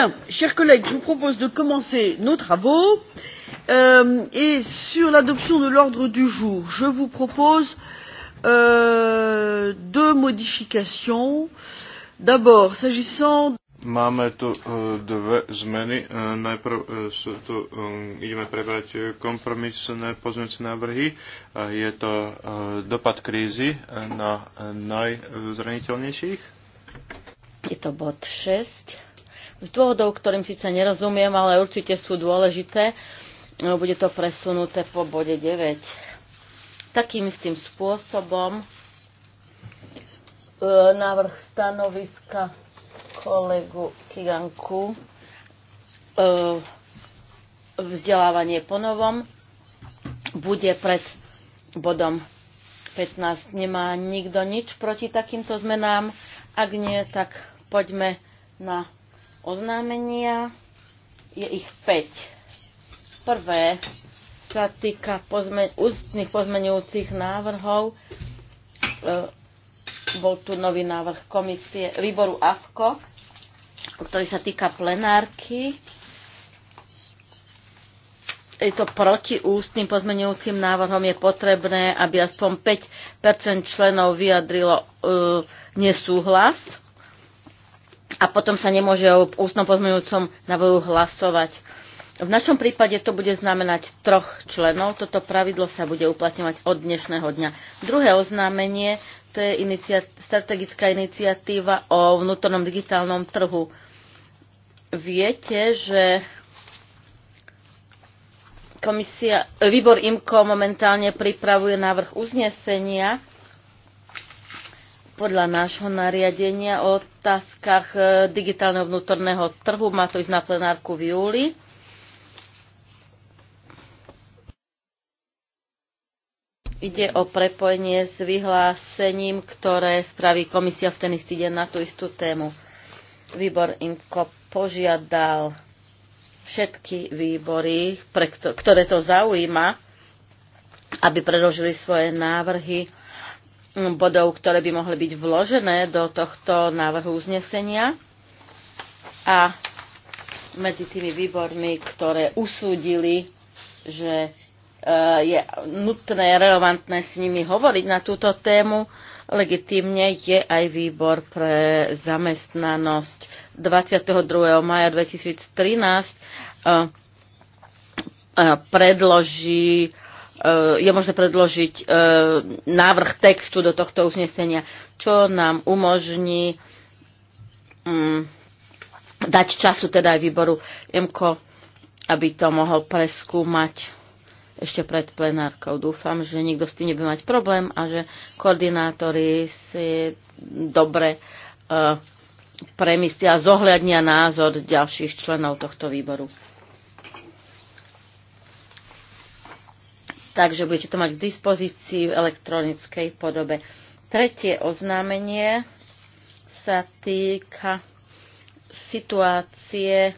Bien, chers collègues je vous propose de commencer nos travaux euh, et sur l'adoption de l'ordre du jour je vous propose euh, deux modifications. d'abord s'agissant Máme tu euh, dve zmeny. Euh, najprv euh, sú tu, um, ideme prebrať uh, kompromisné pozmeňujúce návrhy. je to uh, dopad krízy uh, na najzraniteľnejších. Je to bod 6 z dôvodov, ktorým síce nerozumiem, ale určite sú dôležité. No, bude to presunuté po bode 9. Takým istým spôsobom e, návrh stanoviska kolegu Kiganku e, vzdelávanie ponovom bude pred bodom 15. Nemá nikto nič proti takýmto zmenám? Ak nie, tak poďme na oznámenia. Je ich 5. Prvé sa týka pozme- ústnych pozmeňujúcich návrhov. E, bol tu nový návrh komisie výboru AFKO, ktorý sa týka plenárky. Je to proti ústnym pozmenujúcim návrhom. Je potrebné, aby aspoň 5 členov vyjadrilo e, nesúhlas a potom sa nemôže o ústnom pozmeňujúcom návrhu hlasovať. V našom prípade to bude znamenať troch členov. Toto pravidlo sa bude uplatňovať od dnešného dňa. Druhé oznámenie to je inicia- strategická iniciatíva o vnútornom digitálnom trhu. Viete, že komisia, výbor IMKO momentálne pripravuje návrh uznesenia podľa nášho nariadenia o otázkach e, digitálneho vnútorného trhu. Má to ísť na plenárku v júli. Ide o prepojenie s vyhlásením, ktoré spraví komisia v ten istý deň na tú istú tému. Výbor inko požiadal všetky výbory, pre ktoré to zaujíma, aby predložili svoje návrhy bodov, ktoré by mohli byť vložené do tohto návrhu uznesenia a medzi tými výbormi, ktoré usúdili, že e, je nutné, relevantné s nimi hovoriť na túto tému. Legitímne je aj výbor pre zamestnanosť 22. maja 2013 e, e, predloží Eh, je možné predložiť eh, návrh textu do tohto uznesenia, čo nám umožní mm, dať času teda aj výboru MKO, aby to mohol preskúmať ešte pred plenárkou. Dúfam, že nikto s tým nebude mať problém a že koordinátori si dobre eh, premyslia, zohľadnia názor ďalších členov tohto výboru. takže budete to mať k dispozícii v elektronickej podobe. Tretie oznámenie sa týka situácie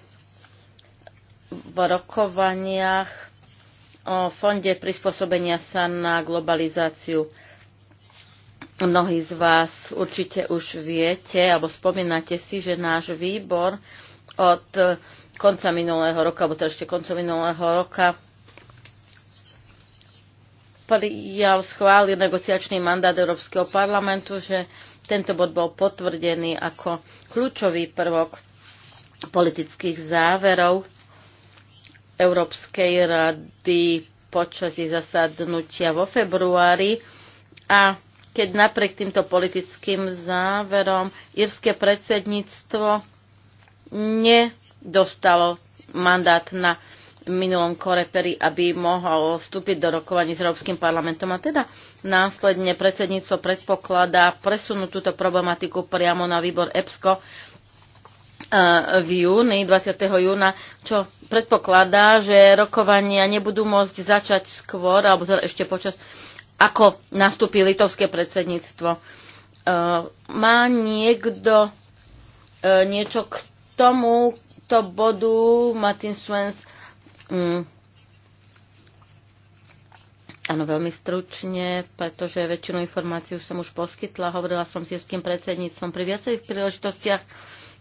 v rokovaniach o fonde prispôsobenia sa na globalizáciu. Mnohí z vás určite už viete alebo spomínate si, že náš výbor od konca minulého roka, alebo teda ešte konca minulého roka prijal, schválil negociačný mandát Európskeho parlamentu, že tento bod bol potvrdený ako kľúčový prvok politických záverov Európskej rady počas jej zasadnutia vo februári a keď napriek týmto politickým záverom írske predsedníctvo nedostalo mandát na minulom koreperi, aby mohol vstúpiť do rokovaní s Európskym parlamentom a teda následne predsedníctvo predpokladá presunúť túto problematiku priamo na výbor EPSCO eh, v júni, 20. júna, čo predpokladá, že rokovania nebudú môcť začať skôr, alebo teda ešte počas, ako nastúpi litovské predsedníctvo. Eh, má niekto eh, niečo k tomuto bodu, Martin Svens, Mm. Áno, veľmi stručne, pretože väčšinu informáciu som už poskytla. Hovorila som s jeským predsedníctvom pri viacerých príležitostiach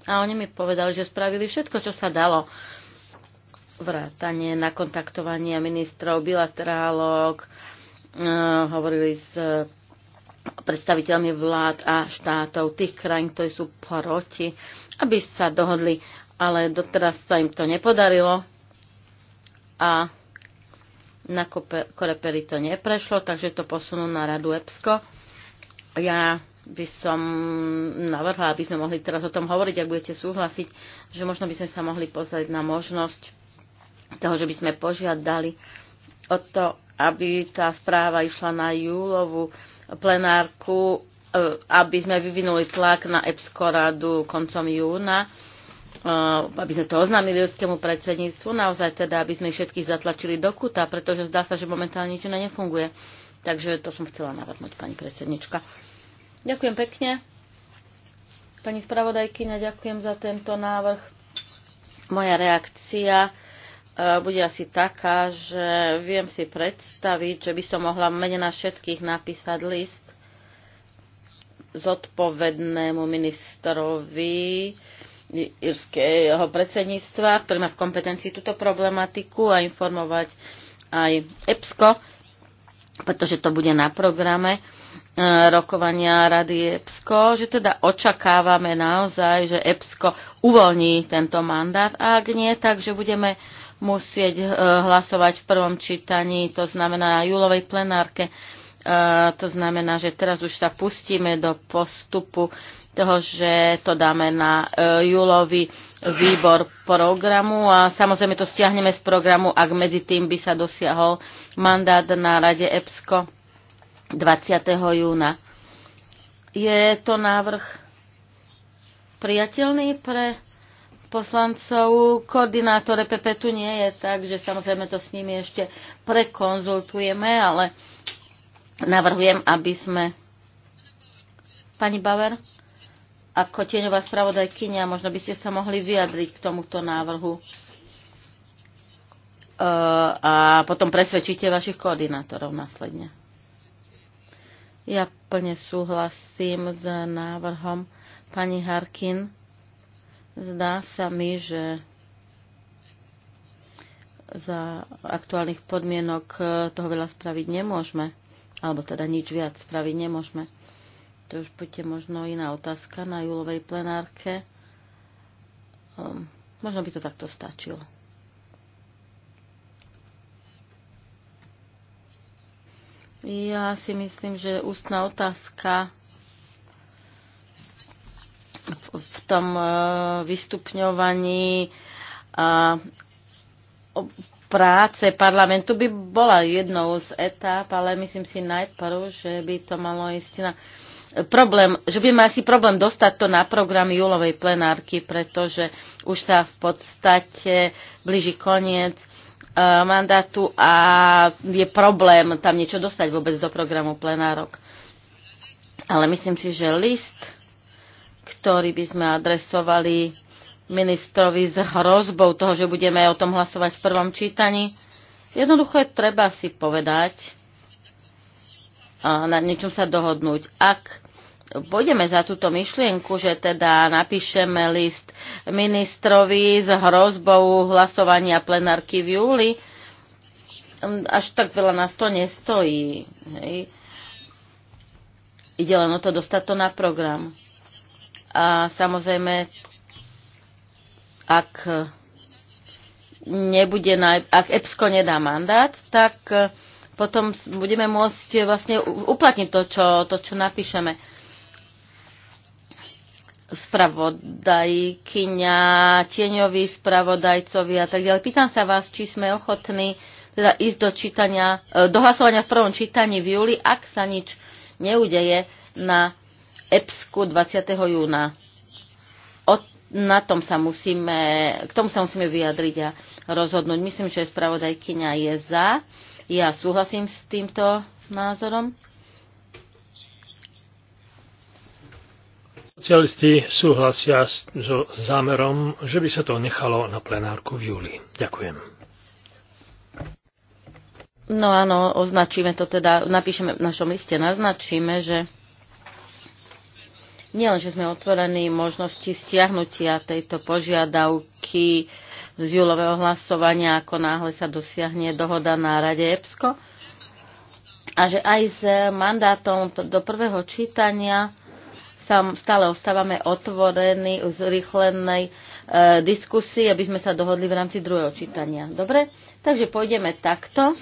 a oni mi povedali, že spravili všetko, čo sa dalo. Vrátanie, nakontaktovanie ministrov, bilaterálok, e, hovorili s predstaviteľmi vlád a štátov tých krajín, ktorí sú proti, aby sa dohodli, ale doteraz sa im to nepodarilo a na Korepeli to neprešlo, takže to posunú na radu EPSCO. Ja by som navrhla, aby sme mohli teraz o tom hovoriť, ak budete súhlasiť, že možno by sme sa mohli pozrieť na možnosť toho, že by sme požiadali o to, aby tá správa išla na júlovú plenárku, e, aby sme vyvinuli tlak na EPSCO radu koncom júna Uh, aby sme to oznámili ruskému predsedníctvu, naozaj teda, aby sme ich všetkých zatlačili do kuta, pretože zdá sa, že momentálne nič nefunguje. Takže to som chcela navrhnúť, pani predsednička. Ďakujem pekne. Pani spravodajkyňa, ďakujem za tento návrh. Moja reakcia uh, bude asi taká, že viem si predstaviť, že by som mohla mene na všetkých napísať list zodpovednému ministrovi írskeho predsedníctva, ktorý má v kompetencii túto problematiku a informovať aj EPSCO, pretože to bude na programe e, rokovania Rady EPSCO, že teda očakávame naozaj, že EPSCO uvoľní tento mandát a ak nie, takže budeme musieť e, hlasovať v prvom čítaní, to znamená na júlovej plenárke. E, to znamená, že teraz už sa pustíme do postupu toho, že to dáme na e, júlový výbor programu a samozrejme to stiahneme z programu, ak medzi tým by sa dosiahol mandát na Rade EPSCO 20. júna. Je to návrh priateľný pre poslancov. Koordinátor PP e tu nie je, takže samozrejme to s nimi ešte prekonzultujeme, ale navrhujem, aby sme... Pani Bauer? ako tieňová spravodajkynia, možno by ste sa mohli vyjadriť k tomuto návrhu e, a potom presvedčíte vašich koordinátorov následne. Ja plne súhlasím s návrhom pani Harkin. Zdá sa mi, že za aktuálnych podmienok e, toho veľa spraviť nemôžeme, alebo teda nič viac spraviť nemôžeme to už bude možno iná otázka na júlovej plenárke. Um, možno by to takto stačilo. Ja si myslím, že ústna otázka v tom e, vystupňovaní a práce parlamentu by bola jednou z etáp, ale myslím si najprv, že by to malo ísť na uh, problém, že budeme asi problém dostať to na program júlovej plenárky, pretože už sa v podstate blíži koniec e, mandátu a je problém tam niečo dostať vôbec do programu plenárok. Ale myslím si, že list, ktorý by sme adresovali ministrovi s hrozbou toho, že budeme o tom hlasovať v prvom čítaní, jednoducho je treba si povedať, na niečom sa dohodnúť. Ak pôjdeme za túto myšlienku, že teda napíšeme list ministrovi s hrozbou hlasovania plenárky v júli, mm, až tak veľa nás to nestojí. Hej. Ide len o to dostať to na program. A samozrejme, ak nebude, naj... ak EPSCO nedá mandát, tak potom budeme môcť eh, vlastne uplatniť to, čo, to, čo napíšeme. Spravodajkyňa, tieňoví spravodajcovi a tak ďalej. Pýtam sa vás, či sme ochotní teda ísť do čítania, eh, do hlasovania v prvom čítaní v júli, ak sa nič neudeje na EPSku 20. júna. O, na tom sa musíme, k tomu sa musíme vyjadriť a rozhodnúť. Myslím, že spravodajkyňa je za. Ja súhlasím s týmto názorom. Socialisti súhlasia so zámerom, že by sa to nechalo na plenárku v júli. Ďakujem. No áno, označíme to teda, napíšeme v našom liste, naznačíme, že nielenže že sme otvorení možnosti stiahnutia tejto požiadavky, z júlového hlasovania, ako náhle sa dosiahne dohoda na Rade EPSCO. A že aj s mandátom do prvého čítania sa stále ostávame otvorení v zrýchlenej e, diskusii, aby sme sa dohodli v rámci druhého čítania. Dobre? Takže pôjdeme takto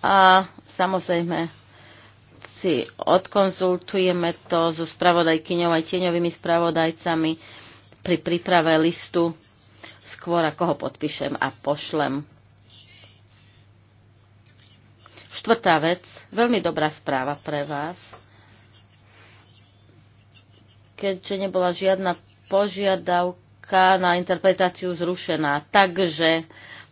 a samozrejme si odkonzultujeme to so spravodajkyňou aj tieňovými spravodajcami pri príprave listu skôr ako ho podpíšem a pošlem. Štvrtá vec, veľmi dobrá správa pre vás. Keďže nebola žiadna požiadavka na interpretáciu zrušená, takže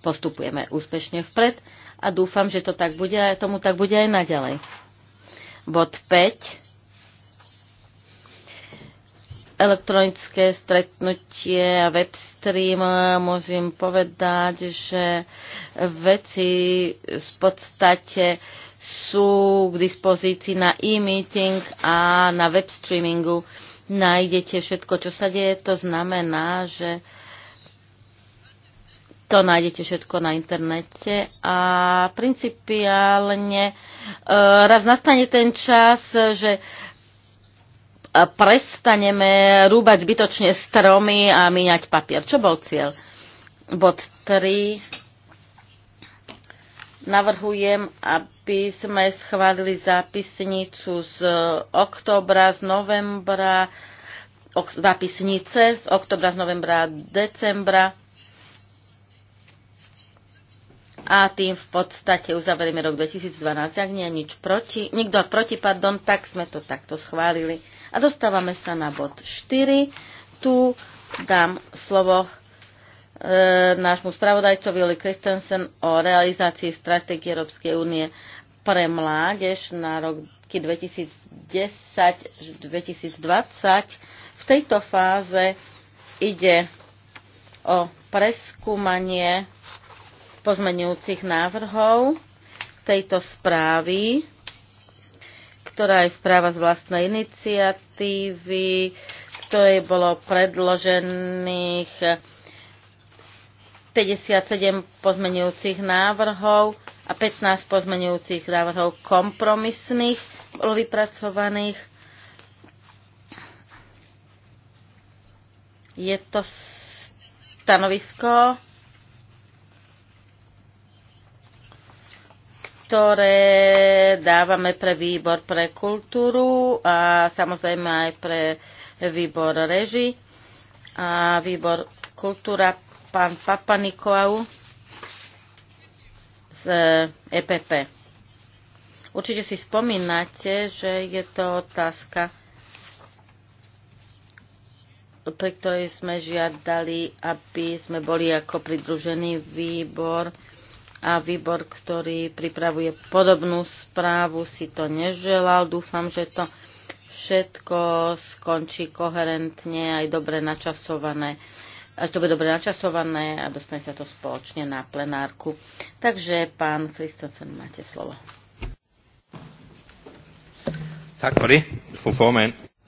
postupujeme úspešne vpred a dúfam, že to tak bude, tomu tak bude aj naďalej. Bod 5 elektronické stretnutie a webstream, môžem povedať, že veci v podstate sú k dispozícii na e-meeting a na webstreamingu. Nájdete všetko, čo sa deje. To znamená, že to nájdete všetko na internete a principiálne eh, raz nastane ten čas, že prestaneme rúbať zbytočne stromy a míňať papier. Čo bol cieľ? Bod 3 navrhujem, aby sme schválili zápisnicu z oktobra, z novembra, ok, zápisnice z oktobra, z novembra decembra. A tým v podstate uzavrieme rok 2012. Ak nie je nič proti, nikto proti, pardon, tak sme to takto schválili. A dostávame sa na bod 4. Tu dám slovo e, nášmu spravodajcovi Oli Christensen o realizácii stratégie Európskej únie pre mládež na roky 2010-2020. V tejto fáze ide o preskúmanie pozmenujúcich návrhov tejto správy ktorá je správa z vlastnej iniciatívy, ktoré bolo predložených 57 pozmenujúcich návrhov a 15 pozmenujúcich návrhov kompromisných bolo vypracovaných. Je to stanovisko ktoré dávame pre výbor pre kultúru a samozrejme aj pre výbor reži a výbor kultúra pán Papa Nikolau z EPP. E Určite si spomínate, že je to otázka, pri ktorej sme žiadali, aby sme boli ako pridružený výbor a výbor, ktorý pripravuje podobnú správu, si to neželal. Dúfam, že to všetko skončí koherentne aj dobre načasované až to bude dobre načasované a dostane sa to spoločne na plenárku. Takže, pán Kristosen, máte slovo.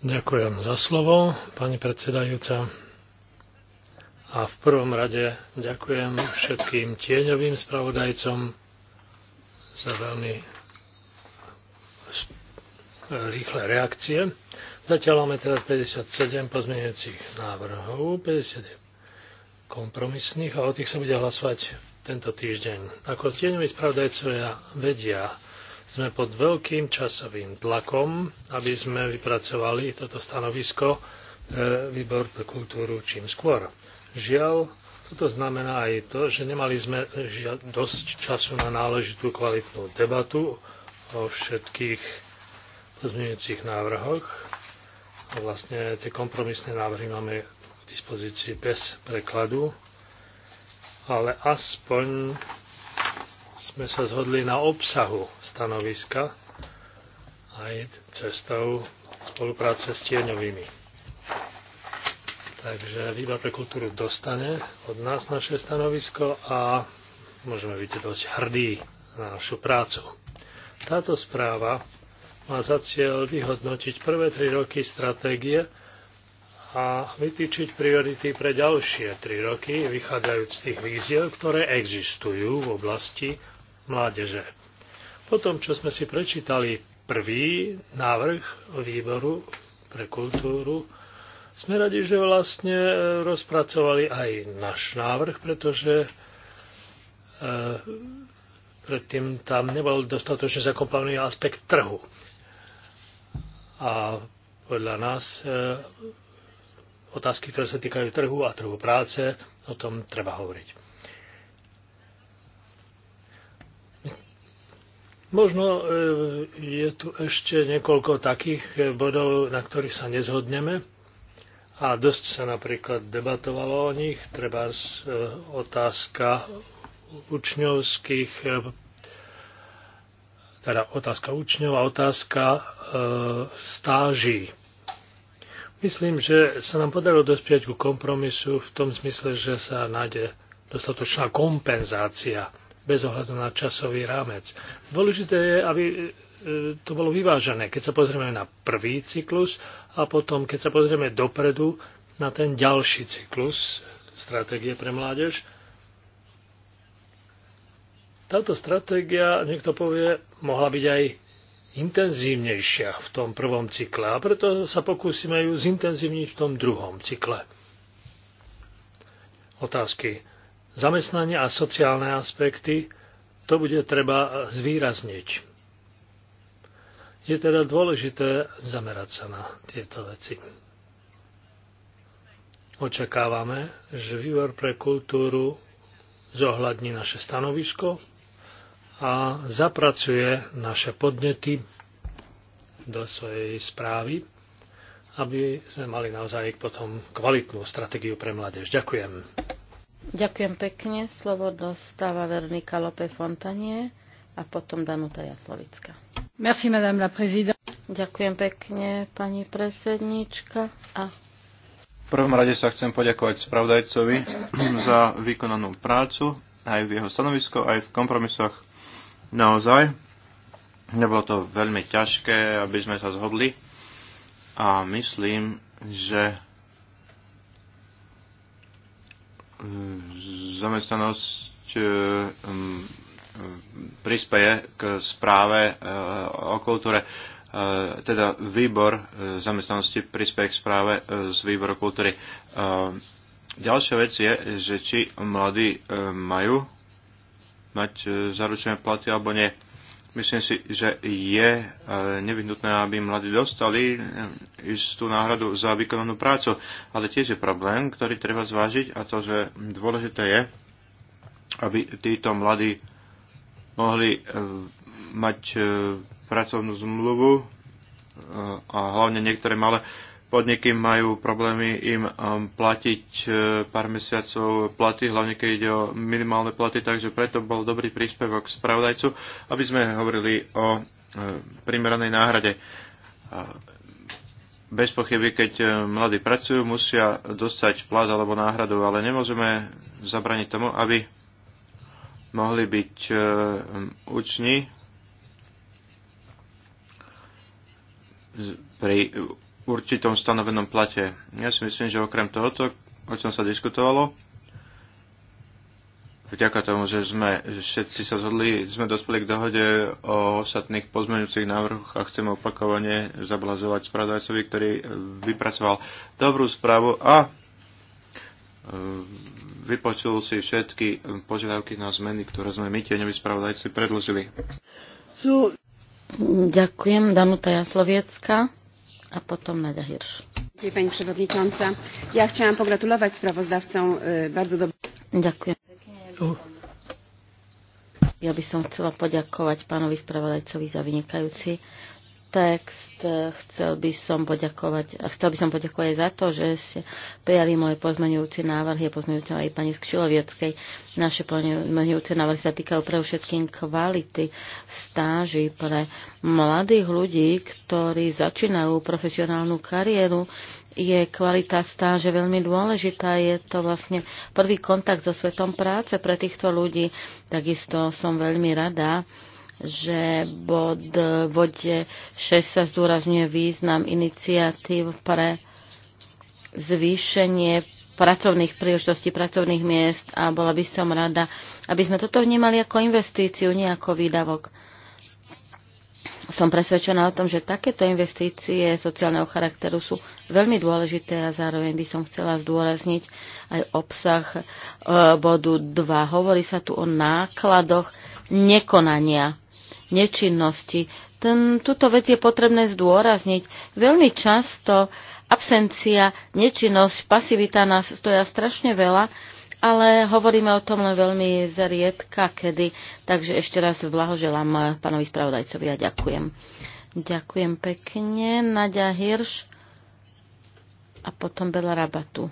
Ďakujem za slovo, pani predsedajúca. A v prvom rade ďakujem všetkým tieňovým spravodajcom za veľmi rýchle reakcie. Zatiaľ máme teraz 57 pozmeňujúcich návrhov, 50 kompromisných a o tých sa bude hlasovať tento týždeň. Ako tieňoví spravodajcovia vedia, sme pod veľkým časovým tlakom, aby sme vypracovali toto stanovisko pre výbor pre kultúru čím skôr. Žiaľ, toto znamená aj to, že nemali sme dosť času na náležitú kvalitnú debatu o všetkých pozmeňujúcich návrhoch. A vlastne tie kompromisné návrhy máme k dispozícii bez prekladu, ale aspoň sme sa zhodli na obsahu stanoviska aj cestou spolupráce s tieňovými. Takže výbor pre kultúru dostane od nás naše stanovisko a môžeme byť dosť hrdí na našu prácu. Táto správa má za cieľ vyhodnotiť prvé tri roky stratégie a vytýčiť priority pre ďalšie tri roky, vychádzajúc z tých víziev, ktoré existujú v oblasti mládeže. Po tom, čo sme si prečítali prvý návrh výboru pre kultúru, sme radi, že vlastne e, rozpracovali aj náš návrh, pretože e, predtým tam nebol dostatočne zakopaný aspekt trhu. A podľa nás e, otázky, ktoré sa týkajú trhu a trhu práce, o tom treba hovoriť. Možno je tu ešte niekoľko takých bodov, na ktorých sa nezhodneme a dosť sa napríklad debatovalo o nich, treba e, otázka učňovských e, teda otázka učňov a otázka e, stáží. Myslím, že sa nám podarilo dospieť ku kompromisu v tom zmysle, že sa nájde dostatočná kompenzácia bez ohľadu na časový rámec. Dôležité je, aby E, to bolo vyvážené. Keď sa pozrieme na prvý cyklus a potom, keď sa pozrieme dopredu na ten ďalší cyklus stratégie pre mládež, táto stratégia, niekto povie, mohla byť aj intenzívnejšia v tom prvom cykle a preto sa pokúsime ju zintenzívniť v tom druhom cykle. Otázky. Zamestnanie a sociálne aspekty, to bude treba zvýrazniť je teda dôležité zamerať sa na tieto veci. Očakávame, že výbor pre kultúru zohľadní naše stanovisko a zapracuje naše podnety do svojej správy, aby sme mali naozaj potom kvalitnú stratégiu pre mládež. Ďakujem. Ďakujem pekne. Slovo dostáva Veronika Lope Fontanie a potom Danuta Jaslovická v prvom rade sa chcem poďakovať spravodajcovi za vykonanú prácu, aj v jeho stanovisko, aj v kompromisoch. Naozaj, nebolo to veľmi ťažké, aby sme sa zhodli a myslím, že mm, zamestnanosť e, prispeje k správe e, o kultúre. E, teda výbor e, zamestnanosti prispeje k správe z výboru kultúry. Ďalšia vec je, že či mladí majú mať zaručené platy alebo nie. Myslím si, že je nevyhnutné, aby mladí dostali istú náhradu za vykonanú prácu. Ale tiež je problém, ktorý treba zvážiť a to, že dôležité je, aby títo mladí mohli e, mať e, pracovnú zmluvu e, a hlavne niektoré malé podniky majú problémy im platiť pár mesiacov platy, hlavne keď ide o minimálne platy, takže preto bol dobrý príspevok spravodajcu, aby sme hovorili o primeranej náhrade. Bez pochyby, keď mladí pracujú, musia dostať plat alebo náhradu, ale nemôžeme zabraniť tomu, aby mohli byť uční e, pri určitom stanovenom plate. Ja si myslím, že okrem tohoto, o čom sa diskutovalo, vďaka tomu, že sme všetci sa zhodli, sme dospeli k dohode o ostatných pozmeňujúcich návrhoch a chceme opakovane zablazovať spravodajcovi, ktorý vypracoval dobrú správu a e, vypočul si všetky hm, požiadavky na zmeny, ktoré sme my tieňoví spravodajci predložili. Ďakujem, Danuta Jasloviecka a potom Nadia Hirš. Ďakujem, Pani Przewodnicząca. Ja chciałam pogratulować sprawozdawcom e, bardzo dobrze. Ďakujem. Ja by som chcela poďakovať pánovi spravodajcovi za vynikajúci text. Chcel by som poďakovať, chcel by som poďakovať za to, že ste prijali moje pozmeňujúce návrhy a pozmeňujúce aj pani Skšilovieckej. Naše pozmeňujúce návrhy sa týkajú pre všetkým kvality stáži pre mladých ľudí, ktorí začínajú profesionálnu kariéru. Je kvalita stáže veľmi dôležitá. Je to vlastne prvý kontakt so svetom práce pre týchto ľudí. Takisto som veľmi rada, že bod e, vode 6 sa zdôrazňuje význam iniciatív pre zvýšenie pracovných príležitostí, pracovných miest a bola by som rada, aby sme toto vnímali ako investíciu, nie ako výdavok. Som presvedčená o tom, že takéto investície sociálneho charakteru sú veľmi dôležité a zároveň by som chcela zdôrazniť aj obsah e, bodu 2. Hovorí sa tu o nákladoch nekonania nečinnosti. Ten, túto vec je potrebné zdôrazniť. Veľmi často absencia, nečinnosť, pasivita nás stoja strašne veľa, ale hovoríme o tom len veľmi zriedka kedy. Takže ešte raz blahoželám pánovi spravodajcovi a ďakujem. Ďakujem pekne. Nadia Hirš a potom Bela Rabatu.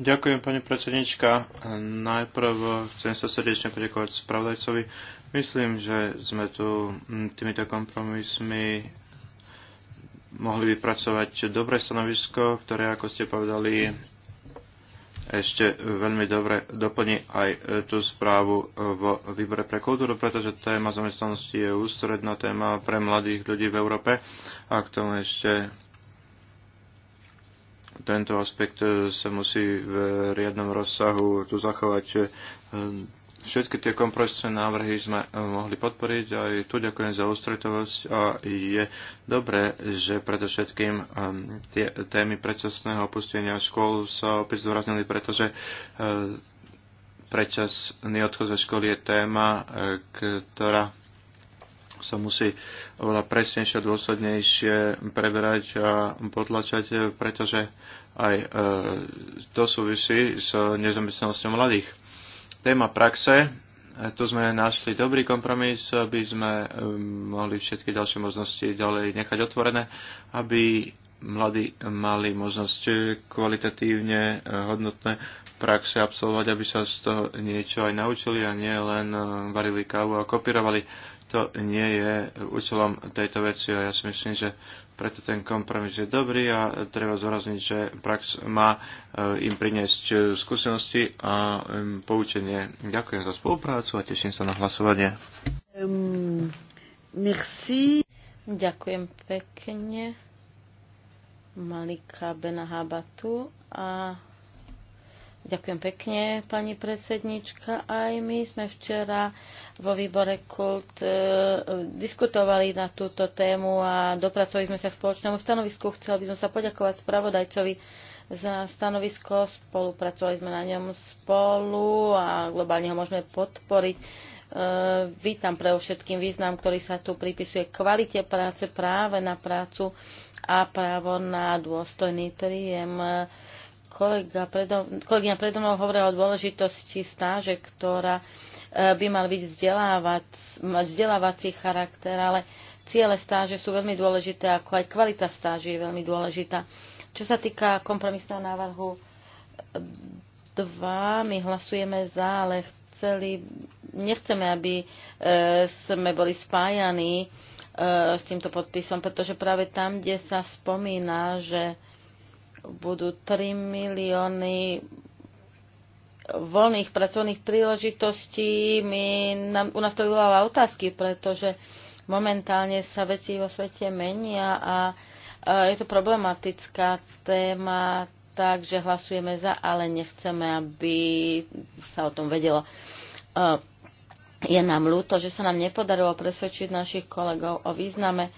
Ďakujem, pani predsednička. Najprv chcem sa srdečne poďakovať spravodajcovi. Myslím, že sme tu týmito kompromismi mohli vypracovať dobré stanovisko, ktoré, ako ste povedali, ešte veľmi dobre doplní aj e, tú správu e, v výbore pre kultúru, pretože téma zamestnanosti je ústredná téma pre mladých ľudí v Európe a k tomu ešte tento aspekt e, sa musí v riadnom rozsahu tu zachovať. E, všetky tie kompresné návrhy sme e, mohli podporiť a aj tu ďakujem za ústretovosť a je dobré, že predovšetkým tie témy predčasného opustenia škôl sa opäť zdôraznili, pretože predčasný odchod ze školy je téma, ktorá sa musí oveľa presnejšie a dôslednejšie preberať a potlačať, e, pretože aj e, to súvisí s nezamestnanosťou mladých. Téma praxe, e, tu sme našli dobrý kompromis, aby sme e, mohli všetky ďalšie možnosti ďalej nechať otvorené, aby mladí mali možnosť kvalitatívne e, hodnotné praxe absolvovať, aby sa z toho niečo aj naučili a nie len varili kávu a kopírovali to nie je účelom tejto veci a ja si myslím, že preto ten kompromis je dobrý a treba zvorazniť, že prax má e, im priniesť e, skúsenosti a poučenie. Ďakujem za spoluprácu a teším sa na hlasovanie. Um, merci. Ďakujem pekne. Malika Benahabatu a Ďakujem pekne, pani predsednička. Aj my sme včera vo výbore KULT e, diskutovali na túto tému a dopracovali sme sa k spoločnému stanovisku. Chcel by som sa poďakovať spravodajcovi za stanovisko. Spolupracovali sme na ňom spolu a globálne ho môžeme podporiť. E, vítam pre všetkým význam, ktorý sa tu pripisuje kvalite práce, práve na prácu a právo na dôstojný príjem. E, Kolega predo, kolegyňa predo mnou hovorila o dôležitosti stáže, ktorá e, by mal byť vzdelávac, vzdelávací charakter, ale ciele stáže sú veľmi dôležité, ako aj kvalita stáže je veľmi dôležitá. Čo sa týka kompromisného návrhu 2, e, my hlasujeme za, ale chceli, nechceme, aby e, sme boli spájani s týmto podpisom, pretože práve tam, kde sa spomína, že budú 3 milióny voľných pracovných príležitostí. My, nám, u nás to vyvoláva otázky, pretože momentálne sa veci vo svete menia a je to problematická téma, takže hlasujeme za, ale nechceme, aby sa o tom vedelo. E, je nám ľúto, že sa nám nepodarilo presvedčiť našich kolegov o význame e,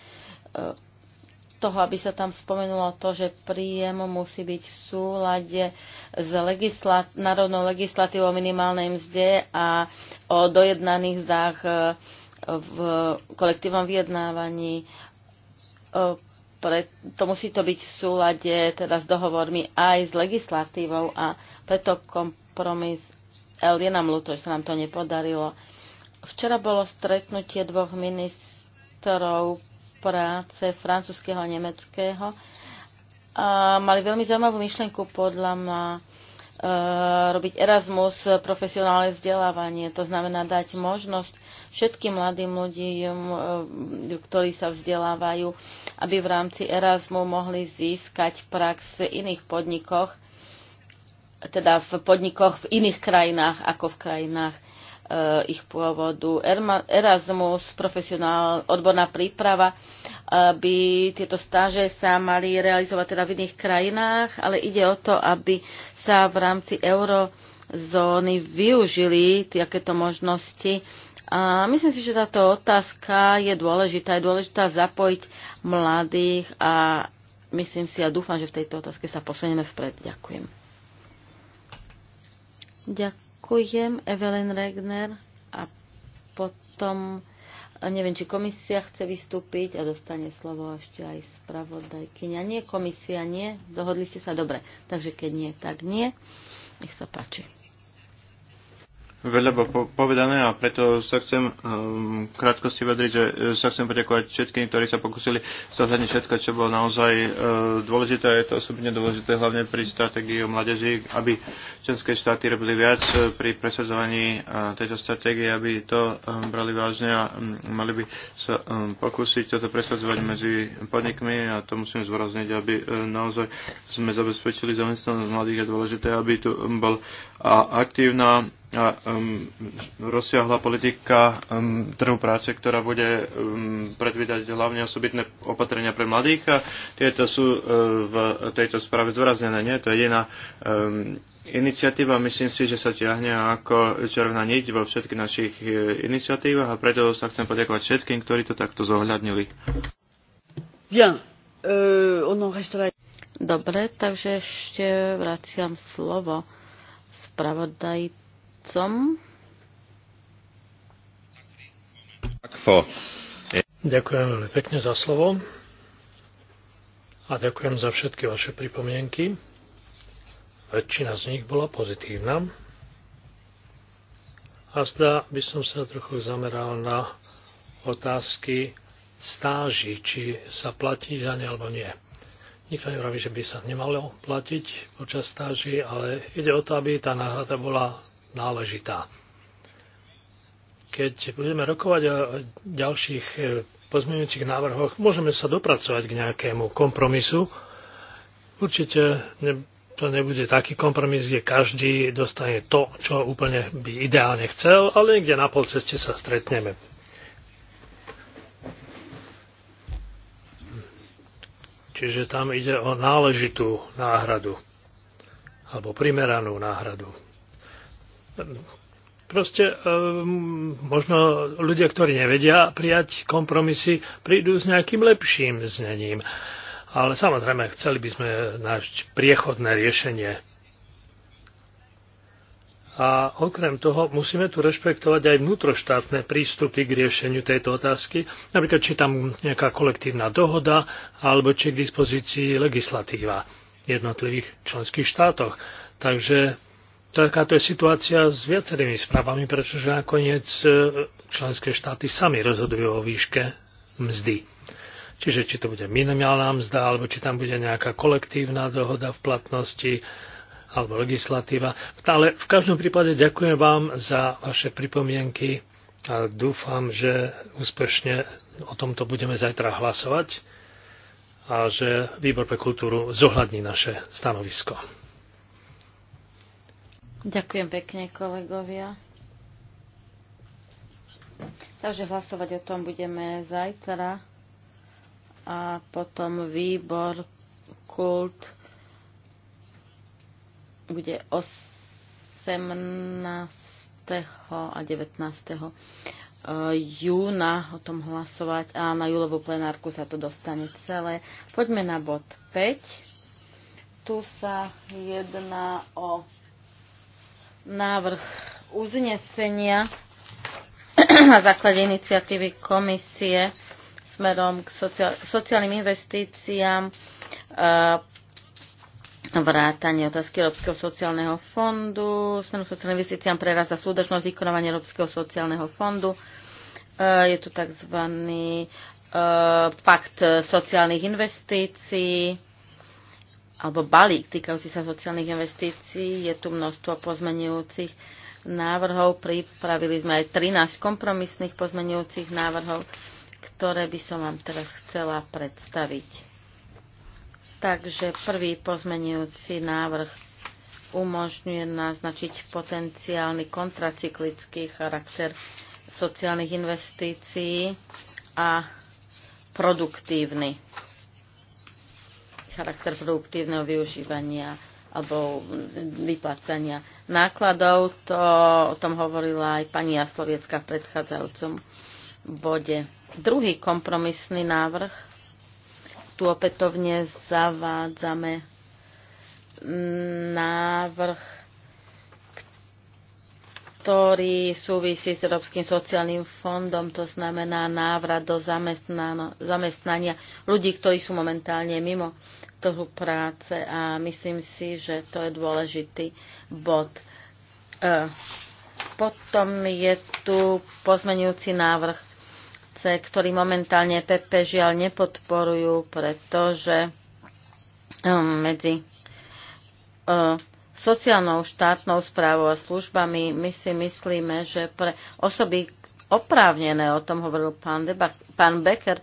toho, aby sa tam spomenulo to, že príjem musí byť v súlade s legislat- národnou legislatívou minimálnej mzde a o dojednaných zdách e, v kolektívnom vyjednávaní. E, pre, to musí to byť v súlade teda s dohovormi aj s legislatívou a preto kompromis L je nám ľúto, že sa nám to nepodarilo. Včera bolo stretnutie dvoch ministrov práce francúzského a nemeckého. A mali veľmi zaujímavú myšlenku podľa ma e, robiť Erasmus, profesionálne vzdelávanie. To znamená dať možnosť všetkým mladým ľudím, e, ktorí sa vzdelávajú, aby v rámci Erasmu mohli získať prax v iných podnikoch, teda v podnikoch v iných krajinách ako v krajinách Eh, ich pôvodu. Erasmus, profesionál, odborná príprava, aby tieto stáže sa mali realizovať teda v iných krajinách, ale ide o to, aby sa v rámci eurozóny využili takéto možnosti. A myslím si, že táto otázka je dôležitá. Je dôležitá zapojiť mladých a myslím si a dúfam, že v tejto otázke sa posunieme vpred. Ďakujem. Ďakujem. Ďakujem, Evelyn Regner a potom eh, neviem, či komisia chce vystúpiť a dostane slovo ešte aj spravodajkyňa. Nie, komisia nie. Dohodli ste sa dobre. Takže keď nie, tak nie. Nech sa páči veľa bolo povedané a preto sa chcem um, krátkosti vedriť, že e, sa chcem poďakovať všetkým, ktorí sa pokusili zohľadniť všetko, čo bolo naozaj uh, dôležité. Je to osobne dôležité hlavne pri stratégii o mládeži, aby členské štáty robili viac e, pri presadzovaní uh, tejto stratégie, aby to um, brali vážne a um, mali by sa um, pokúsiť toto presadzovať medzi podnikmi a to musím zvorazniť, aby um, naozaj sme zabezpečili zamestnanosť mladých. Je dôležité, aby tu um, bol a aktívna a, um, rozsiahla politika um, trhu práce, ktorá bude um, predvídať hlavne osobitné opatrenia pre mladých a tieto sú uh, v tejto správe zdôraznené. Nie? To je jediná um, iniciatíva, myslím si, že sa ťahne ako červená niť vo všetkých našich uh, iniciatívach a preto sa chcem poďakovať všetkým, ktorí to takto zohľadnili. Bien. Uh, ono en Dobre, takže ešte vraciam slovo spravodajte spravodajcom. Ďakujem veľmi pekne za slovo a ďakujem za všetky vaše pripomienky. Väčšina z nich bola pozitívna. A zdá by som sa trochu zameral na otázky stáži, či sa platí za ne alebo nie. Nikto nevraví, že by sa nemalo platiť počas stáži, ale ide o to, aby tá náhrada bola náležitá. Keď budeme rokovať o ďalších e, pozmeňujúcich návrhoch, môžeme sa dopracovať k nejakému kompromisu. Určite to nebude taký kompromis, kde každý dostane to, čo úplne by ideálne chcel, ale niekde na polceste sa stretneme. Čiže tam ide o náležitú náhradu alebo primeranú náhradu proste um, možno ľudia, ktorí nevedia prijať kompromisy, prídu s nejakým lepším znením. Ale samozrejme, chceli by sme nájsť priechodné riešenie. A okrem toho musíme tu rešpektovať aj vnútroštátne prístupy k riešeniu tejto otázky, napríklad či tam nejaká kolektívna dohoda alebo či je k dispozícii legislatíva v jednotlivých členských štátoch. Takže Takáto je situácia s viacerými správami, pretože nakoniec e, členské štáty sami rozhodujú o výške mzdy. Čiže či to bude minimálna mzda, alebo či tam bude nejaká kolektívna dohoda v platnosti, alebo legislatíva. Ale v každom prípade ďakujem vám za vaše pripomienky a dúfam, že úspešne o tomto budeme zajtra hlasovať a že Výbor pre kultúru zohľadní naše stanovisko. Ďakujem pekne, kolegovia. Takže hlasovať o tom budeme zajtra a potom výbor kult bude 18. a 19. E, júna o tom hlasovať a na júlovú plenárku sa to dostane celé. Poďme na bod 5. Tu sa jedná o návrh uznesenia na základe iniciatívy komisie smerom k sociál- sociálnym investíciám, vrátanie otázky Európskeho sociálneho fondu, smerom sociálnym investíciám preraz a súdržnosť vykonovania Európskeho sociálneho fondu. E, je tu tzv. E, pakt sociálnych investícií alebo balík týkajúci sa sociálnych investícií. Je tu množstvo pozmenujúcich návrhov. Pripravili sme aj 13 kompromisných pozmenujúcich návrhov, ktoré by som vám teraz chcela predstaviť. Takže prvý pozmenujúci návrh umožňuje naznačiť potenciálny kontracyklický charakter sociálnych investícií a produktívny charakter produktívneho využívania alebo vyplácania nákladov. To, o tom hovorila aj pani Jasloviecka v predchádzajúcom bode. Druhý kompromisný návrh. Tu opätovne zavádzame návrh ktorý súvisí s Európskym sociálnym fondom, to znamená návrat do zamestnania ľudí, ktorí sú momentálne mimo trhu práce a myslím si, že to je dôležitý bod. E, potom je tu pozmenujúci návrh ktorý momentálne PP žiaľ nepodporujú, pretože um, medzi e, sociálnou štátnou správou a službami my si myslíme, že pre osoby oprávnené, o tom hovoril pán, pán Becker,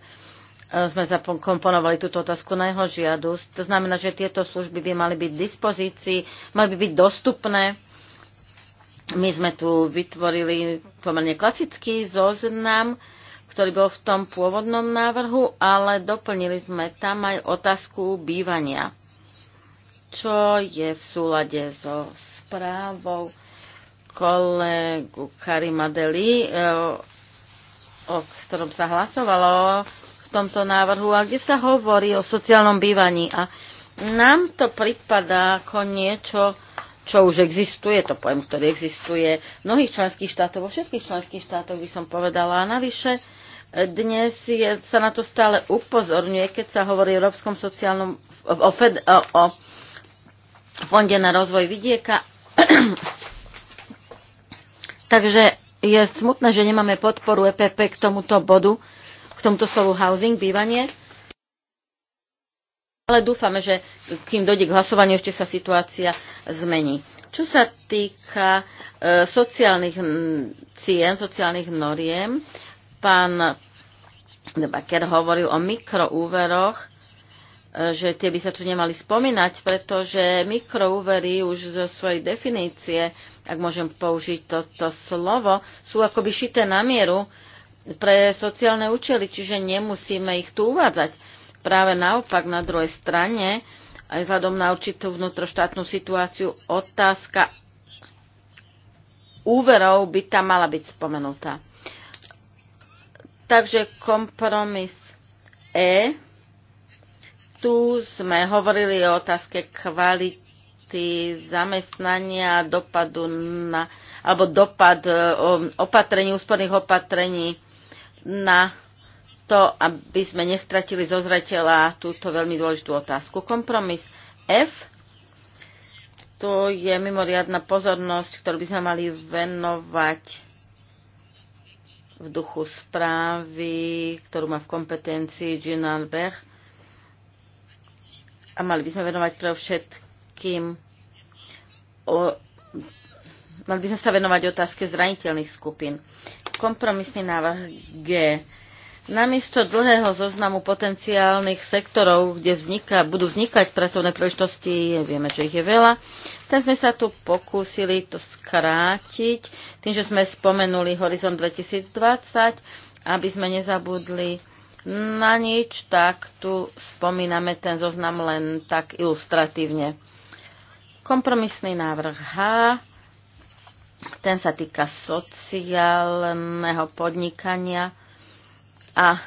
sme zakomponovali túto otázku na jeho žiadosť. To znamená, že tieto služby by mali byť v dispozícii, mali by byť dostupné. My sme tu vytvorili pomerne klasický zoznam, ktorý bol v tom pôvodnom návrhu, ale doplnili sme tam aj otázku bývania, čo je v súlade so správou kolegu Karima Deli, eh, o ktorom sa hlasovalo tomto návrhu a kde sa hovorí o sociálnom bývaní. A nám to pripadá ako niečo, čo už existuje, to pojem, ktorý existuje v mnohých členských štátoch, vo všetkých členských štátoch by som povedala. A navyše dnes je, sa na to stále upozorňuje, keď sa hovorí o Európskom sociálnom, o, Fed, o, o Fonde na rozvoj vidieka. Takže je smutné, že nemáme podporu EPP k tomuto bodu, k slovu housing, bývanie. Ale dúfame, že kým dojde k hlasovaniu, ešte sa situácia zmení. Čo sa týka e, sociálnych cien, sociálnych noriem, pán Debaker hovoril o mikroúveroch, e, že tie by sa tu nemali spomínať, pretože mikroúvery už zo svojej definície, ak môžem použiť toto to slovo, sú akoby šité na mieru pre sociálne účely, čiže nemusíme ich tu uvádzať. Práve naopak, na druhej strane, aj vzhľadom na určitú vnútroštátnu situáciu, otázka úverov by tam mala byť spomenutá. Takže kompromis E. Tu sme hovorili o otázke kvality zamestnania, dopadu na, alebo dopad e, opatrení, úsporných opatrení na to, aby sme nestratili zo zreteľa túto veľmi dôležitú otázku. Kompromis F, to je mimoriadná pozornosť, ktorú by sme mali venovať v duchu správy, ktorú má v kompetencii Jean Albert. A mali by sme venovať pre všetkým o, mali by sme sa venovať otázke zraniteľných skupín. Kompromisný návrh G. Namiesto dlhého zoznamu potenciálnych sektorov, kde vzniká, budú vznikať pracovné príležitosti, vieme, že ich je veľa, tak sme sa tu pokúsili to skrátiť tým, že sme spomenuli Horizon 2020, aby sme nezabudli na nič, tak tu spomíname ten zoznam len tak ilustratívne. Kompromisný návrh H ten sa týka sociálneho podnikania a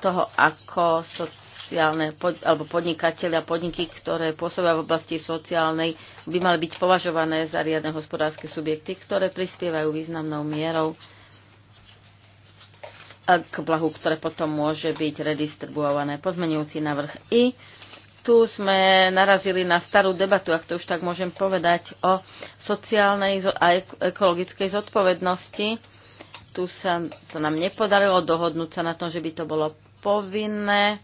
toho, ako sociálne pod, alebo podnikateľi a podniky, ktoré pôsobia v oblasti sociálnej, by mali byť považované za riadne hospodárske subjekty, ktoré prispievajú významnou mierou k blahu, ktoré potom môže byť redistribuované. Pozmenujúci návrh I tu sme narazili na starú debatu, ak to už tak môžem povedať, o sociálnej a ekologickej zodpovednosti. Tu sa, sa nám nepodarilo dohodnúť sa na tom, že by to bolo povinné.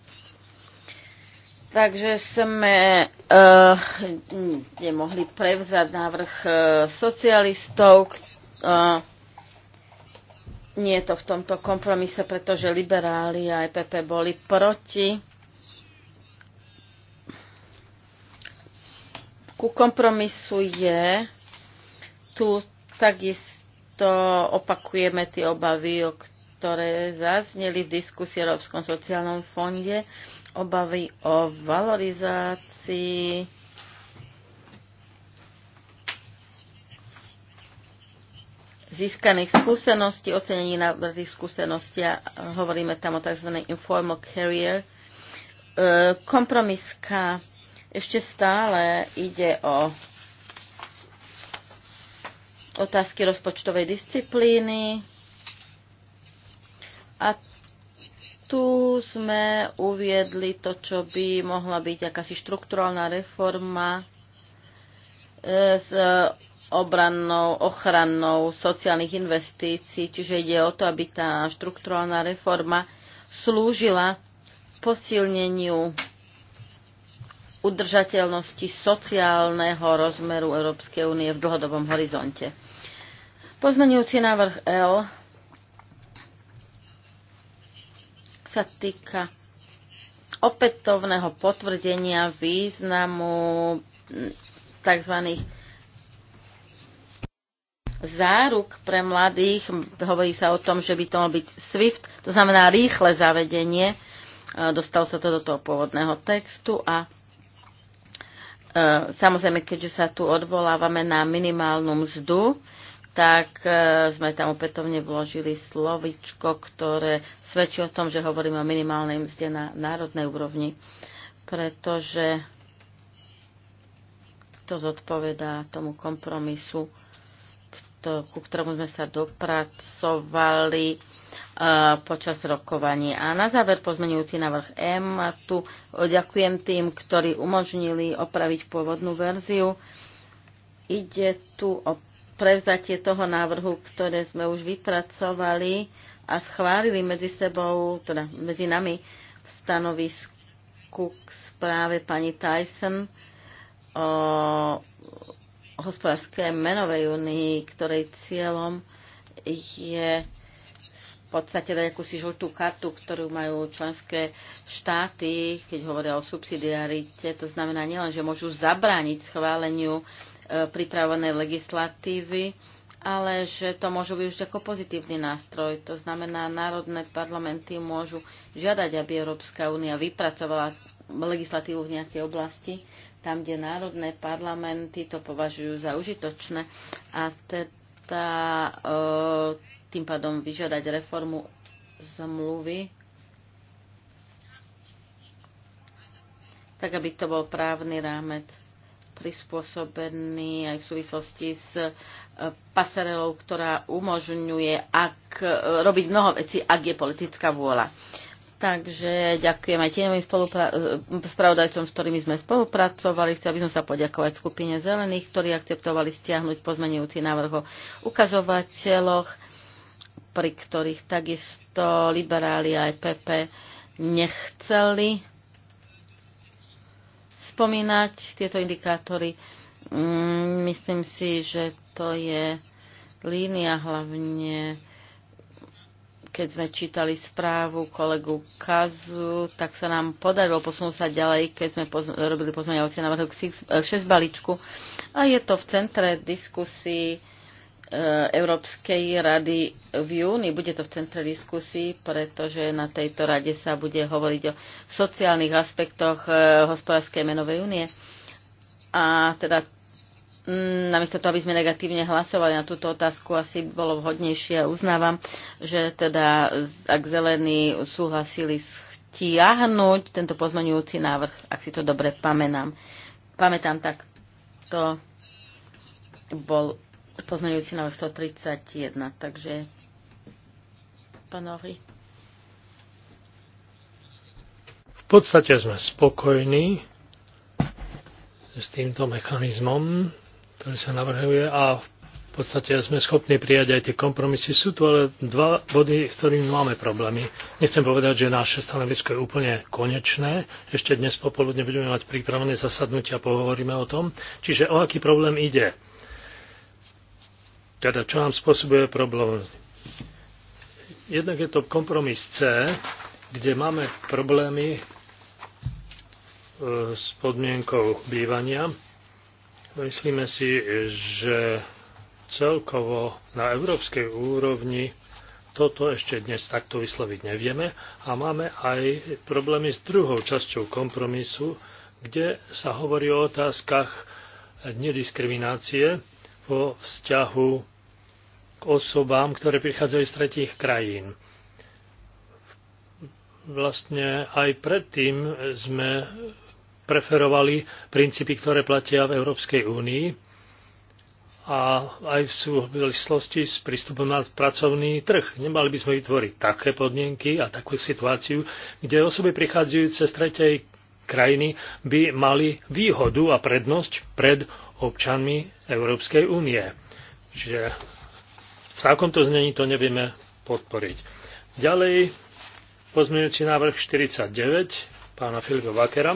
Takže sme uh, nemohli prevzať návrh uh, socialistov. Uh, nie je to v tomto kompromise, pretože liberáli a EPP boli proti ku kompromisu je, tu takisto opakujeme tie obavy, o ktoré zazneli v diskusii v Európskom sociálnom fonde, obavy o valorizácii získaných skúseností, ocenení tých skúseností a hovoríme tam o tzv. informal career. E, kompromis K ešte stále ide o otázky rozpočtovej disciplíny a tu sme uviedli to, čo by mohla byť akási štruktúralná reforma e, s obrannou, ochrannou sociálnych investícií. Čiže ide o to, aby tá štruktúralná reforma slúžila posilneniu udržateľnosti sociálneho rozmeru Európskej únie v dlhodobom horizonte. Pozmenujúci návrh L sa týka opätovného potvrdenia významu tzv. záruk pre mladých. Hovorí sa o tom, že by to mal byť SWIFT, to znamená rýchle zavedenie. E, dostalo sa to do toho pôvodného textu a E, samozrejme, keďže sa tu odvolávame na minimálnu mzdu, tak e, sme tam opätovne vložili slovičko, ktoré svedčí o tom, že hovoríme o minimálnej mzde na národnej úrovni, pretože to zodpovedá tomu kompromisu, ku ktorému sme sa dopracovali Eh, počas rokovaní. A na záver pozmenujúci návrh M. A tu ďakujem tým, ktorí umožnili opraviť pôvodnú verziu. Ide tu o prevzatie toho návrhu, ktoré sme už vypracovali a schválili medzi sebou, teda medzi nami v stanovisku k správe pani Tyson o hospodárskej menovej únii, ktorej cieľom je v podstate dať akúsi žltú kartu, ktorú majú členské štáty, keď hovoria o subsidiarite. To znamená nielen, že môžu zabrániť schváleniu e, pripravenej legislatívy, ale že to môžu využiť ako pozitívny nástroj. To znamená, národné parlamenty môžu žiadať, aby Európska únia vypracovala legislatívu v nejakej oblasti, tam, kde národné parlamenty to považujú za užitočné. A teda e, tým pádom vyžiadať reformu zmluvy, tak aby to bol právny rámec prispôsobený aj v súvislosti s e, pasarelou, ktorá umožňuje ak, e, robiť mnoho vecí, ak je politická vôľa. Takže ďakujem aj tieňovým e, spravodajcom, s ktorými sme spolupracovali. Chcel by som sa poďakovať skupine zelených, ktorí akceptovali stiahnuť pozmenujúci návrh o ukazovateľoch pri ktorých takisto liberáli aj e PP nechceli spomínať tieto indikátory. Mm, myslím si, že to je línia hlavne keď sme čítali správu kolegu Kazu, tak sa nám podarilo posunúť sa ďalej, keď sme poz- robili pozmeňovacie návrhy k 6 balíčku. A je to v centre diskusí E, Európskej rady v júni. Bude to v centre diskusí, pretože na tejto rade sa bude hovoriť o sociálnych aspektoch e, hospodárskej menovej únie. A teda mm, namiesto toho, aby sme negatívne hlasovali na túto otázku, asi bolo vhodnejšie. Uznávam, že teda ak zelení súhlasili stiahnuť tento pozmenujúci návrh, ak si to dobre pamätám. Pamätám, tak to bol pozmeňujúci návrh 131, takže pán V podstate sme spokojní s týmto mechanizmom, ktorý sa navrhuje a v podstate sme schopní prijať aj tie kompromisy. Sú tu ale dva body, s ktorými máme problémy. Nechcem povedať, že naše stanovisko je úplne konečné. Ešte dnes popoludne budeme mať pripravené zasadnutia a pohovoríme o tom. Čiže o aký problém ide? Teda čo nám spôsobuje problém? Jednak je to kompromis C, kde máme problémy e, s podmienkou bývania. Myslíme si, že celkovo na európskej úrovni toto ešte dnes takto vysloviť nevieme a máme aj problémy s druhou časťou kompromisu, kde sa hovorí o otázkach nediskriminácie vo vzťahu k osobám, ktoré prichádzajú z tretích krajín. Vlastne aj predtým sme preferovali princípy, ktoré platia v Európskej únii a aj v súvislosti s prístupom na pracovný trh. Nemali by sme vytvoriť také podmienky a takú situáciu, kde osoby prichádzajúce z tretej krajiny by mali výhodu a prednosť pred občanmi Európskej únie. Čiže takomto znení to nevieme podporiť. Ďalej pozmeňujúci návrh 49 pána Filipa Vakera.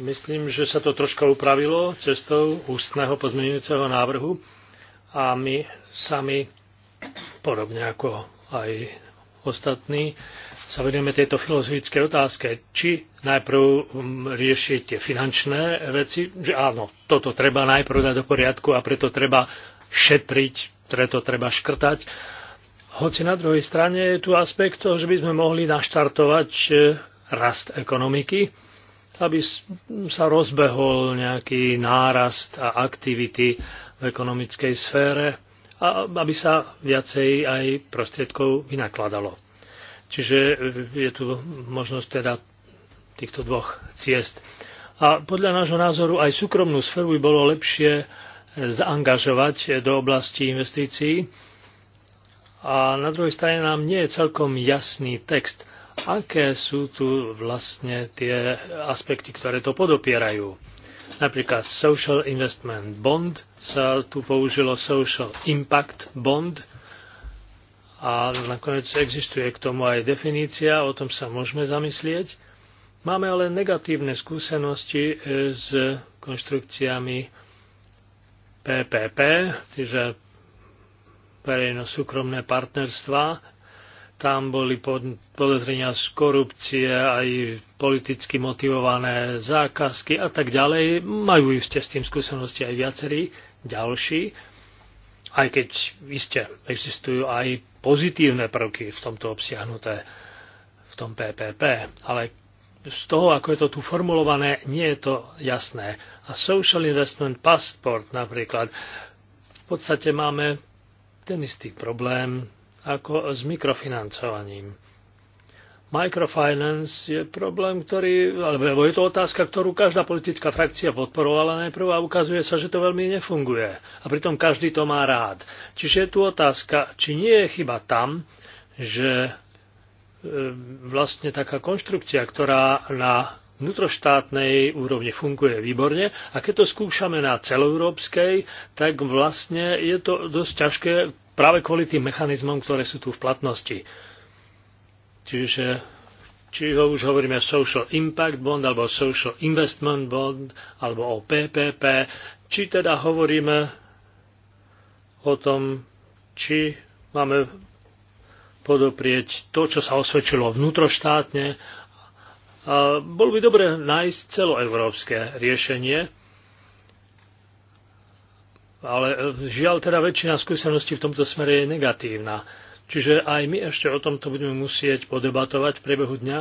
Myslím, že sa to troška upravilo cestou ústneho pozmeňujúceho návrhu a my sami, podobne ako aj ostatní, sa vedeme tejto filozofické otázke, či najprv mm, riešiť tie finančné veci, že áno, toto treba najprv dať do poriadku a preto treba šetriť preto treba škrtať. Hoci na druhej strane je tu aspekt toho, že by sme mohli naštartovať e, rast ekonomiky, aby sa rozbehol nejaký nárast a aktivity v ekonomickej sfére a aby sa viacej aj prostriedkov vynakladalo. Čiže je tu možnosť teda týchto dvoch ciest. A podľa nášho názoru aj súkromnú sféru by bolo lepšie zaangažovať do oblasti investícií. A na druhej strane nám nie je celkom jasný text, aké sú tu vlastne tie aspekty, ktoré to podopierajú. Napríklad Social Investment Bond sa tu použilo Social Impact Bond a nakoniec existuje k tomu aj definícia, o tom sa môžeme zamyslieť. Máme ale negatívne skúsenosti s konštrukciami PPP, čiže verejno-súkromné partnerstva. Tam boli podozrenia z korupcie, aj politicky motivované zákazky a tak ďalej. Majú ste s tým skúsenosti aj viacerí ďalší, aj keď iste existujú aj pozitívne prvky v tomto obsiahnuté v tom PPP, ale z toho, ako je to tu formulované, nie je to jasné. A Social Investment Passport napríklad, v podstate máme ten istý problém ako s mikrofinancovaním. Microfinance je problém, ktorý, alebo je to otázka, ktorú každá politická frakcia podporovala najprv a ukazuje sa, že to veľmi nefunguje. A pritom každý to má rád. Čiže je tu otázka, či nie je chyba tam, že Ehm, vlastne taká konštrukcia, ktorá na vnútroštátnej úrovni funguje výborne a keď to skúšame na celoeurópskej, tak vlastne je to dosť ťažké práve kvôli tým mechanizmom, ktoré sú tu v platnosti. Čiže či ho už hovoríme social impact bond alebo social investment bond alebo o PPP, či teda hovoríme o tom, či máme podoprieť to, čo sa osvedčilo vnútroštátne. A bolo by dobre nájsť celoevropské riešenie, ale žiaľ teda väčšina skúseností v tomto smere je negatívna. Čiže aj my ešte o tomto budeme musieť podebatovať v priebehu dňa,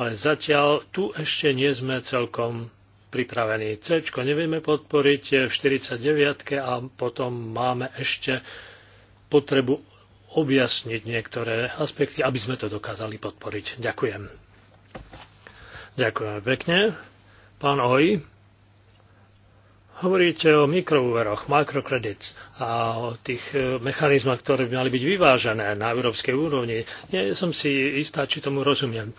ale zatiaľ tu ešte nie sme celkom pripravení. C nevieme podporiť v 49 a potom máme ešte potrebu objasniť niektoré aspekty, aby sme to dokázali podporiť. Ďakujem. Ďakujem pekne. Pán Oj, hovoríte o mikroúveroch, microcredits a o tých e, mechanizmoch, ktoré by mali byť vyvážené na európskej úrovni. Nie som si istá, či tomu rozumiem.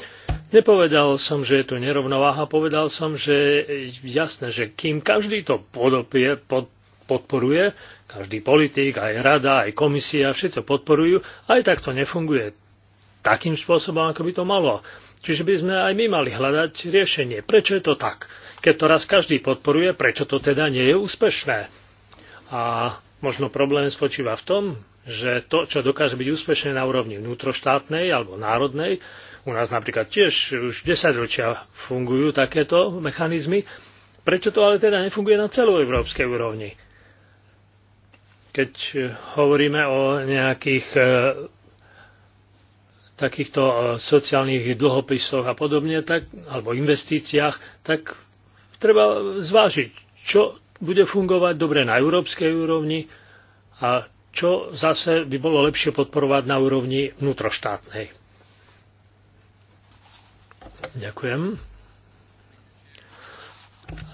Nepovedal som, že je tu nerovnováha, povedal som, že jasné, že kým každý to podopie, pod, podporuje, každý politik, aj rada, aj komisia, všetko podporujú, aj tak to nefunguje takým spôsobom, ako by to malo. Čiže by sme aj my mali hľadať riešenie. Prečo je to tak? Keď to raz každý podporuje, prečo to teda nie je úspešné? A možno problém spočíva v tom, že to, čo dokáže byť úspešné na úrovni vnútroštátnej alebo národnej, u nás napríklad tiež už 10 ročia fungujú takéto mechanizmy, prečo to ale teda nefunguje na celoeurópskej úrovni? keď e, hovoríme o nejakých e, takýchto e, sociálnych dlhopisoch a podobne, tak, alebo investíciách, tak treba zvážiť, čo bude fungovať dobre na európskej úrovni a čo zase by bolo lepšie podporovať na úrovni vnútroštátnej. Ďakujem.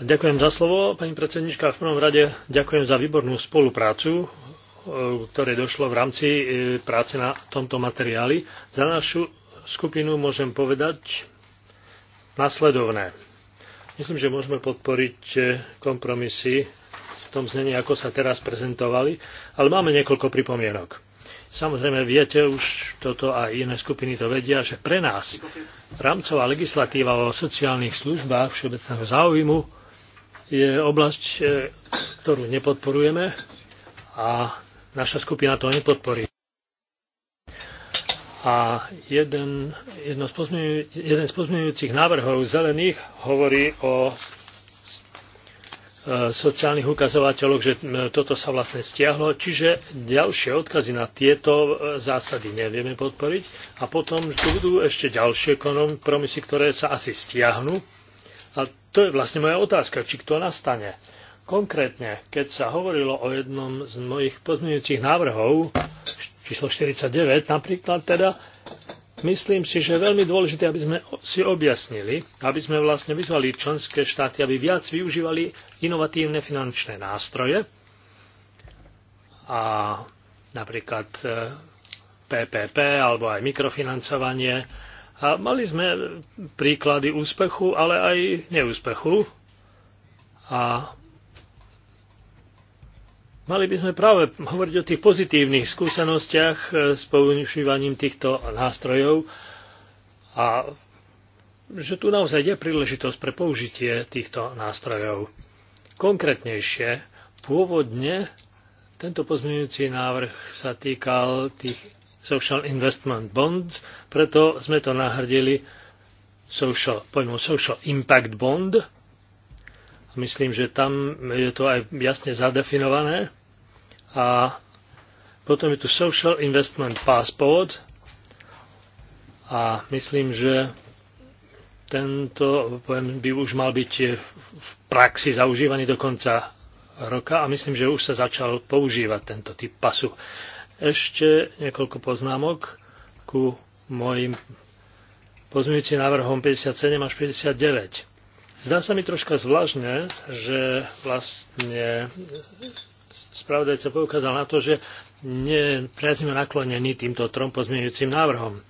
Ďakujem za slovo, pani predsednička. V prvom rade ďakujem za výbornú spoluprácu, e, ktoré došlo v rámci e, práce na tomto materiáli. Za našu skupinu môžem povedať nasledovné. Myslím, že môžeme podporiť e, kompromisy v tom znení, ako sa teraz prezentovali, ale máme niekoľko pripomienok. Samozrejme, viete už toto a iné skupiny to vedia, že pre nás rámcová legislatíva o sociálnych službách všeobecného záujmu je oblasť, e, ktorú nepodporujeme a naša skupina to nepodporí. A jeden, jedno z jeden z pozmeňujúcich návrhov zelených hovorí o E, sociálnych ukazovateľoch, že toto sa vlastne stiahlo, čiže ďalšie odkazy na tieto e, zásady nevieme podporiť a potom tu budú ešte ďalšie kompromisy, ktoré sa asi stiahnu a to je vlastne moja otázka, či kto nastane. Konkrétne, keď sa hovorilo o jednom z mojich pozmeňujúcich návrhov, číslo 49 napríklad teda, myslím si, že je veľmi dôležité, aby sme si objasnili, aby sme vlastne vyzvali členské štáty, aby viac využívali inovatívne finančné nástroje a napríklad PPP e, alebo aj mikrofinancovanie. A mali sme príklady úspechu, ale aj neúspechu. A Mali by sme práve hovoriť o tých pozitívnych skúsenostiach e, s používaním týchto nástrojov a že tu naozaj je príležitosť pre použitie týchto nástrojov. Konkrétnejšie, pôvodne tento pozmeňujúci návrh sa týkal tých social investment bonds, preto sme to nahrdili social, social impact bond, Myslím, že tam je to aj jasne zadefinované. A potom je tu Social Investment Passport. A myslím, že tento pojem by už mal byť v praxi zaužívaný do konca roka a myslím, že už sa začal používať tento typ pasu. Ešte niekoľko poznámok ku mojim pozmeňujúcim návrhom 57 až 59. Zdá sa mi troška zvláštne, že vlastne spravodajca poukázal na to, že nie, naklonení týmto trom pozmeňujúcim návrhom.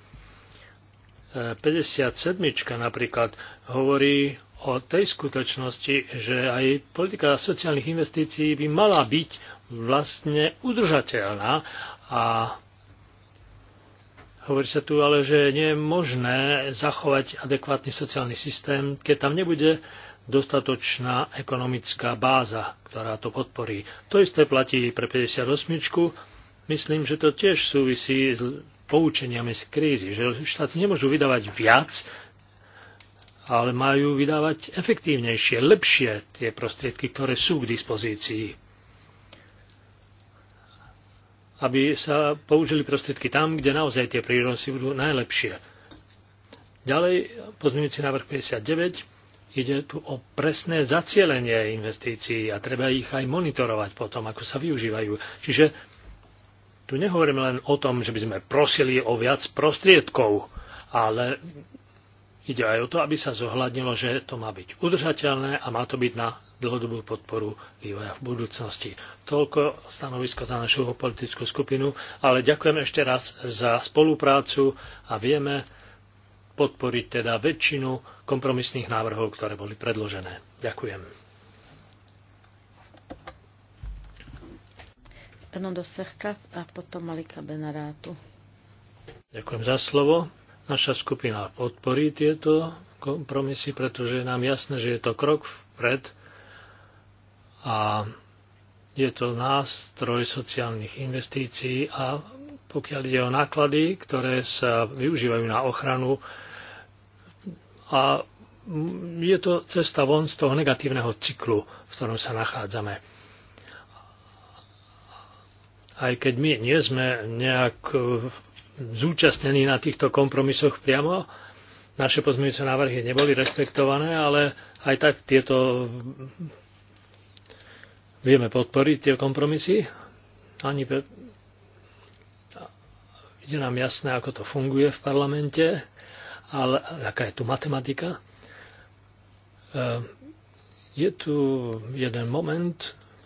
57. E, napríklad hovorí o tej skutočnosti, že aj politika sociálnych investícií by mala byť vlastne udržateľná a Hovorí sa tu ale, že nie je možné zachovať adekvátny sociálny systém, keď tam nebude dostatočná ekonomická báza, ktorá to podporí. To isté platí pre 58. Myslím, že to tiež súvisí s poučeniami z krízy, že štáty nemôžu vydávať viac, ale majú vydávať efektívnejšie, lepšie tie prostriedky, ktoré sú k dispozícii aby sa použili prostriedky tam, kde naozaj tie prírodnosti budú najlepšie. Ďalej, pozmeňujúci návrh 59, ide tu o presné zacielenie investícií a treba ich aj monitorovať potom, ako sa využívajú. Čiže tu nehovoríme len o tom, že by sme prosili o viac prostriedkov, ale ide aj o to, aby sa zohľadnilo, že to má byť udržateľné a má to byť na dlhodobú podporu vývoja v budúcnosti. Toľko stanovisko za našu politickú skupinu, ale ďakujem ešte raz za spoluprácu a vieme podporiť teda väčšinu kompromisných návrhov, ktoré boli predložené. Ďakujem. a potom Malika Benarátu. Ďakujem za slovo. Naša skupina podporí tieto kompromisy, pretože je nám jasné, že je to krok vpred a je to nástroj sociálnych investícií a pokiaľ ide o náklady, ktoré sa využívajú na ochranu a je to cesta von z toho negatívneho cyklu, v ktorom sa nachádzame. Aj keď my nie sme nejak e, zúčastnení na týchto kompromisoch priamo, naše pozmeňujúce návrhy neboli rešpektované, ale aj tak tieto vieme podporiť tie kompromisy. Ani pe... Je nám jasné, ako to funguje v parlamente, ale aká je tu matematika. Ehm, je tu jeden moment,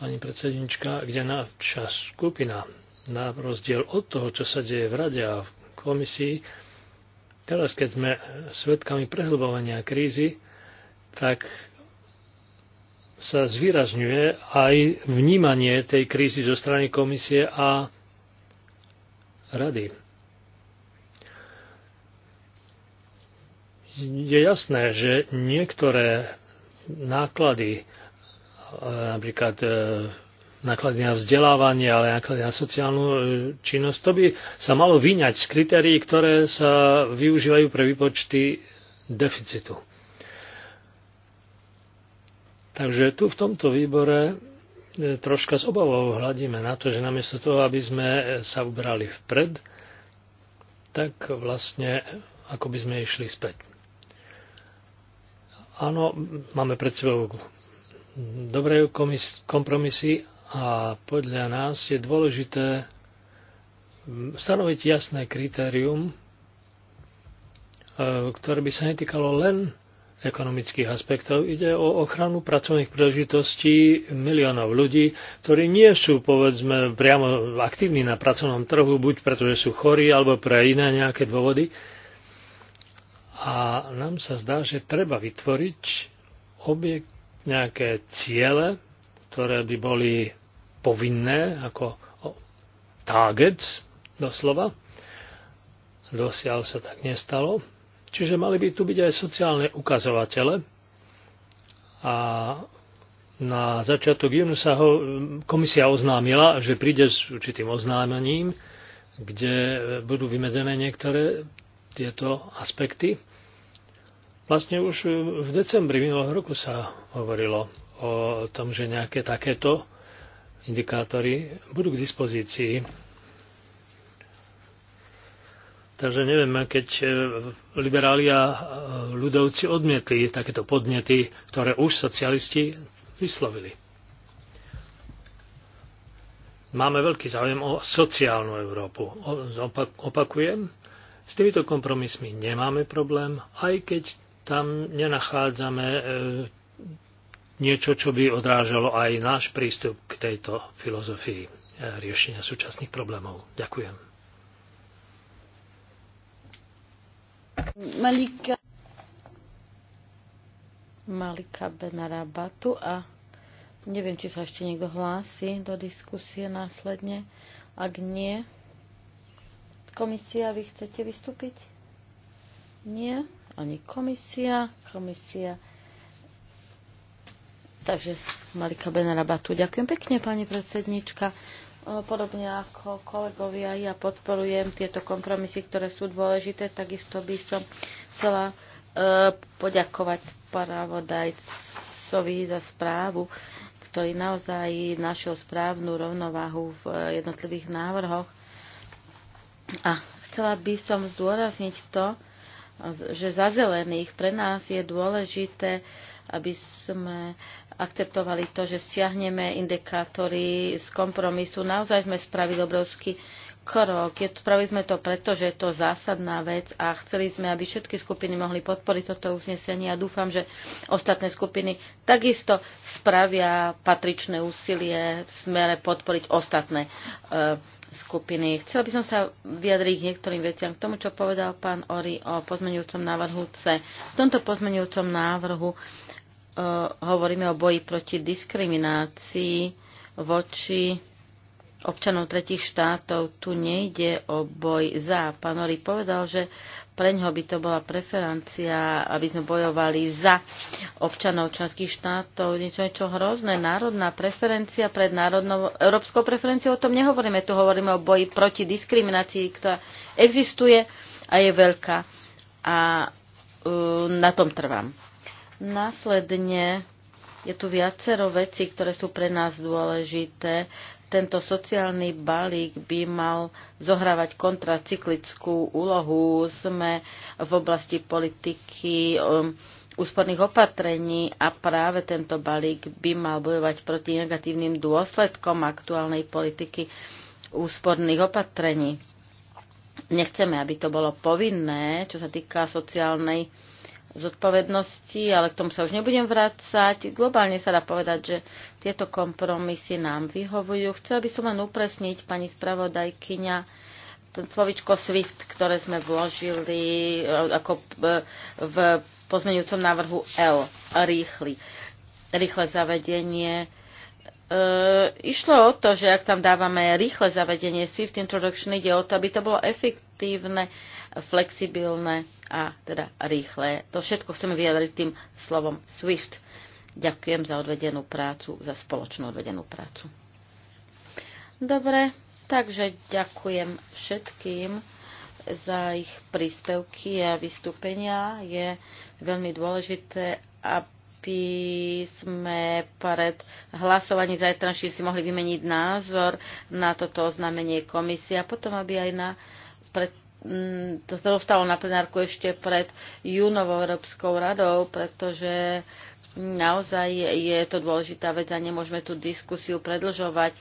pani predsednička, kde naša skupina, na rozdiel od toho, čo sa deje v rade a v komisii, teraz keď sme svedkami prehlbovania krízy, tak sa zvýrazňuje aj vnímanie tej krízy zo strany komisie a rady. Je jasné, že niektoré náklady, napríklad e, náklady na vzdelávanie, ale náklady na sociálnu e, činnosť, to by sa malo vyňať z kritérií, ktoré sa využívajú pre výpočty deficitu. Takže tu v tomto výbore e, troška s obavou hľadíme na to, že namiesto toho, aby sme e, sa ubrali vpred, tak vlastne ako by sme išli späť. Áno, máme pred sebou dobré kompromisy a podľa nás je dôležité stanoviť jasné kritérium, e, ktoré by sa netýkalo len ekonomických aspektov. Ide o ochranu pracovných príležitostí miliónov ľudí, ktorí nie sú, povedzme, priamo aktívni na pracovnom trhu, buď pretože sú chorí, alebo pre iné nejaké dôvody. A nám sa zdá, že treba vytvoriť objekt, nejaké ciele, ktoré by boli povinné, ako targets, doslova. Dosiaľ sa tak nestalo Čiže mali by tu byť aj sociálne ukazovatele. A na začiatok júna sa ho komisia oznámila, že príde s určitým oznámením, kde budú vymedzené niektoré tieto aspekty. Vlastne už v decembri minulého roku sa hovorilo o tom, že nejaké takéto indikátory budú k dispozícii Takže neviem, keď e, liberáli a e, ľudovci odmietli takéto podnety, ktoré už socialisti vyslovili. Máme veľký záujem o sociálnu Európu. Opakujem, s týmito kompromismi nemáme problém, aj keď tam nenachádzame e, niečo, čo by odrážalo aj náš prístup k tejto filozofii riešenia súčasných problémov. Ďakujem. Malika. Malika Benarabatu a neviem, či sa ešte niekto hlási do diskusie následne. Ak nie, komisia, vy chcete vystúpiť? Nie, ani komisia, komisia. Takže Malika Benarabatu, ďakujem pekne, pani predsednička. Podobne ako kolegovia, ja podporujem tieto kompromisy, ktoré sú dôležité. Takisto by som chcela e, poďakovať spravodajcovi za správu, ktorý naozaj našiel správnu rovnováhu v e, jednotlivých návrhoch. A chcela by som zdôrazniť to, že za zelených pre nás je dôležité aby sme akceptovali to, že stiahneme indikátory z kompromisu. Naozaj sme spravili obrovský krok. spravili sme to preto, že je to zásadná vec a chceli sme, aby všetky skupiny mohli podporiť toto uznesenie a dúfam, že ostatné skupiny takisto spravia patričné úsilie v smere podporiť ostatné e, skupiny. Chcela by som sa vyjadriť k niektorým veciam k tomu, čo povedal pán Ori o pozmenujúcom návrhu C. V tomto pozmenujúcom návrhu E, hovoríme o boji proti diskriminácii voči občanov tretich štátov. Tu nejde o boj za. Pán Ori povedal, že pre ňoho by to bola preferencia, aby sme bojovali za občanov členských štátov. Niečo, niečo hrozné. Národná preferencia pred národnou, európskou preferenciou, o tom nehovoríme. Tu hovoríme o boji proti diskriminácii, ktorá existuje a je veľká. A uh, na tom trvám. Následne je tu viacero vecí, ktoré sú pre nás dôležité. Tento sociálny balík by mal zohrávať kontracyklickú úlohu. Sme v oblasti politiky um, úsporných opatrení a práve tento balík by mal bojovať proti negatívnym dôsledkom aktuálnej politiky úsporných opatrení. Nechceme, aby to bolo povinné, čo sa týka sociálnej zodpovednosti, ale k tomu sa už nebudem vrácať. Globálne sa dá povedať, že tieto kompromisy nám vyhovujú. Chcela by som len upresniť, pani spravodajkyňa, to slovičko SWIFT, ktoré sme vložili e, ako e, v pozmeňujúcom návrhu L, rýchly, rýchle zavedenie. E, išlo o to, že ak tam dávame rýchle zavedenie SWIFT Introduction, ide o to, aby to bolo efektívne flexibilné a teda rýchle. To všetko chceme vyjadriť tým slovom SWIFT. Ďakujem za odvedenú prácu, za spoločnú odvedenú prácu. Dobre, takže ďakujem všetkým za ich príspevky a vystúpenia. Je veľmi dôležité, aby sme pred hlasovaním zajtrajším si mohli vymeniť názor na toto oznámenie komisie a potom, aby aj na pred Mm, to sa dostalo na plenárku ešte pred júnovou Európskou radou, pretože naozaj je to dôležitá vec a nemôžeme tú diskusiu predlžovať.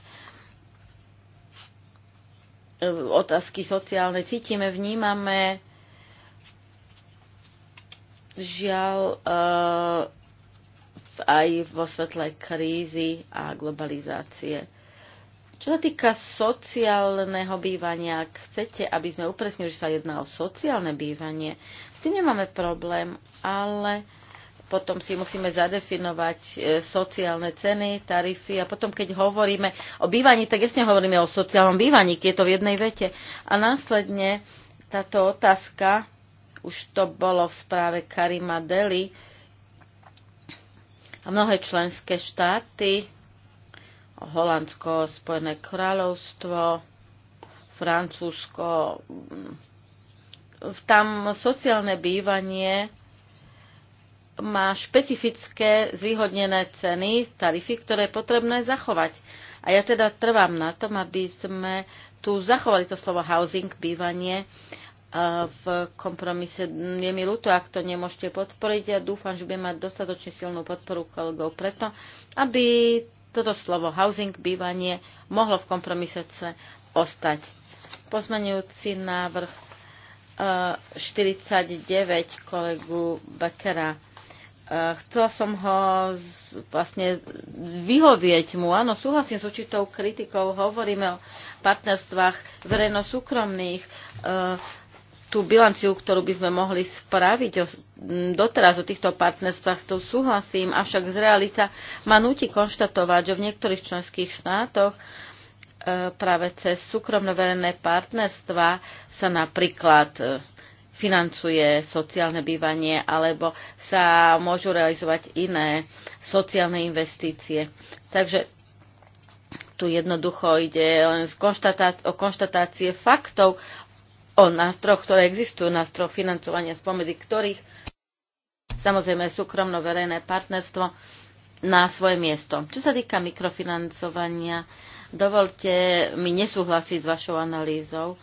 Otázky sociálne cítime, vnímame. Žiaľ, eh, aj vo svetle krízy a globalizácie čo sa týka sociálneho bývania, ak chcete, aby sme upresnili, že sa jedná o sociálne bývanie, s tým nemáme problém, ale potom si musíme zadefinovať e, sociálne ceny, tarify a potom, keď hovoríme o bývaní, tak jasne hovoríme o sociálnom bývaní, keď je to v jednej vete. A následne táto otázka, už to bolo v správe Karima Deli, a mnohé členské štáty Holandsko, Spojené kráľovstvo, Francúzsko. Tam sociálne bývanie má špecifické zvýhodnené ceny, tarify, ktoré je potrebné zachovať. A ja teda trvám na tom, aby sme tu zachovali to slovo housing, bývanie e, v kompromise. Je mi ľúto, ak to nemôžete podporiť. Ja dúfam, že budem mať dostatočne silnú podporu kolegov preto, aby toto slovo housing, bývanie, mohlo v kompromise C ostať. Pozmenujúci návrh 49 eh, kolegu Beckera. Eh, chcela som ho vlastne vyhovieť mu. Áno, súhlasím s určitou kritikou. Hovoríme o partnerstvách verejno-súkromných. Eh, tú bilanciu, ktorú by sme mohli spraviť o, doteraz o týchto partnerstvách, s tou súhlasím, avšak z realita ma nutí konštatovať, že v niektorých členských štátoch e, práve cez súkromné verejné partnerstva sa napríklad e, financuje sociálne bývanie alebo sa môžu realizovať iné sociálne investície. Takže tu jednoducho ide len z konštatá- o konštatácie faktov, o nástroch, ktoré existujú, nástroch financovania, spomedzi ktorých samozrejme súkromno-verejné partnerstvo na svoje miesto. Čo sa týka mikrofinancovania, dovolte mi nesúhlasiť s vašou analýzou.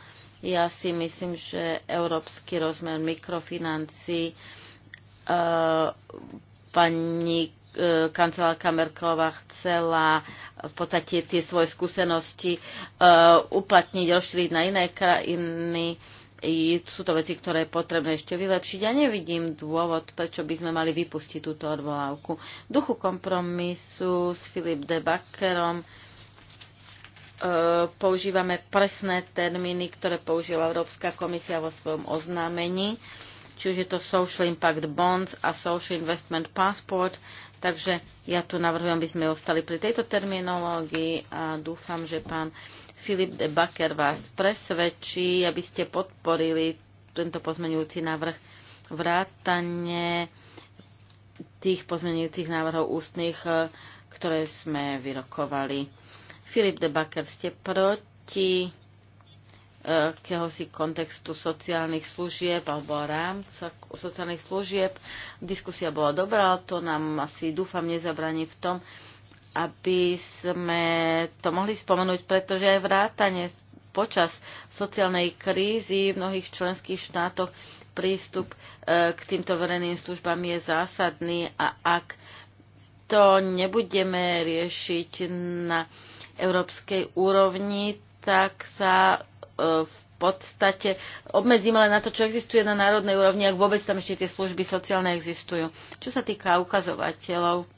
Ja si myslím, že európsky rozmer mikrofinancií e, pani E, kancelárka Merkelová chcela v podstate tie svoje skúsenosti e, uplatniť, rozšíriť na iné krajiny. I sú to veci, ktoré je potrebné ešte vylepšiť. Ja nevidím dôvod, prečo by sme mali vypustiť túto odvolávku. V duchu kompromisu s Filip de Bakerom e, používame presné termíny, ktoré používa Európska komisia vo svojom oznámení, čiže je to Social Impact Bonds a Social Investment Passport. E, Takže ja tu navrhujem, aby sme ostali pri tejto terminológii a dúfam, že pán Filip de Baker vás presvedčí, aby ste podporili tento pozmenujúci návrh vrátane tých pozmenujúcich návrhov ústnych, e, ktoré sme vyrokovali. Filip de Baker, ste proti? akéhosi kontextu sociálnych služieb alebo rámca sociálnych služieb. Diskusia bola dobrá, ale to nám asi dúfam nezabraní v tom, aby sme to mohli spomenúť, pretože aj vrátanie počas sociálnej krízy v mnohých členských štátoch prístup e, k týmto verejným službám je zásadný a ak to nebudeme riešiť na európskej úrovni, tak sa e, v podstate obmedzíme len na to, čo existuje na národnej úrovni, ak vôbec tam ešte tie služby sociálne existujú. Čo sa týka ukazovateľov,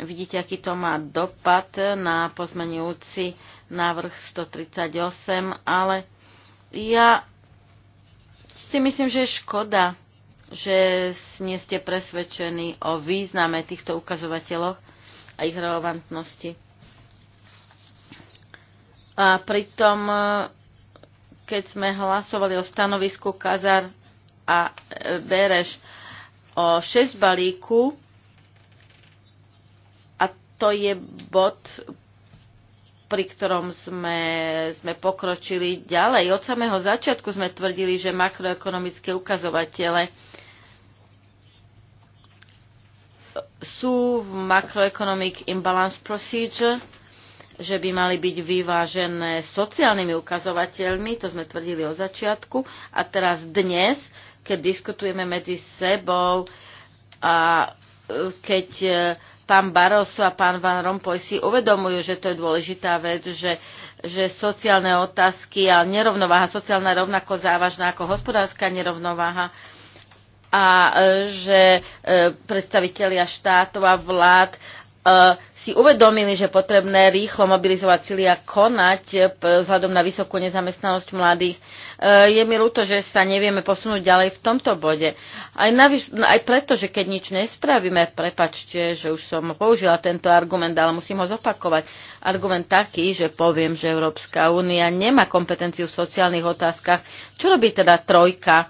vidíte, aký to má dopad na pozmenujúci návrh 138, ale ja si myslím, že je škoda, že nie ste presvedčení o význame týchto ukazovateľov a ich relevantnosti a pritom, e, keď sme hlasovali o stanovisku Kazar a e, Bereš o 6 balíku, a to je bod, pri ktorom sme, sme pokročili ďalej. Od samého začiatku sme tvrdili, že makroekonomické ukazovatele sú v Macroeconomic Imbalance Procedure že by mali byť vyvážené sociálnymi ukazovateľmi, to sme tvrdili od začiatku, a teraz dnes, keď diskutujeme medzi sebou a e, keď e, pán Barroso a pán Van Rompuy si uvedomujú, že to je dôležitá vec, že, že sociálne otázky a nerovnováha sociálna rovnako závažná ako hospodárska nerovnováha a e, že predstavitelia štátov a vlád E, si uvedomili, že potrebné rýchlo mobilizovať sily a konať e, vzhľadom na vysokú nezamestnanosť mladých. E, je mi ľúto, že sa nevieme posunúť ďalej v tomto bode. Aj, navyš, aj preto, že keď nič nespravíme, prepačte, že už som použila tento argument, ale musím ho zopakovať. Argument taký, že poviem, že Európska únia nemá kompetenciu v sociálnych otázkach. Čo robí teda trojka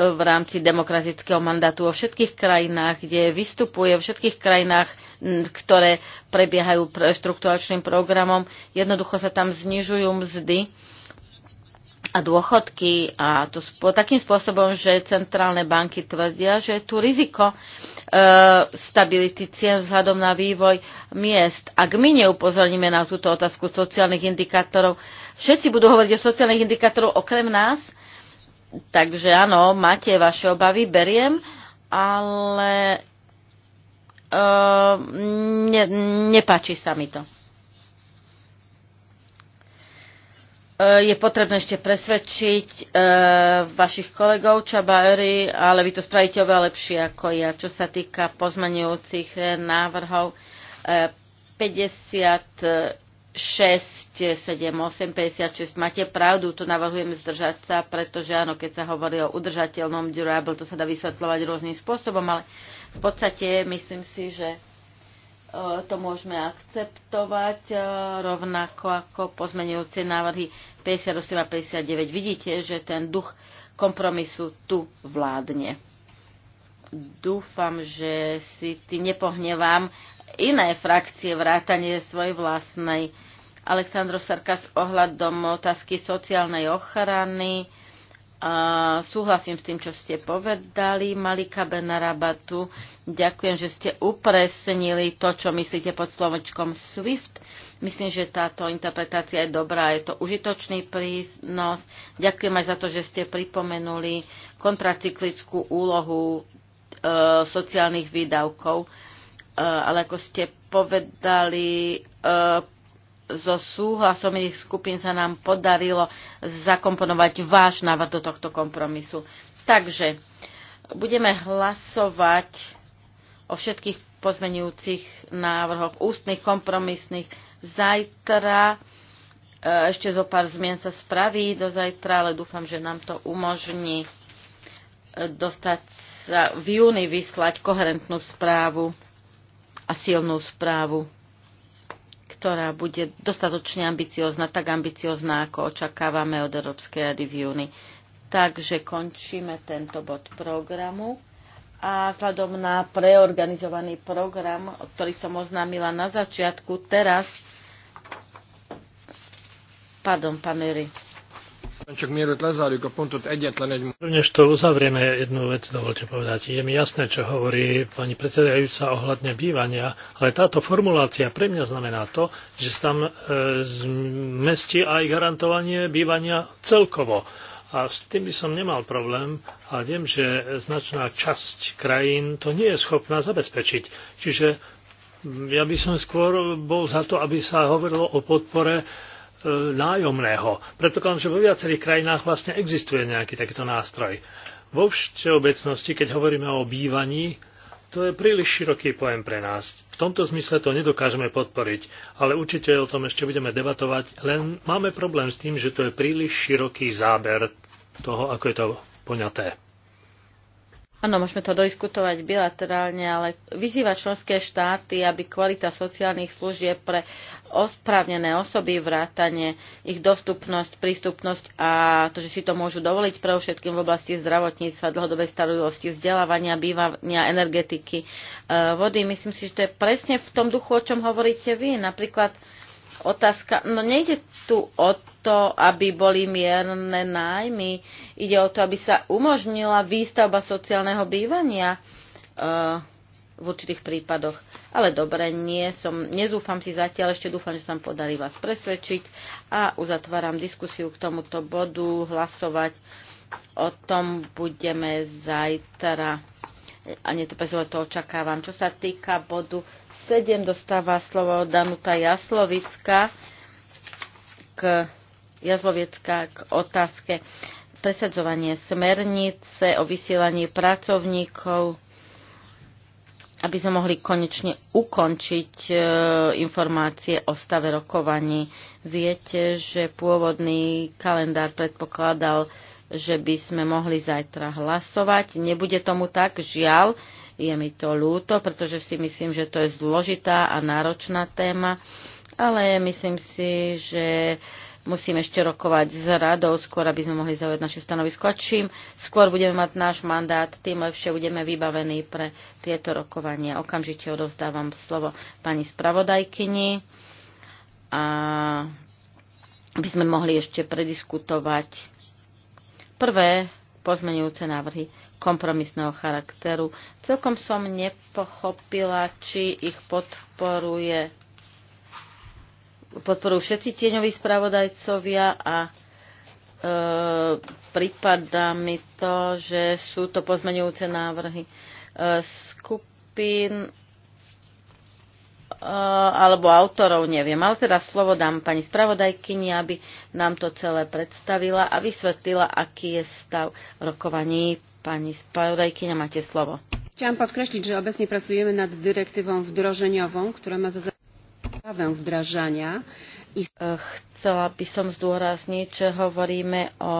v rámci demokratického mandátu vo všetkých krajinách, kde vystupuje vo všetkých krajinách, ktoré prebiehajú štruktúračným programom. Jednoducho sa tam znižujú mzdy a dôchodky a to takým spôsobom, že centrálne banky tvrdia, že je tu riziko e, stability cien vzhľadom na vývoj miest. Ak my neupozorníme na túto otázku sociálnych indikátorov, všetci budú hovoriť o sociálnych indikátoroch okrem nás Takže áno, máte vaše obavy, beriem, ale uh, ne, nepáči sa mi to. Uh, je potrebné ešte presvedčiť uh, vašich kolegov Čabári, ale vy to spravíte oveľa lepšie ako ja. Čo sa týka pozmenujúcich návrhov, uh, 50 6, 7, 8, 56. Máte pravdu, tu navrhujem zdržať sa, pretože áno, keď sa hovorí o udržateľnom durable, to sa dá vysvetľovať rôznym spôsobom, ale v podstate myslím si, že e, to môžeme akceptovať e, rovnako ako pozmenujúce návrhy 58 a 59. Vidíte, že ten duch kompromisu tu vládne. Dúfam, že si ty nepohnevám iné frakcie vrátanie svojej vlastnej. Sarka Sarkas ohľadom otázky sociálnej ochrany. A súhlasím s tým, čo ste povedali, Malika Benarabatu. Ďakujem, že ste upresnili to, čo myslíte pod slovočkom SWIFT. Myslím, že táto interpretácia je dobrá, je to užitočný prínos. Ďakujem aj za to, že ste pripomenuli kontracyklickú úlohu e, sociálnych výdavkov. E, Eh, ale ako ste povedali, eh, so súhlasom iných skupín sa nám podarilo zakomponovať váš návrh do tohto kompromisu. Takže budeme hlasovať o všetkých pozmenujúcich návrhoch, ústnych, kompromisných. Zajtra eh, ešte zo pár zmien sa spraví do zajtra, ale dúfam, že nám to umožní dostať sa v júni vyslať koherentnú správu a silnú správu, ktorá bude dostatočne ambiciozná, tak ambiciozná, ako očakávame od Európskej rady v júni. Takže končíme tento bod programu a vzhľadom na preorganizovaný program, ktorý som oznámila na začiatku, teraz... Pardon, pán Jury. Rovnež to uzavrieme, jednu vec dovolte povedať. Je mi jasné, čo hovorí pani predsedajúca ohľadne bývania, ale táto formulácia pre mňa znamená to, že tam e, zmestí aj garantovanie bývania celkovo. A s tým by som nemal problém a viem, že značná časť krajín to nie je schopná zabezpečiť. Čiže ja by som skôr bol za to, aby sa hovorilo o podpore nájomného. Predpokladám, že vo viacerých krajinách vlastne existuje nejaký takýto nástroj. Vo všeobecnosti, keď hovoríme o bývaní, to je príliš široký pojem pre nás. V tomto zmysle to nedokážeme podporiť, ale určite o tom ešte budeme debatovať, len máme problém s tým, že to je príliš široký záber toho, ako je to poňaté. Áno, môžeme to dodiskutovať bilaterálne, ale vyzýva členské štáty, aby kvalita sociálnych služieb pre osprávnené osoby, vrátanie ich dostupnosť, prístupnosť a to, že si to môžu dovoliť pre všetkým v oblasti zdravotníctva, dlhodobej starostlivosti, vzdelávania, bývania, energetiky, eh, vody. Myslím si, že to je presne v tom duchu, o čom hovoríte vy. Napríklad otázka, no nejde tu o to, aby boli mierne nájmy, ide o to, aby sa umožnila výstavba sociálneho bývania eh, v určitých prípadoch. Ale dobre, nie som, nezúfam si zatiaľ, ešte dúfam, že sa podarí vás presvedčiť a uzatváram diskusiu k tomuto bodu, hlasovať o tom budeme zajtra a netopezové to očakávam. Čo sa týka bodu 7 dostáva slovo Danuta Jaslovická k Jazloviecka k otázke presadzovanie smernice o vysielaní pracovníkov aby sme mohli konečne ukončiť e, informácie o stave rokovaní. Viete, že pôvodný kalendár predpokladal, že by sme mohli zajtra hlasovať. Nebude tomu tak, žiaľ. E, je mi to ľúto, pretože si myslím, že to je zložitá a náročná téma, ale myslím si, že musím ešte rokovať s radou, skôr aby sme mohli zaujať naše stanovisko. A čím skôr budeme mať náš mandát, tým lepšie budeme vybavení pre tieto rokovania. Okamžite odovzdávam slovo pani spravodajkyni a by sme mohli ešte prediskutovať prvé pozmenujúce návrhy, kompromisného charakteru. Celkom som nepochopila, či ich podporuje podporujú všetci tieňoví spravodajcovia a e, prípada mi to, že sú to pozmenujúce návrhy e, skupín Eh, alebo autorov, neviem. Ale teda slovo dám pani spravodajkyni, aby nám to celé predstavila a vysvetlila, aký je stav rokovaní. Pani spravodajkyňa, máte slovo. Chciałam podkreślić, że obecnie pracujemy nad dyrektywą wdrożeniową, która ma za zadanie wdrażania. I... E, chcela by som zdôrazniť, že hovoríme o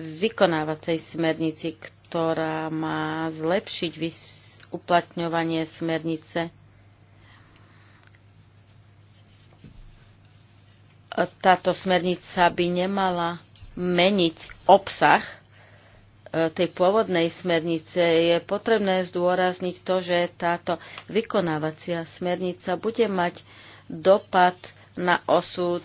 vykonávacej smernici, ktorá má zlepšiť uplatňovanie smernice táto smernica by nemala meniť obsah e, tej pôvodnej smernice, je potrebné zdôrazniť to, že táto vykonávacia smernica bude mať dopad na osud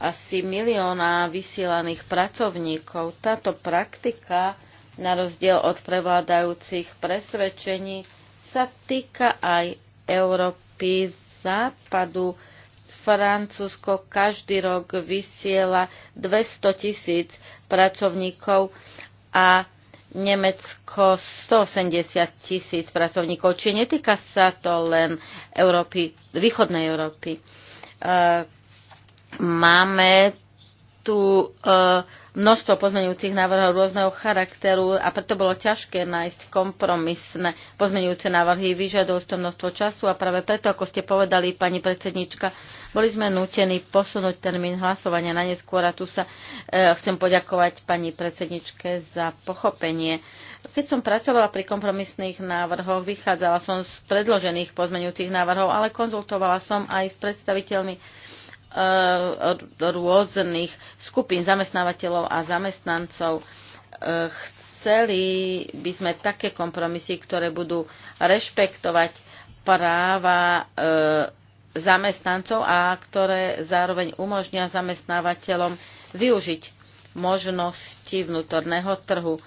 asi milióna vysielaných pracovníkov. Táto praktika, na rozdiel od prevládajúcich presvedčení, sa týka aj Európy západu, Francúzsko každý rok vysiela 200 tisíc pracovníkov a Nemecko 180 tisíc pracovníkov. Čiže netýka sa to len Európy, východnej Európy. E, máme tu e, množstvo pozmenujúcich návrhov rôzneho charakteru a preto bolo ťažké nájsť kompromisné pozmeňujúce návrhy. Vyžadovalo to množstvo času a práve preto, ako ste povedali, pani predsednička, boli sme nútení posunúť termín hlasovania na neskôr a tu sa e, chcem poďakovať pani predsedničke za pochopenie. Keď som pracovala pri kompromisných návrhoch, vychádzala som z predložených pozmenujúcich návrhov, ale konzultovala som aj s predstaviteľmi Eh, od rôznych skupín zamestnávateľov a zamestnancov. Eh, chceli by sme také kompromisy, ktoré budú rešpektovať práva eh, zamestnancov a ktoré zároveň umožnia zamestnávateľom využiť možnosti vnútorného trhu.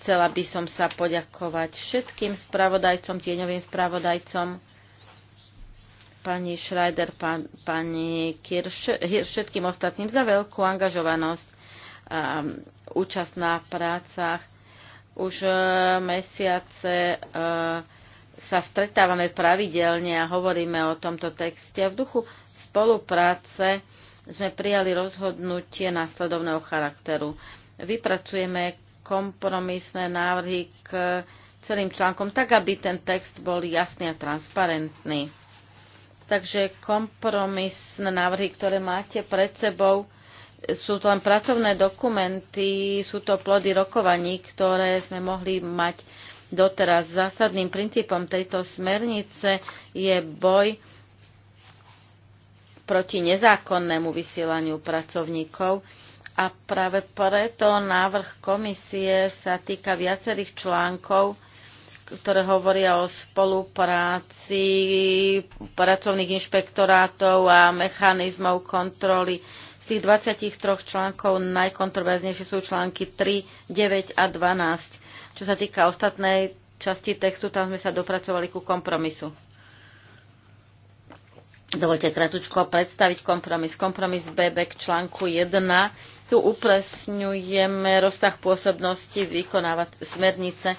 Chcela by som sa poďakovať všetkým spravodajcom, tieňovým spravodajcom pani Schreider, pán, pani Kirš, všetkým ostatným za veľkú angažovanosť a účasť na prácach. Už e, mesiace e, sa stretávame pravidelne a hovoríme o tomto texte. V duchu spolupráce sme prijali rozhodnutie následovného charakteru. Vypracujeme kompromisné návrhy k celým článkom, tak aby ten text bol jasný a transparentný Takže kompromisné návrhy, ktoré máte pred sebou, sú to len pracovné dokumenty, sú to plody rokovaní, ktoré sme mohli mať doteraz. Zásadným princípom tejto smernice je boj proti nezákonnému vysielaniu pracovníkov a práve preto návrh komisie sa týka viacerých článkov, ktoré hovoria o spolupráci pracovných inšpektorátov a mechanizmov kontroly. Z tých 23 článkov najkontroverznejšie sú články 3, 9 a 12. Čo sa týka ostatnej časti textu, tam sme sa dopracovali ku kompromisu. Dovolte kratučko predstaviť kompromis. Kompromis BB k článku 1. Tu upresňujeme rozsah pôsobnosti vykonávať smernice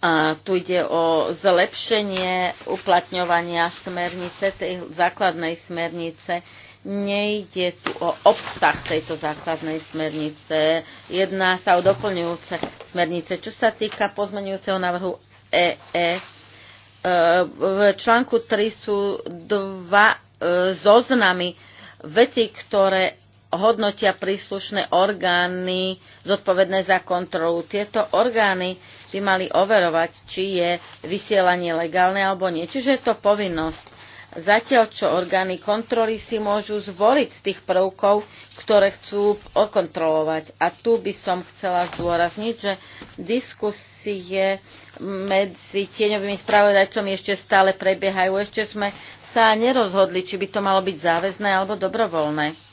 a tu ide o zlepšenie uplatňovania smernice, tej základnej smernice. Nejde tu o obsah tejto základnej smernice. Jedná sa o doplňujúce smernice. Čo sa týka pozmenujúceho návrhu EE, e, e, v článku 3 sú dva e, zoznamy veci, ktoré hodnotia príslušné orgány zodpovedné za kontrolu. Tieto orgány by mali overovať, či je vysielanie legálne alebo nie. Čiže je to povinnosť. Zatiaľ, čo orgány kontroly si môžu zvoliť z tých prvkov, ktoré chcú okontrolovať. A tu by som chcela zdôrazniť, že diskusie medzi tieňovými spravodajcom ešte stále prebiehajú. Ešte sme sa nerozhodli, či by to malo byť záväzné alebo dobrovoľné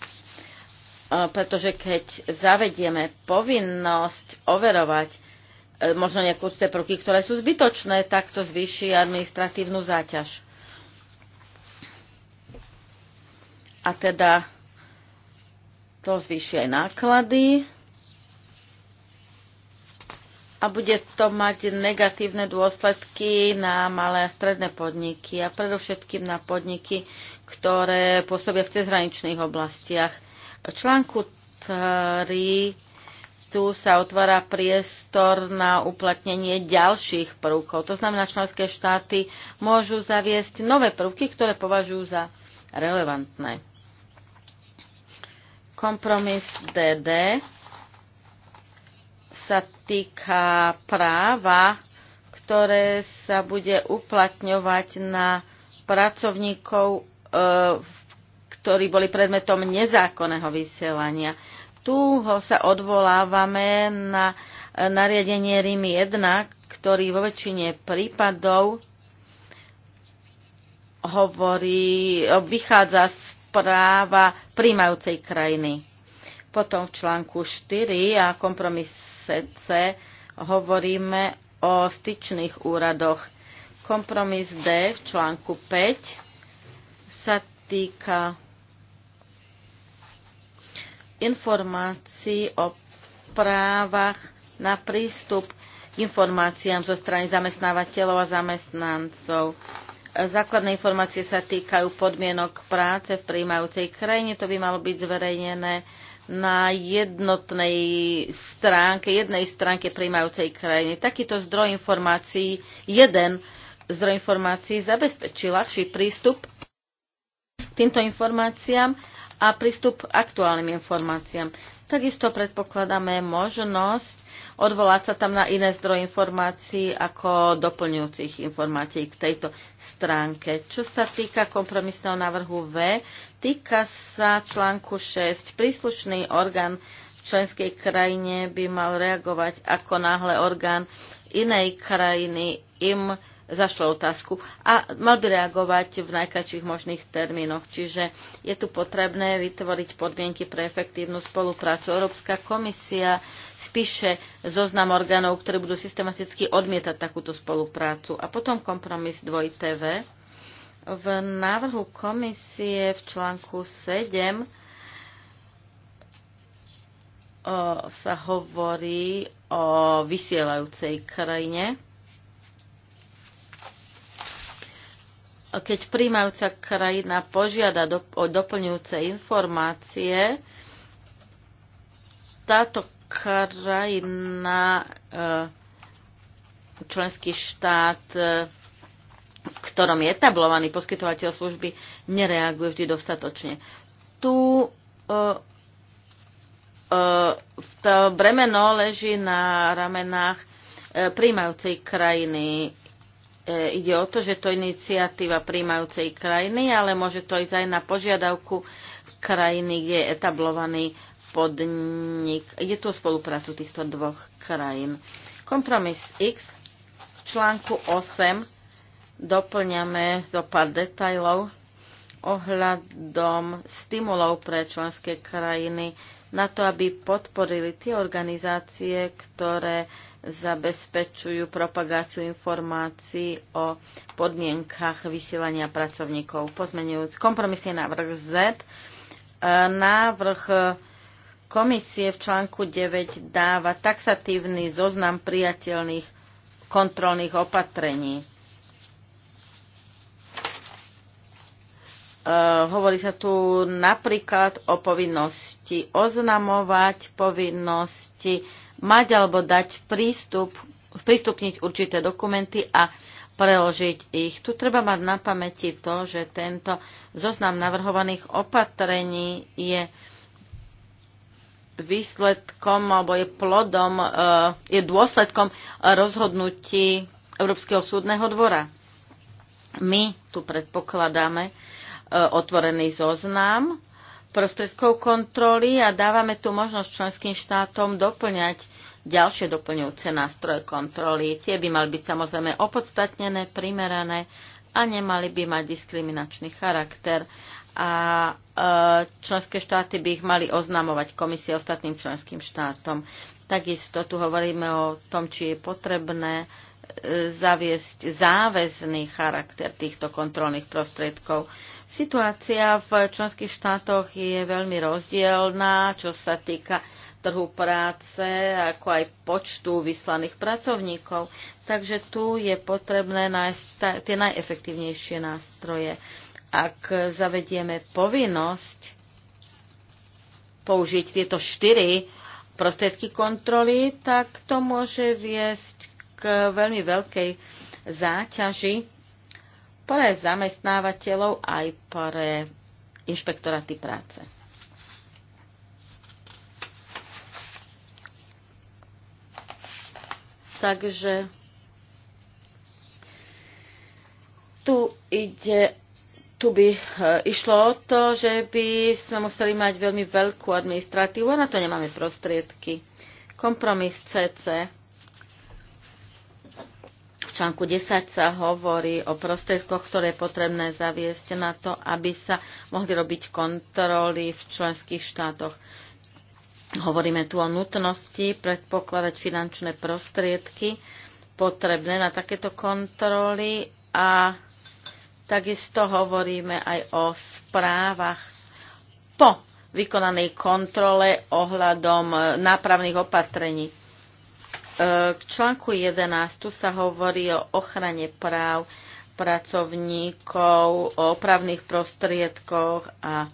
pretože keď zavedieme povinnosť overovať E, možno nejaké určité prvky, ktoré sú zbytočné, tak to zvýši administratívnu záťaž. A teda to zvýši aj náklady a bude to mať negatívne dôsledky na malé a stredné podniky a predovšetkým na podniky, ktoré pôsobia v cezhraničných oblastiach. V článku 3 tu sa otvára priestor na uplatnenie ďalších prvkov. To znamená, členské štáty môžu zaviesť nové prvky, ktoré považujú za relevantné. Kompromis DD sa týka práva, ktoré sa bude uplatňovať na pracovníkov, e, ktorí boli predmetom nezákonného vysielania tu sa odvolávame na e, nariadenie RIM 1, ktorý vo väčšine prípadov hovorí, e, vychádza z práva príjmajúcej krajiny. Potom v článku 4 a kompromise C hovoríme o styčných úradoch. Kompromis D v článku 5 sa týka informácií o právach na prístup k informáciám zo strany zamestnávateľov a zamestnancov. Základné informácie sa týkajú podmienok práce v príjmajúcej krajine. To by malo byť zverejnené na jednotnej stránke, jednej stránke príjmajúcej krajiny. Takýto zdroj informácií, jeden zdroj informácií zabezpečí ľahší prístup týmto informáciám a prístup k aktuálnym informáciám. Takisto predpokladáme možnosť odvolať sa tam na iné zdroje informácií ako doplňujúcich informácií k tejto stránke. Čo sa týka kompromisného návrhu V, týka sa článku 6. Príslušný orgán v členskej krajine by mal reagovať ako náhle orgán inej krajiny im zašle otázku a mal by reagovať v najkračších možných termínoch. Čiže je tu potrebné vytvoriť podmienky pre efektívnu spoluprácu. Európska komisia spíše zoznam orgánov, ktoré budú systematicky odmietať takúto spoluprácu. A potom kompromis 2TV. V návrhu komisie v článku 7 sa hovorí o vysielajúcej krajine. keď príjmajúca krajina požiada do, o doplňujúce informácie, táto krajina, e, členský štát, e, v ktorom je tablovaný poskytovateľ služby, nereaguje vždy dostatočne. Tu e, to bremeno leží na ramenách príjmajúcej krajiny. E, ide o to, že to iniciatíva príjmajúcej krajiny, ale môže to ísť aj na požiadavku krajiny, kde je etablovaný podnik. Ide tu o spoluprácu týchto dvoch krajín. Kompromis X v článku 8 doplňame zo pár detajlov ohľadom stimulov pre členské krajiny na to, aby podporili tie organizácie, ktoré zabezpečujú propagáciu informácií o podmienkach vysielania pracovníkov. Pozmenujúc kompromisný návrh Z, e, návrh komisie v článku 9 dáva taxatívny zoznam priateľných kontrolných opatrení. E, hovorí sa tu napríklad o povinnosti oznamovať, povinnosti mať alebo dať prístup, prístupniť určité dokumenty a preložiť ich. Tu treba mať na pamäti to, že tento zoznam navrhovaných opatrení je výsledkom alebo je plodom, eh, je dôsledkom rozhodnutí Európskeho súdneho dvora. My tu predpokladáme eh, otvorený zoznam prostriedkov kontroly a dávame tu možnosť členským štátom doplňať ďalšie doplňujúce nástroje kontroly. Tie by mali byť samozrejme opodstatnené, primerané a nemali by mať diskriminačný charakter a e, členské štáty by ich mali oznamovať komisie ostatným členským štátom. Takisto tu hovoríme o tom, či je potrebné e, zaviesť záväzný charakter týchto kontrolných prostriedkov. Situácia v členských štátoch je veľmi rozdielná, čo sa týka trhu práce, ako aj počtu vyslaných pracovníkov. Takže tu je potrebné nájsť tie najefektívnejšie nástroje. Ak zavedieme povinnosť použiť tieto štyri prostriedky kontroly, tak to môže viesť k veľmi veľkej záťaži pre zamestnávateľov aj pre inšpektoráty práce. Takže tu ide tu by eh, išlo o to, že by sme museli mať veľmi veľkú administratívu a na to nemáme prostriedky. Kompromis CC článku 10 sa hovorí o prostriedkoch, ktoré je potrebné zaviesť na to, aby sa mohli robiť kontroly v členských štátoch. Hovoríme tu o nutnosti predpokladať finančné prostriedky potrebné na takéto kontroly a takisto hovoríme aj o správach po vykonanej kontrole ohľadom nápravných opatrení. K článku 11 tu sa hovorí o ochrane práv pracovníkov, o opravných prostriedkoch a e,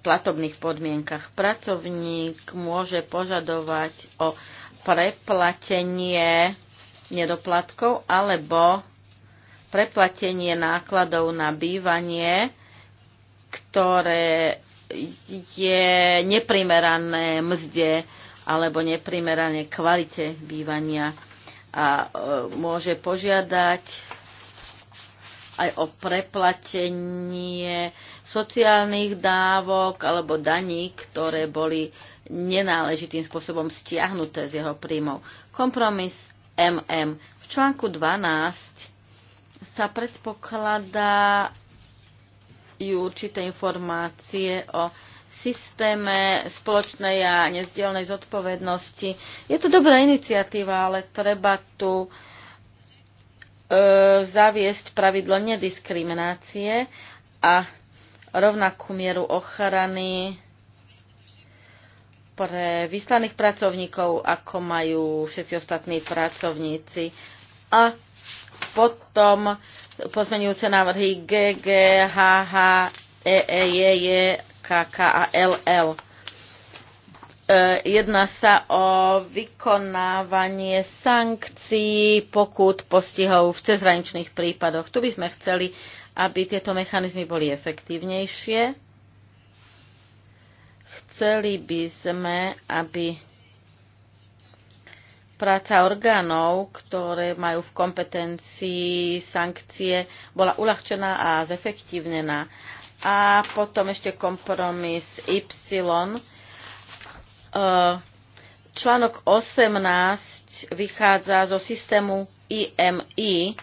platobných podmienkach. Pracovník môže požadovať o preplatenie nedoplatkov alebo preplatenie nákladov na bývanie, ktoré je neprimerané mzde alebo neprimerane kvalite bývania a e, môže požiadať aj o preplatenie sociálnych dávok alebo daní, ktoré boli nenáležitým spôsobom stiahnuté z jeho príjmov. Kompromis MM. V článku 12 sa predpokladá určité informácie o systéme spoločnej a nezdielnej zodpovednosti. Je to dobrá iniciatíva, ale treba tu e, zaviesť pravidlo nediskriminácie a rovnakú mieru ochrany pre vyslaných pracovníkov, ako majú všetci ostatní pracovníci. A potom pozmenujúce návrhy GG, HH, EE. KK a LL. E, jedná sa o vykonávanie sankcií, pokút, postihov v cezhraničných prípadoch. Tu by sme chceli, aby tieto mechanizmy boli efektívnejšie. Chceli by sme, aby práca orgánov, ktoré majú v kompetencii sankcie, bola uľahčená a zefektívnená a potom ešte kompromis Y. E, článok 18 vychádza zo systému IMI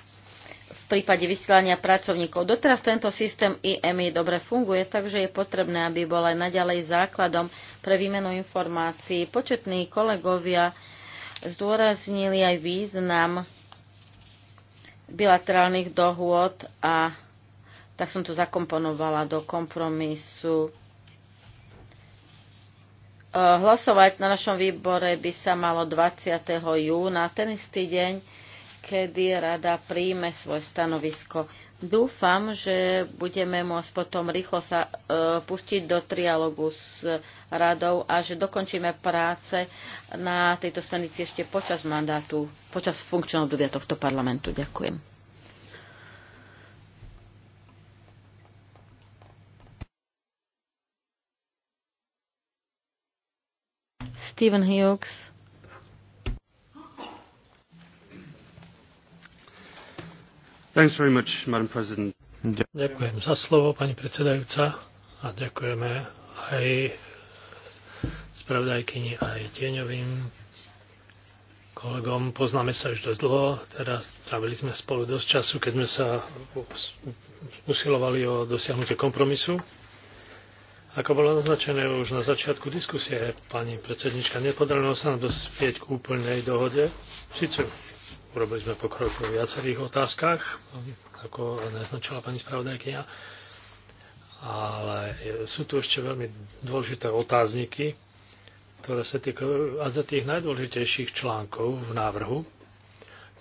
v prípade vysielania pracovníkov. Doteraz tento systém IMI dobre funguje, takže je potrebné, aby bol aj naďalej základom pre výmenu informácií. Početní kolegovia zdôraznili aj význam bilaterálnych dohôd a tak som to zakomponovala do kompromisu. E, hlasovať na našom výbore by sa malo 20. júna, ten istý deň, kedy rada príjme svoje stanovisko. Dúfam, že budeme môcť potom rýchlo sa e, pustiť do trialogu s radou a že dokončíme práce na tejto stanici ešte počas mandátu, počas funkčného obdobia tohto parlamentu. Ďakujem. Stephen Hughes. Thanks very much, Madam President. Ďakujem za slovo, pani predsedajúca, a ďakujeme aj spravodajkyni, aj tieňovým kolegom. Poznáme sa už dosť dlho, teraz strávili sme spolu dosť času, keď sme sa usilovali o dosiahnutie kompromisu. Ako bolo naznačené už na začiatku diskusie, pani predsednička, nepodarilo sa nám dospieť k úplnej dohode. Sice urobili sme pokrok vo viacerých otázkach, ako naznačila pani spravodajkynia, ale sú tu ešte veľmi dôležité otázniky, ktoré sa týkajú a za tých najdôležitejších článkov v návrhu.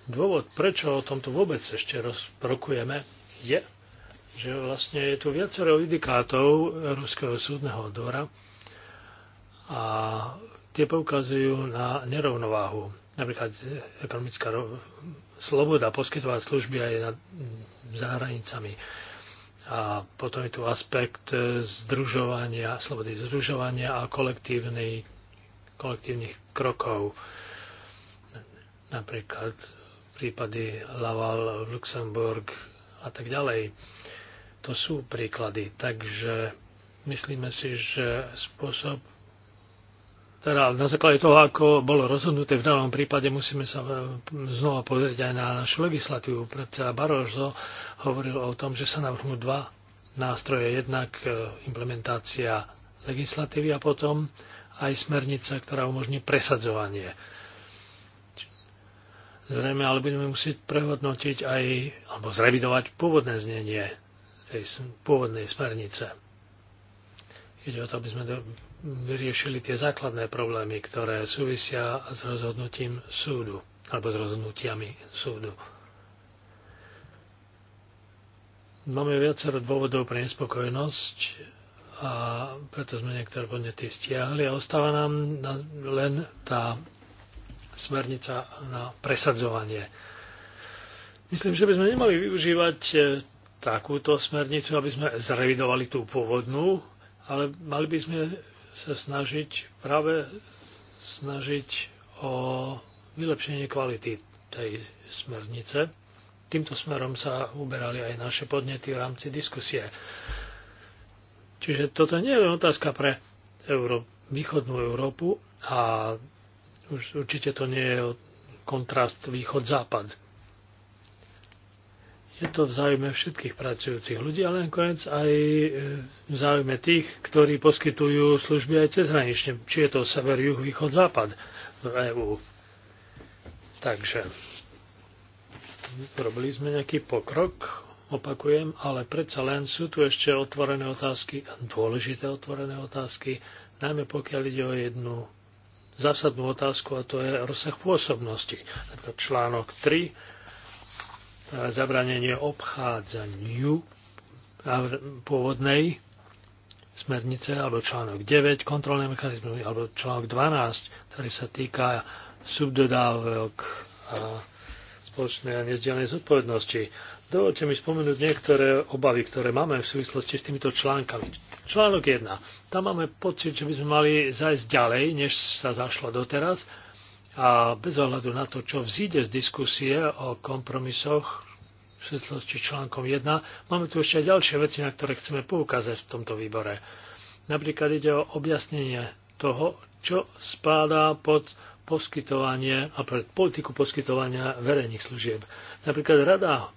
Dôvod, prečo o tomto vôbec ešte rozprokujeme, je že vlastne je tu viacero judikátov Ruského súdneho dvora a tie poukazujú na nerovnováhu. Napríklad ekonomická sloboda poskytovať služby aj nad, za hranicami. A potom je tu aspekt združovania, slobody združovania a kolektívnych krokov. Napríklad prípady Laval, Luxemburg a tak ďalej to sú príklady. Takže myslíme si, že spôsob, teda na základe toho, ako bolo rozhodnuté v danom prípade, musíme sa znova pozrieť aj na našu legislatívu. Predseda Barozo hovoril o tom, že sa navrhnú dva nástroje. Jednak e, implementácia legislatívy a potom aj smernica, ktorá umožní presadzovanie. Zrejme, ale budeme musieť prehodnotiť aj, alebo zrevidovať pôvodné znenie tej pôvodnej smernice. Ide o to, aby sme vyriešili tie základné problémy, ktoré súvisia s rozhodnutím súdu alebo s rozhodnutiami súdu. Máme viacero dôvodov pre nespokojnosť a preto sme niektoré podnety stiahli a ostáva nám len tá smernica na presadzovanie. Myslím, že by sme nemali využívať e, takúto smernicu, aby sme zrevidovali tú pôvodnú, ale mali by sme sa snažiť práve snažiť o vylepšenie kvality tej smernice. Týmto smerom sa uberali aj naše podnety v rámci diskusie. Čiže toto nie je len otázka pre Euró- východnú Európu a už určite to nie je kontrast východ-západ je to v záujme všetkých pracujúcich ľudí, ale nakoniec aj e, v záujme tých, ktorí poskytujú služby aj cezhranične, či je to sever, juh, východ, západ v EÚ. Takže robili sme nejaký pokrok, opakujem, ale predsa len sú tu ešte otvorené otázky, dôležité otvorené otázky, najmä pokiaľ ide o jednu zásadnú otázku, a to je rozsah pôsobnosti. Článok 3 zabranenie obchádzaniu pôvodnej smernice, alebo článok 9, kontrolné mechanizmy, alebo článok 12, ktorý sa týka subdodávok a spoločnej a nezdielnej zodpovednosti. Dovolte mi spomenúť niektoré obavy, ktoré máme v súvislosti s týmito článkami. Článok 1. Tam máme pocit, že by sme mali zajsť ďalej, než sa zašlo doteraz a bez ohľadu na to, čo vzíde z diskusie o kompromisoch v súvislosti článkom 1, máme tu ešte ďalšie veci, na ktoré chceme poukázať v tomto výbore. Napríklad ide o objasnenie toho, čo spáda pod poskytovanie a pre politiku poskytovania verejných služieb. Napríklad rada e,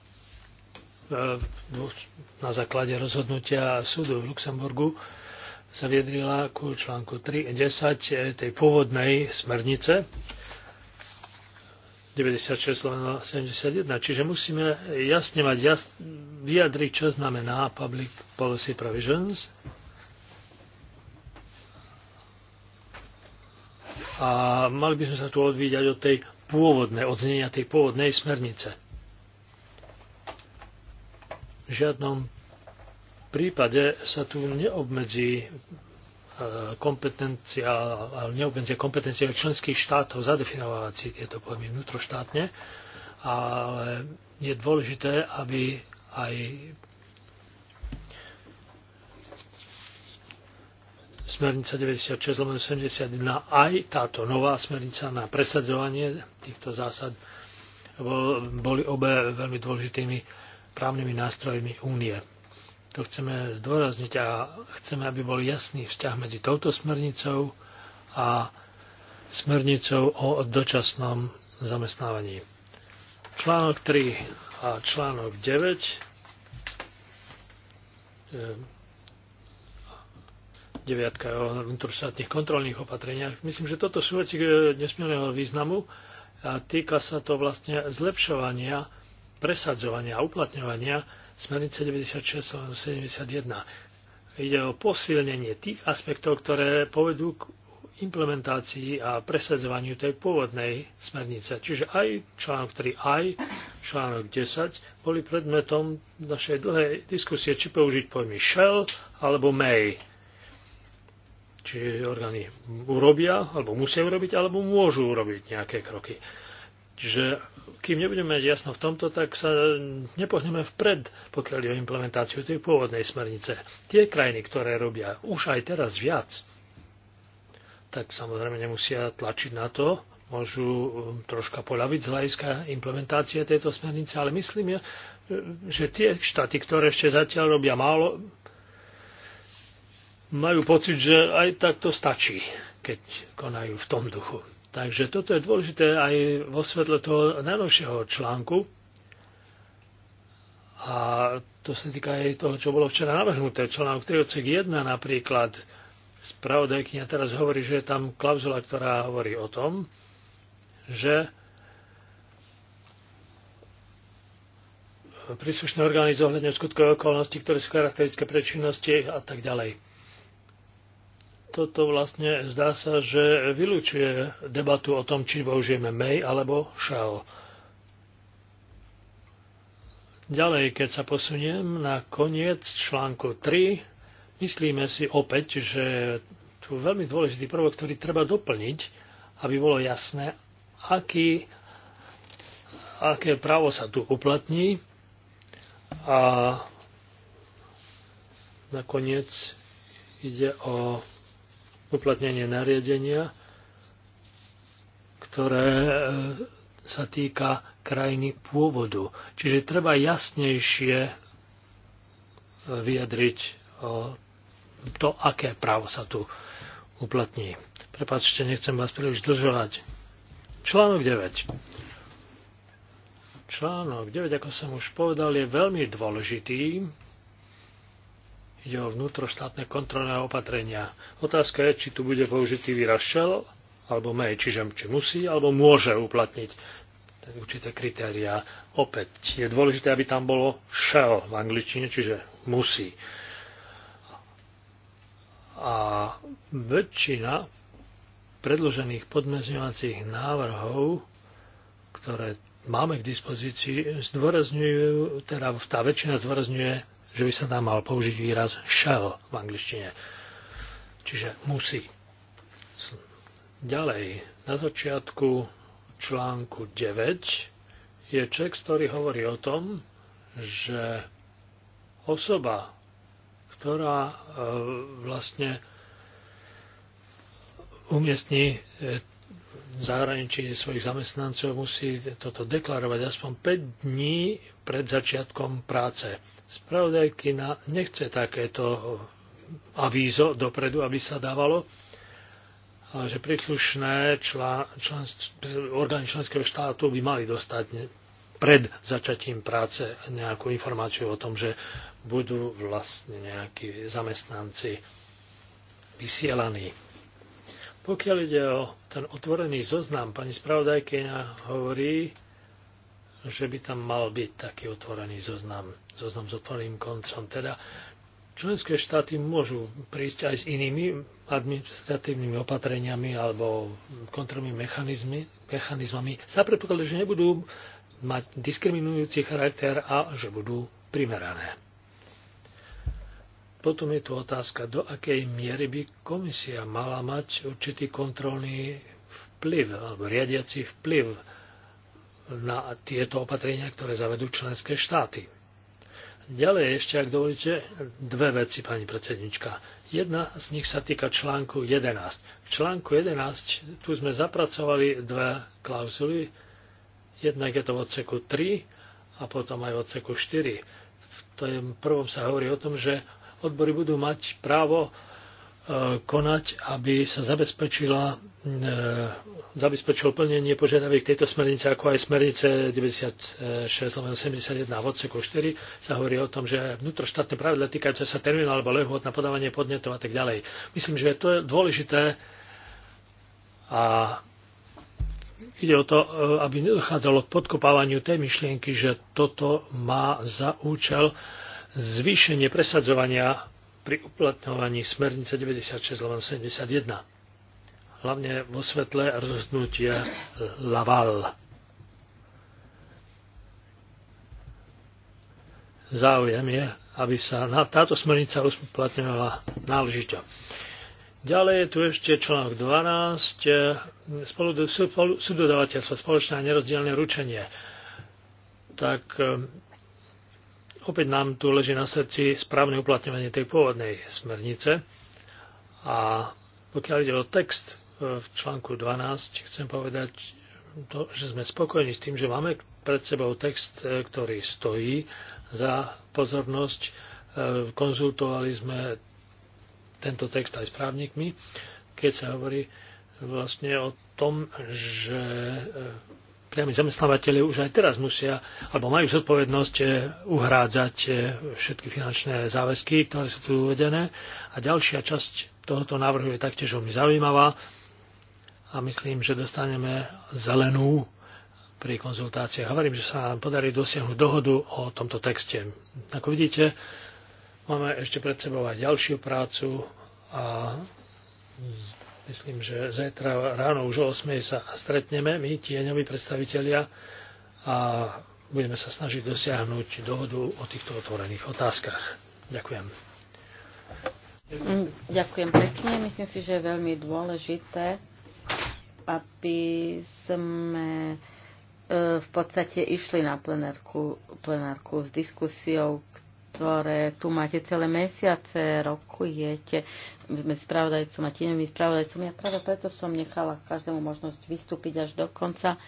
no, na základe rozhodnutia súdu v Luxemburgu sa viedrila ku článku 3.10 e, tej pôvodnej smernice 96 lomeno 71. Čiže musíme jasne mať jasne, vyjadriť, čo znamená public policy provisions. A mali by sme sa tu odvíjať od tej pôvodnej, od znenia tej pôvodnej smernice. V žiadnom prípade sa tu neobmedzí kompetencia, ale neobmedzia kompetencie členských štátov zadefinovať si tieto pojmy vnútroštátne, ale je dôležité, aby aj smernica 96 71 aj táto nová smernica na presadzovanie týchto zásad boli obe veľmi dôležitými právnymi nástrojmi únie. To chceme zdôrazniť a chceme, aby bol jasný vzťah medzi touto smernicou a smernicou o dočasnom zamestnávaní. Článok 3 a článok 9 eh, deviatka o vnútroštátnych kontrolných opatreniach. Myslím, že toto sú veci eh, nesmierneho významu a týka sa to vlastne zlepšovania, presadzovania a uplatňovania smernice 96-71. Ide o posilnenie tých aspektov, ktoré povedú k implementácii a presadzovaniu tej pôvodnej smernice. Čiže aj článok 3, aj článok 10 boli predmetom našej dlhej diskusie, či použiť pojmy shell alebo may. Čiže orgány urobia, alebo musia urobiť, alebo môžu urobiť nejaké kroky. Čiže kým nebudeme mať jasno v tomto, tak sa nepohneme vpred, pokiaľ je o implementáciu tej pôvodnej smernice. Tie krajiny, ktoré robia už aj teraz viac, tak samozrejme nemusia tlačiť na to, môžu um, troška poľaviť z hľadiska implementácie tejto smernice, ale myslím, že tie štáty, ktoré ešte zatiaľ robia málo, majú pocit, že aj tak to stačí, keď konajú v tom duchu. Takže toto je dôležité aj vo svetle toho najnovšieho článku. A to sa týka aj toho, čo bolo včera navrhnuté. Článok 3.1 napríklad spravodajkňa teraz hovorí, že je tam klauzula, ktorá hovorí o tom, že príslušné orgány zohľadňujú skutkové okolnosti, ktoré sú charakteristické pre činnosti a tak ďalej toto vlastne zdá sa, že vylúčuje debatu o tom, či použijeme may alebo shall. Ďalej, keď sa posuniem na koniec článku 3, myslíme si opäť, že tu veľmi dôležitý prvok, ktorý treba doplniť, aby bolo jasné, aký, aké právo sa tu uplatní a nakoniec ide o uplatnenie nariadenia, ktoré e, sa týka krajiny pôvodu. Čiže treba jasnejšie e, vyjadriť to, aké právo sa tu uplatní. Prepačte, nechcem vás príliš držovať. Článok 9. Článok 9, ako som už povedal, je veľmi dôležitý Ide o vnútroštátne kontrolné opatrenia. Otázka je, či tu bude použitý výraz šel, alebo mej, čiže či musí alebo môže uplatniť určité kritériá. Opäť je dôležité, aby tam bolo shall v angličtine, čiže musí. A väčšina predložených podmezňovacích návrhov, ktoré máme k dispozícii, zdôrazňujú, teda tá väčšina zdôrazňuje že by sa tam mal použiť výraz shall v angličtine. Čiže musí. Ďalej, na začiatku článku 9 je text, ktorý hovorí o tom, že osoba, ktorá e, vlastne umiestni v e, zahraničí svojich zamestnancov, musí toto deklarovať aspoň 5 dní pred začiatkom práce. Spravodajkina nechce takéto avízo dopredu, aby sa dávalo, ale že príslušné orgány členského štátu by mali dostať pred začatím práce nejakú informáciu o tom, že budú vlastne nejakí zamestnanci vysielaní. Pokiaľ ide o ten otvorený zoznam, pani spravodajkyňa hovorí, že by tam mal byť taký otvorený zoznam, zoznam s otvoreným koncom. Teda členské štáty môžu prísť aj s inými administratívnymi opatreniami alebo kontrolnými mechanizmi, mechanizmami. Sa predpokladá, že nebudú mať diskriminujúci charakter a že budú primerané. Potom je tu otázka, do akej miery by komisia mala mať určitý kontrolný vplyv alebo riadiaci vplyv na tieto opatrenia, ktoré zavedú členské štáty. Ďalej ešte, ak dovolíte, dve veci, pani predsednička. Jedna z nich sa týka článku 11. V článku 11 tu sme zapracovali dve klauzuly. Jednak je to v odseku 3 a potom aj v odseku 4. V tom prvom sa hovorí o tom, že odbory budú mať právo konať, aby sa zabezpečila, e, zabezpečilo plnenie požiadaviek tejto smernice, ako aj smernice 96-71 v odseku 4 sa hovorí o tom, že vnútroštátne pravidla týkajúce sa termínu alebo lehôd na podávanie podnetov a tak ďalej. Myslím, že to je dôležité a ide o to, e, aby nedochádzalo k podkopávaniu tej myšlienky, že toto má za účel zvýšenie presadzovania pri uplatňovaní smernice 96-71, hlavne vo svetle rozhodnutia Laval. Záujem je, aby sa táto smernica uplatňovala náležite. Ďalej je tu ešte článok 12, eh, spolu, spoločné a nerozdielne ručenie. Tak eh, opäť nám tu leží na srdci správne uplatňovanie tej pôvodnej smernice. A pokiaľ ide o text e, v článku 12, chcem povedať, to, že sme spokojní s tým, že máme pred sebou text, e, ktorý stojí za pozornosť. E, konzultovali sme tento text aj s právnikmi, keď sa hovorí vlastne o tom, že priami zamestnávateľe už aj teraz musia, alebo majú zodpovednosť e, uhrádzať e, všetky finančné záväzky, ktoré sú tu uvedené. A ďalšia časť tohoto návrhu je taktiež veľmi zaujímavá a myslím, že dostaneme zelenú pri konzultáciách. Hovorím, že sa nám podarí dosiahnuť dohodu o tomto texte. Ako vidíte, máme ešte pred sebou aj ďalšiu prácu a Myslím, že zajtra ráno už o 8 sa stretneme, my tieňoví predstavitelia, a budeme sa snažiť dosiahnuť dohodu o týchto otvorených otázkach. Ďakujem. Ďakujem pekne. Myslím si, že je veľmi dôležité, aby sme e, v podstate išli na plenárku, plenárku s diskusiou, ktoré tu máte celé mesiace, rokujete medzi spravodajcom a tieňovým spravodajcom. Ja práve preto som nechala každému možnosť vystúpiť až do konca,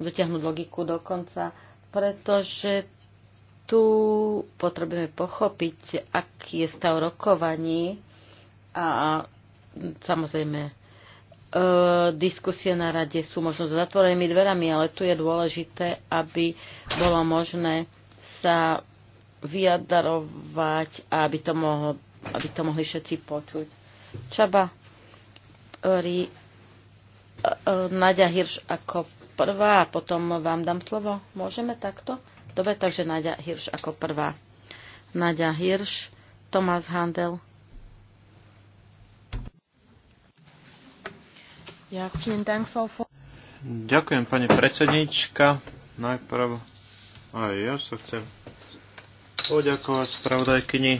dotiahnuť logiku do konca, pretože tu potrebujeme pochopiť, aký je stav rokovaní a samozrejme e, diskusie na rade sú možno zatvorenými dverami, ale tu je dôležité, aby bolo možné sa vyjadrovať aby to, mohlo, aby to mohli všetci počuť. Čaba Ri, e, e, Nadia Hirš ako prvá a potom vám dám slovo. Môžeme takto? Dobre, takže Nadia Hirš ako prvá. Nadia Hirš, Tomás Handel. Ja, Dank, Frau Ďakujem, pani predsednička. Najprv aj ja sa chcem poďakovať spravodajkyni.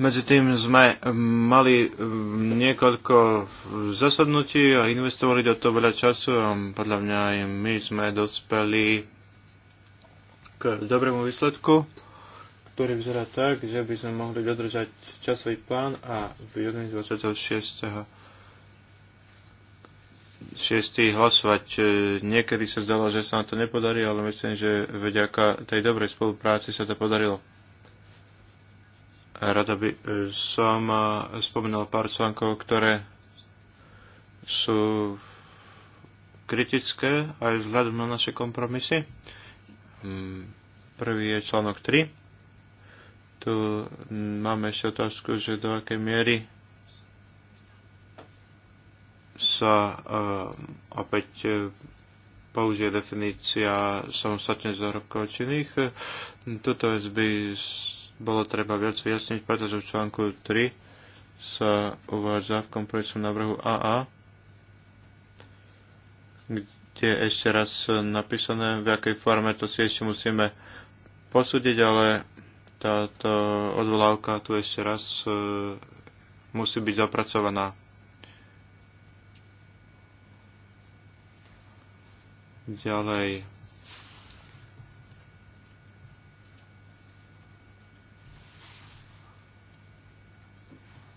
Medzi tým sme mali mm, niekoľko zasadnutí a investovali do toho veľa času a podľa mňa aj my sme dospeli k dobrému výsledku, ktorý vyzerá tak, že by sme mohli dodržať časový plán a v 26 šiestý hlasovať. E, niekedy sa zdalo, že sa nám to nepodarí, ale myslím, že vďaka tej dobrej spolupráci sa to podarilo. Rada by e, som e, spomenul pár článkov, ktoré sú kritické aj vzhľadom na naše kompromisy. Mm, prvý je článok 3. Tu máme ešte otázku, že do akej miery sa eh, opäť eh, použije definícia samostatne zárobkovačinných. Toto vec by bolo treba viac vyjasniť, pretože v článku 3 sa uvádza v kompromisnom návrhu AA, kde je ešte raz napísané, v akej forme to si ešte musíme posúdiť, ale táto odvolávka tu ešte raz eh, musí byť zapracovaná. Ďalej.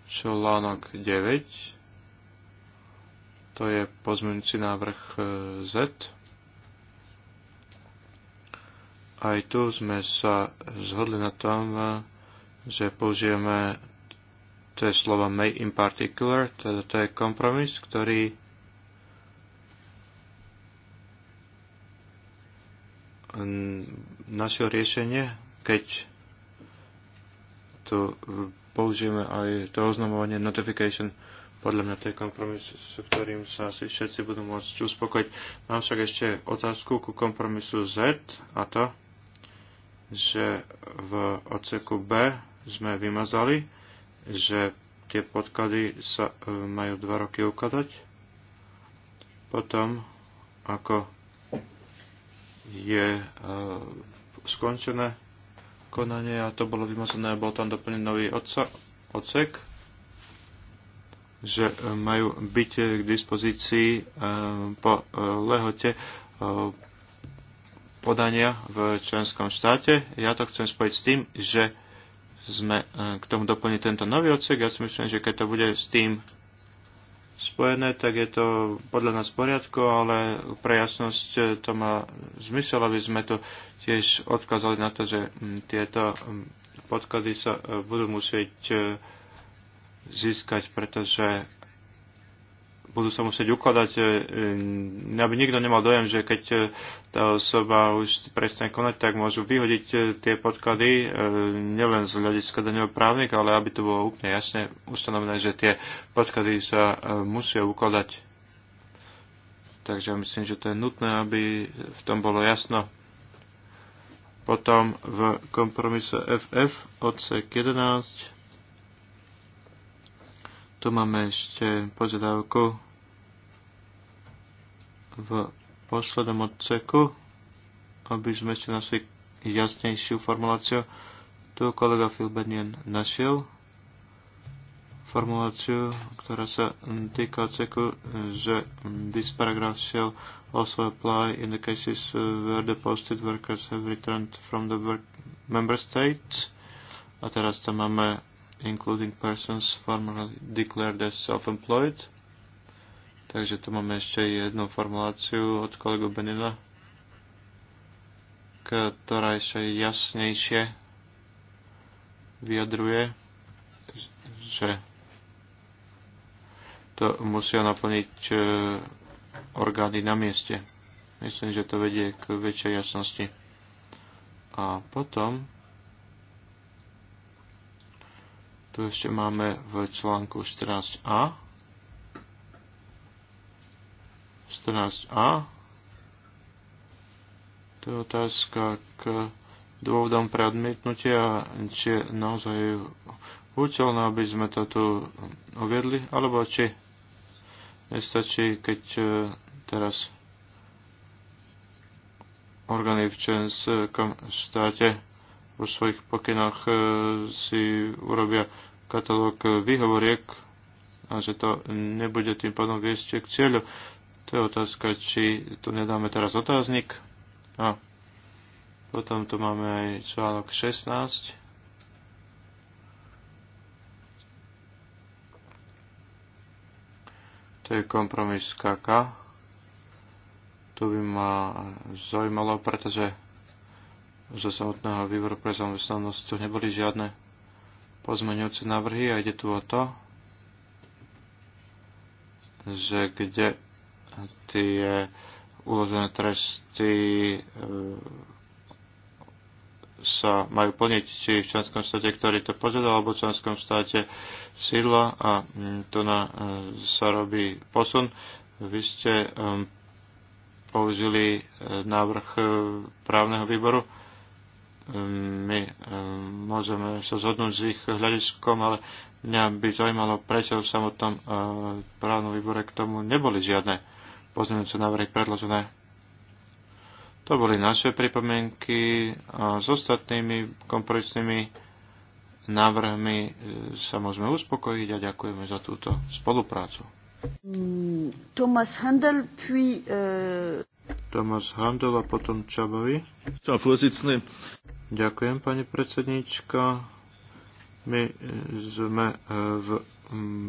Článok 9. To je pozmeňujúci návrh e, Z. Aj tu sme sa zhodli na tom, že použijeme to je slovo may in particular, teda to je kompromis, ktorý naše riešenie, keď tu e, použijeme aj to oznamovanie notification. Podľa mňa to je kompromis, s ktorým sa asi všetci budú môcť uspokojiť. Mám však ešte otázku ku kompromisu Z a to, že v odseku B sme vymazali, že tie podklady sa e, majú dva roky ukladať. Potom, ako je e, skončené konanie a to bolo vymazané a bol tam doplnený nový odsek, že e, majú byť k dispozícii e, po lehote podania v členskom štáte. Ja to chcem spojiť s tým, že sme k tomu doplniť tento nový odsek. Ja si myslím, že keď to bude s tým spojené, tak je to podľa nás v poriadku, ale pre jasnosť e, to má zmysel, aby sme to tiež odkázali na to, že mm, tieto mm, podklady sa e, budú musieť e, získať, pretože budú sa musieť ukladať, e, e, aby nikto nemal dojem, že keď e, tá osoba už prestane konať, tak môžu vyhodiť tie podklady nielen z hľadiska daňového právnika, ale aby to bolo úplne jasne ustanovené, že tie podklady sa musia ukladať. Takže myslím, že to je nutné, aby v tom bolo jasno. Potom v kompromise FF odsek 11 tu máme ešte požiadavku v poslednom odseku, aby sme ešte našli jasnejšiu formuláciu. Tu kolega Filbenien našiel formuláciu, ktorá sa týka odseku, že this paragraph shall also apply in the cases where the posted workers have returned from the work member state. A teraz tam máme including persons formerly declared as self-employed. Takže tu máme ešte jednu formuláciu od kolegu Benina, ktorá ešte jasnejšie vyjadruje, že to musia naplniť e, orgány na mieste. Myslím, že to vedie k väčšej jasnosti. A potom Tu ešte máme v článku 14a. 14a. To je otázka k dôvodom pre odmietnutie a či je naozaj účelné, aby sme to tu uviedli, alebo či nestačí, keď e, teraz orgány v členskom štáte vo svojich pokynoch e, si urobia katalóg výhovoriek a že to nebude tým pádom viesť k cieľu. To je otázka, či tu nedáme teraz otáznik. A potom tu máme aj článok 16. To je kompromis KK. Tu by ma zaujímalo, pretože zo samotného výboru pre zamestnanosť neboli žiadne pozmeňujúce návrhy a ide tu o to, že kde tie uložené tresty e, sa majú plniť, či v členskom štáte, ktorý to požiadal, alebo v členskom štáte sídla a mm, tu na, e, sa robí posun. Vy ste e, použili návrh právneho výboru my eh, môžeme sa zhodnúť s ich hľadiskom, ale mňa by zaujímalo, prečo v samotnom eh, právnom výbore k tomu neboli žiadne pozmeňujúce návrhy predložené. To boli naše pripomienky a s ostatnými kompromisnými návrhmi eh, sa môžeme uspokojiť a ďakujeme za túto spoluprácu. Mm, Thomas Handel, puis... uh... Tomáš Handel a potom Čabovi. Ďakujem, pani predsednička. My e, sme e, v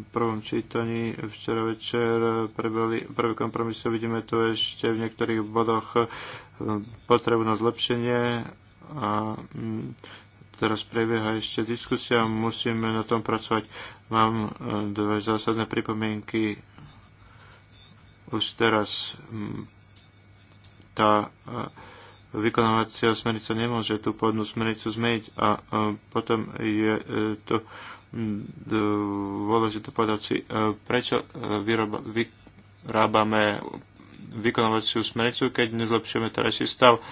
prvom čítaní včera večer prebali prvé kompromisy. Vidíme to ešte v niektorých bodoch e, potrebu na zlepšenie a teraz prebieha ešte diskusia. Musíme na tom pracovať. Mám dve zásadné pripomienky už teraz tá e, vykonávacia smernica nemôže tú pôvodnú smernicu zmeniť a e, potom je e, to dôležité povedať si, prečo vyroba, vyrábame vykonávaciu smernicu, keď nezlepšujeme terajší stav.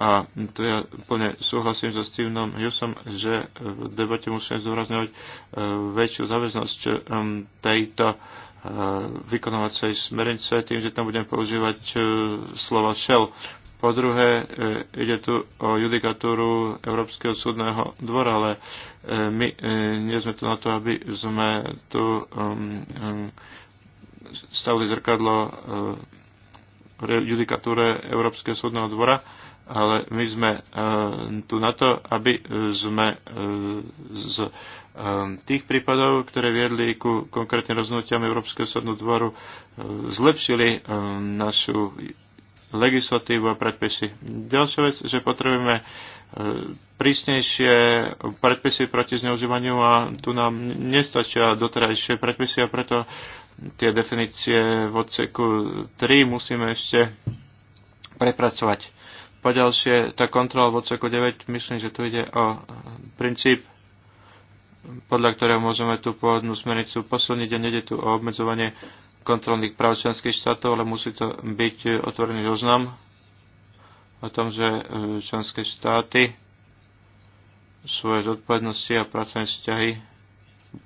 A to ja plne súhlasím so Stevenom Hughesom, že v debate musíme zdôrazňovať väčšiu záväznosť tejto vykonovacej smernice tým, že tam budem používať e, slova shell. Po druhé, e, ide tu o judikatúru Európskeho súdneho dvora, ale e, my nie sme tu na to, aby sme tu um, um, stavili zrkadlo judikatúre Európskeho súdneho dvora ale my sme e, tu na to, aby e, sme e, z tých prípadov, ktoré viedli ku konkrétnym rozhodnutiam Európskeho súdnu dvoru, zlepšili našu legislatívu a predpisy. Ďalšia vec, že potrebujeme prísnejšie predpisy proti zneužívaniu a tu nám nestačia doterajšie predpisy a preto tie definície v odseku 3 musíme ešte prepracovať. Poďalšie, tá kontrola v odseku 9, myslím, že tu ide o eh, princíp, podľa ktorého môžeme tú pôvodnú smernicu posilniť a nejde tu o obmedzovanie kontrolných práv členských štátov, ale musí to byť eh, otvorený zoznam o tom, že eh, členské štáty svoje zodpovednosti a pracovné vzťahy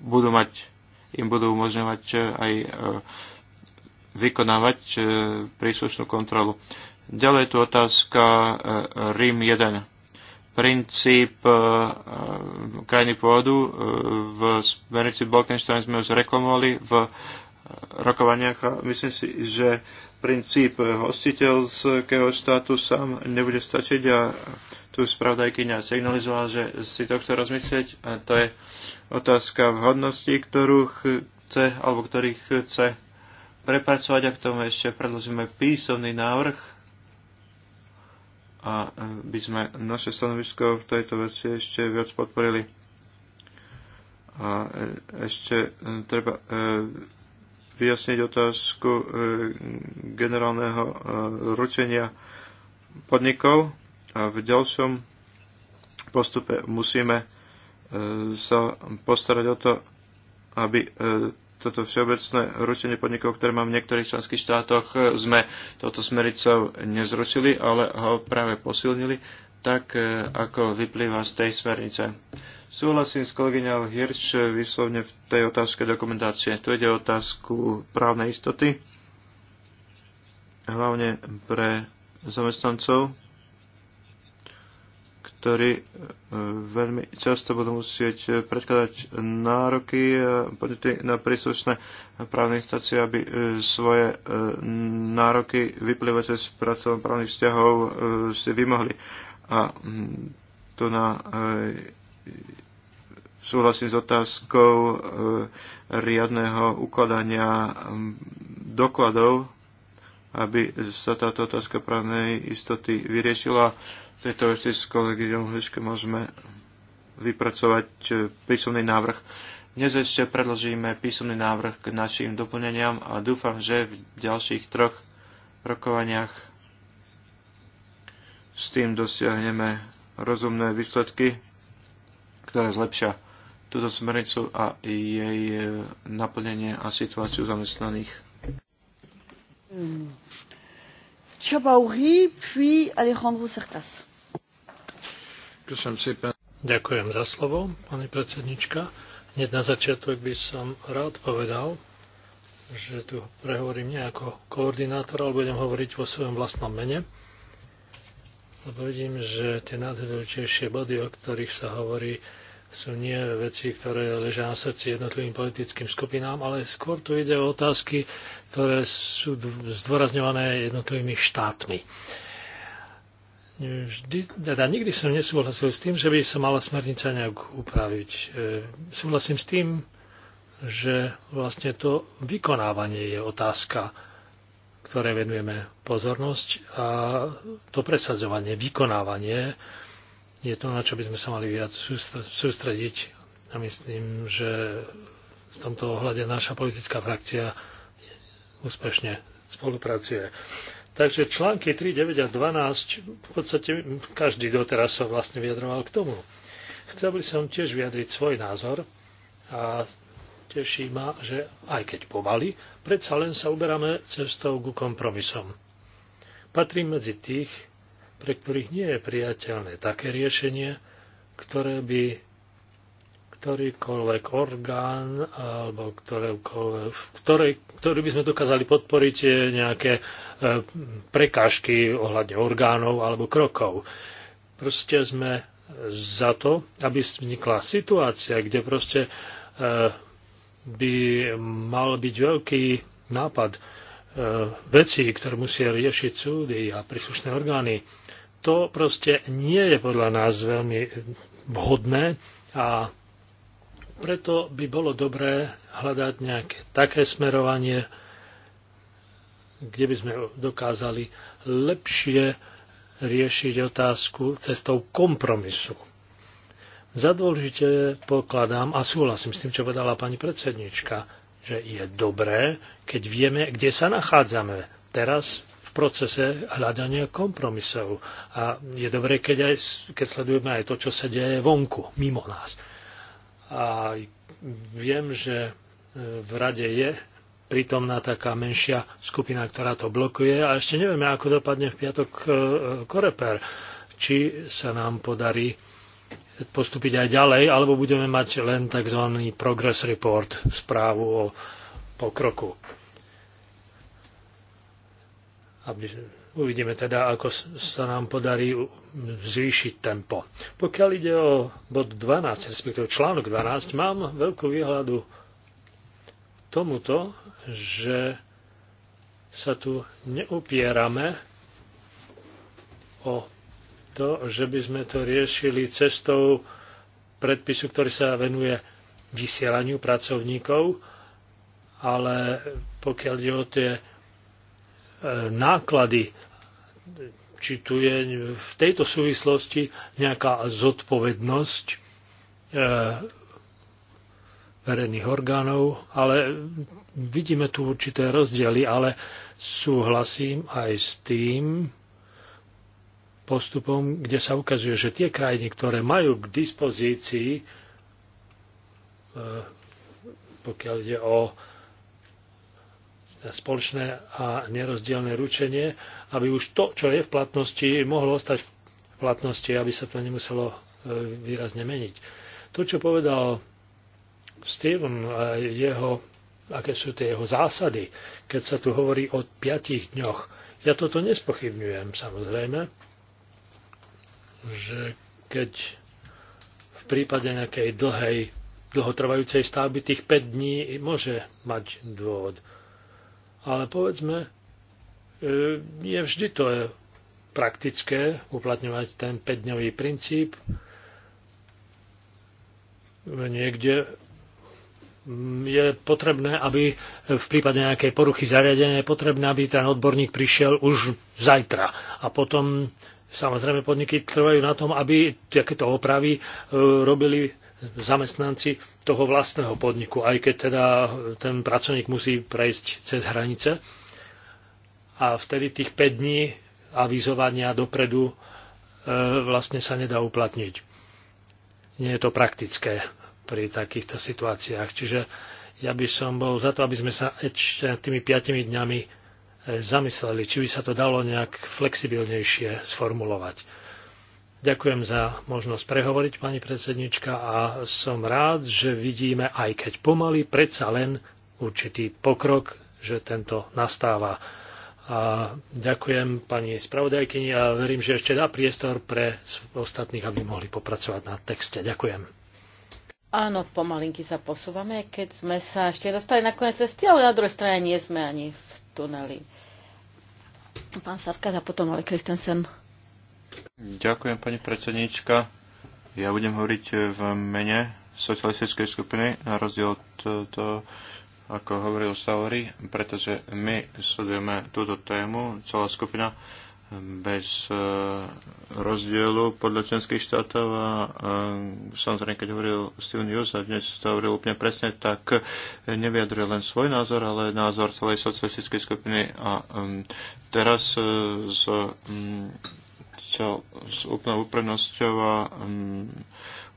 budú mať, im budú umožňovať aj vykonávať príslušnú kontrolu. Ďalej tu otázka e, Rím 1. Princíp e, e, krajiny pôvodu v smernici Bolkenstein sme už reklamovali v rokovaniach a myslím si, že princíp hostiteľského štátu sám nebude stačiť a tu spravodajkyňa signalizovala, že si to chce rozmyslieť. A to je otázka vhodnosti, ktorú chce, alebo ktorých chce prepracovať a k tomu ešte predložíme písomný návrh a e, by sme naše stanovisko v tejto veci ešte viac podporili. A e, ešte e, treba vyjasniť otázku generálneho ručenia podnikov a v ďalšom postupe musíme sa postarať o to, aby toto všeobecné ručenie podnikov, ktoré mám v niektorých členských štátoch, e, sme toto smericou nezrušili, ale ho práve posilnili, tak e, ako vyplýva z tej smernice. Súhlasím s kolegyňou Hirš e, vyslovne v tej otázke dokumentácie. Tu ide o otázku právnej istoty, hlavne pre zamestnancov ktorí e, veľmi často budú musieť e, predkladať nároky na príslušné právne instácie, aby e, svoje nároky vyplývajúce z právnych vzťahov si vymohli. A mm, tu na súhlasím s otázkou riadného ukladania dokladov aby sa táto otázka právnej istoty vyriešila. V tejto veci s kolegyňou Hliške môžeme vypracovať e, písomný návrh. Dnes ešte predložíme písomný návrh k našim doplneniam a dúfam, že v ďalších troch rokovaniach s tým dosiahneme rozumné výsledky, ktoré zlepšia túto smernicu a jej e, naplnenie a situáciu zamestnaných. Hmm. Euh, Čabauri, puis Alejandro Serkas. Ďakujem za slovo, pani predsednička. Hneď na začiatok by som rád povedal, že tu prehovorím nie ako koordinátor, ale budem hovoriť vo svojom vlastnom mene. Lebo vidím, že tie najdôležitejšie body, o ktorých sa hovorí, sú nie veci, ktoré ležia na srdci jednotlivým politickým skupinám, ale skôr tu ide o otázky, ktoré sú zdôrazňované jednotlivými štátmi. Vždy, teda nikdy som nesúhlasil s tým, že by sa mala smernica nejak upraviť. E, súhlasím s tým, že vlastne to vykonávanie je otázka, ktoré venujeme pozornosť a to presadzovanie, vykonávanie je to, na čo by sme sa mali viac sústrediť. A myslím, že v tomto ohľade naša politická frakcia úspešne spolupracuje. Takže články 3, 9 a 12, v podstate každý doteraz sa vlastne vyjadroval k tomu. Chcel by som tiež vyjadriť svoj názor a teší ma, že aj keď pomaly, predsa len sa uberáme cestou ku kompromisom. Patrím medzi tých, pre ktorých nie je priateľné také riešenie, ktoré by ktorýkoľvek orgán alebo ktoré, ktorý, ktorý by sme dokázali podporiť eh, nejaké eh, prekážky ohľadne orgánov alebo krokov. Proste sme za to, aby vznikla situácia, kde proste eh, by mal byť veľký nápad vecí, ktoré musia riešiť súdy a príslušné orgány to proste nie je podľa nás veľmi vhodné a preto by bolo dobré hľadať nejaké také smerovanie, kde by sme dokázali lepšie riešiť otázku cestou kompromisu. Za dôležité pokladám a súhlasím s tým, čo povedala pani predsednička, že je dobré, keď vieme, kde sa nachádzame teraz procese hľadania kompromisov. A je dobré, keď, aj, keď sledujeme aj to, čo sa deje vonku, mimo nás. A viem, že e, v rade je prítomná taká menšia skupina, ktorá to blokuje a ešte nevieme, ako dopadne v piatok e, koreper, či sa nám podarí postúpiť aj ďalej, alebo budeme mať len tzv. progress report, správu o pokroku aby uvidíme teda, ako sa nám podarí zvýšiť tempo. Pokiaľ ide o bod 12, respektíve článok 12, mám veľkú výhľadu tomuto, že sa tu neupierame o to, že by sme to riešili cestou predpisu, ktorý sa venuje vysielaniu pracovníkov, ale pokiaľ ide o tie náklady, či tu je v tejto súvislosti nejaká zodpovednosť e, verejných orgánov, ale vidíme tu určité rozdiely, ale súhlasím aj s tým postupom, kde sa ukazuje, že tie krajiny, ktoré majú k dispozícii, e, pokiaľ ide o spoločné a nerozdielne ručenie, aby už to, čo je v platnosti, mohlo ostať v platnosti, aby sa to nemuselo e, výrazne meniť. To, čo povedal Steven a jeho, aké sú tie jeho zásady, keď sa tu hovorí o piatich dňoch, ja toto nespochybňujem samozrejme, že keď v prípade nejakej dlhej, dlhotrvajúcej stavby tých 5 dní môže mať dôvod ale povedzme, e, je vždy to praktické uplatňovať ten 5-dňový princíp. Niekde mm, je potrebné, aby v prípade nejakej poruchy zariadenia je potrebné, aby ten odborník prišiel už zajtra. A potom samozrejme podniky trvajú na tom, aby takéto opravy e, robili zamestnanci toho vlastného podniku, aj keď teda ten pracovník musí prejsť cez hranice. A vtedy tých 5 dní avizovania dopredu e, vlastne sa nedá uplatniť. Nie je to praktické pri takýchto situáciách. Čiže ja by som bol za to, aby sme sa ešte tými 5 dňami e, zamysleli, či by sa to dalo nejak flexibilnejšie sformulovať Ďakujem za možnosť prehovoriť, pani predsednička, a som rád, že vidíme, aj keď pomaly, predsa len určitý pokrok, že tento nastáva. A ďakujem pani spravodajkyni a verím, že ešte dá priestor pre ostatných, aby mohli popracovať na texte. Ďakujem. Áno, pomalinky sa posúvame, keď sme sa ešte dostali na koniec cesty, ale na druhej strane nie sme ani v tuneli. Pán Sarkaz a potom ale Kristensen. Ďakujem, pani predsedníčka. Ja budem hovoriť v mene socialistickej skupiny, na rozdiel od toho, ako hovoril Saori, pretože my sledujeme túto tému, celá skupina, bez e, rozdielu podľa členských štátov a samozrejme, keď hovoril Steven News a dnes to hovoril úplne presne, tak nevyjadril len svoj názor, ale názor celej socialistickej skupiny a teraz z e, chcel s úplnou úprednosťou a mm,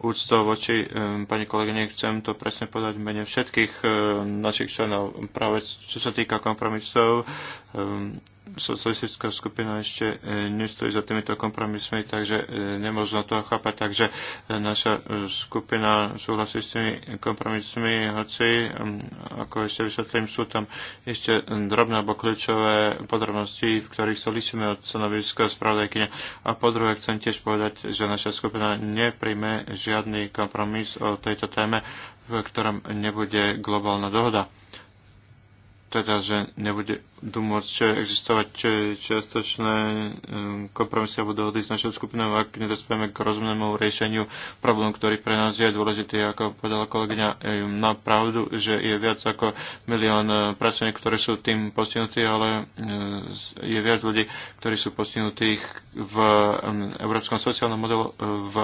úctou voči pani kolegyne chcem to presne povedať v mene všetkých našich členov. Práve čo sa týka kompromisov, socialistická skupina ešte e, nestojí za týmito kompromismi, takže e, nemôžno to chápať. Takže e, naša skupina súhlasí s tými kompromismi, hoci, ako ešte vysvetlím, sú tam ešte drobné alebo kľúčové podrobnosti, v ktorých sa lišíme od stanoviska spravodajkyne. A po druhé chcem tiež povedať, že naša skupina nepríjme žiadny kompromis o tejto téme, v ktorom nebude globálna dohoda teda, že nebude môcť existovať čiastočné um, kompromisy alebo dohody s našou skupinou, ak nedospieme k rozumnému riešeniu problém, ktorý pre nás je dôležitý, ako povedala kolegyňa, na e, pravdu, že je viac ako milión e, pracovník, ktorí sú tým postihnutí, ale e, je viac ľudí, ktorí sú postihnutí v um, európskom sociálnom modelu v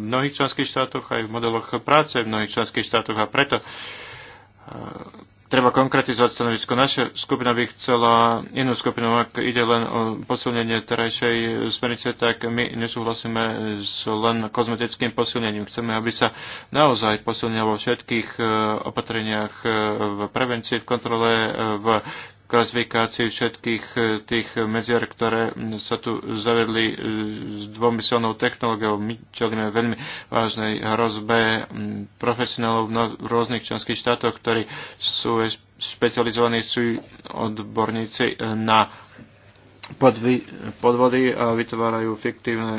mnohých členských štátoch aj v modeloch práce v mnohých členských štátoch a preto treba konkretizovať stanovisko. Naša skupina by chcela inú skupinu, ak ide len o posilnenie terajšej smernice, tak my nesúhlasíme s len kozmetickým posilnením. Chceme, aby sa naozaj posilnilo vo všetkých eh, opatreniach eh, v prevencii, v kontrole, eh, v klasifikácii všetkých eh, tých medzier, ktoré sa tu zavedli eh, s dvomyselnou technológiou. My čo vieme veľmi vážnej hrozbe mm, profesionálov no- v rôznych členských štátoch, ktorí sú špecializovaní, sú odborníci eh, na podvody a vytvárajú fiktívne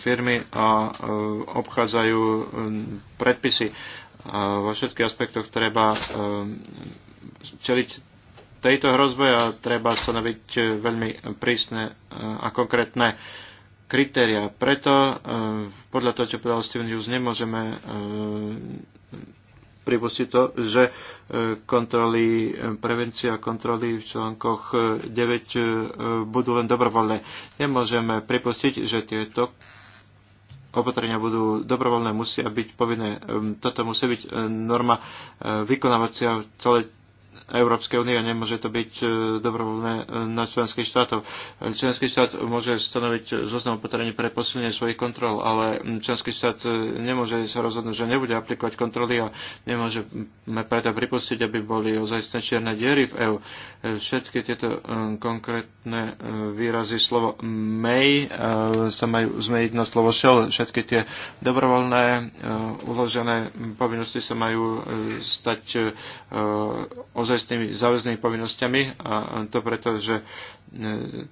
firmy a obchádzajú predpisy. Vo všetkých aspektoch treba čeliť tejto hrozbe a treba stanoviť e, veľmi prísne e, a konkrétne kritéria. Preto e, podľa toho, čo povedal Steven Hughes, nemôžeme pripustiť to, že kontroly prevencia a kontroly v článkoch 9 budú len dobrovoľné. Nemôžeme pripustiť, že tieto opatrenia budú dobrovoľné, musia byť povinné. Toto musí byť norma vykonávacia v celej Európskej únie a nemôže to byť e, dobrovoľné e, na členských štátov. Členský štát môže stanoviť zoznam opatrení pre posilnenie svojich kontrol, ale členský štát e, nemôže sa rozhodnúť, že nebude aplikovať kontroly a nemôžeme preto pripustiť, aby boli ozajstné čierne diery v EÚ. Všetky tieto konkrétne výrazy slovo may sa majú zmeniť na slovo shall. Všetky tie dobrovoľné uložené povinnosti sa majú stať ozaj záväznými, záväznými povinnosťami a to preto, že e,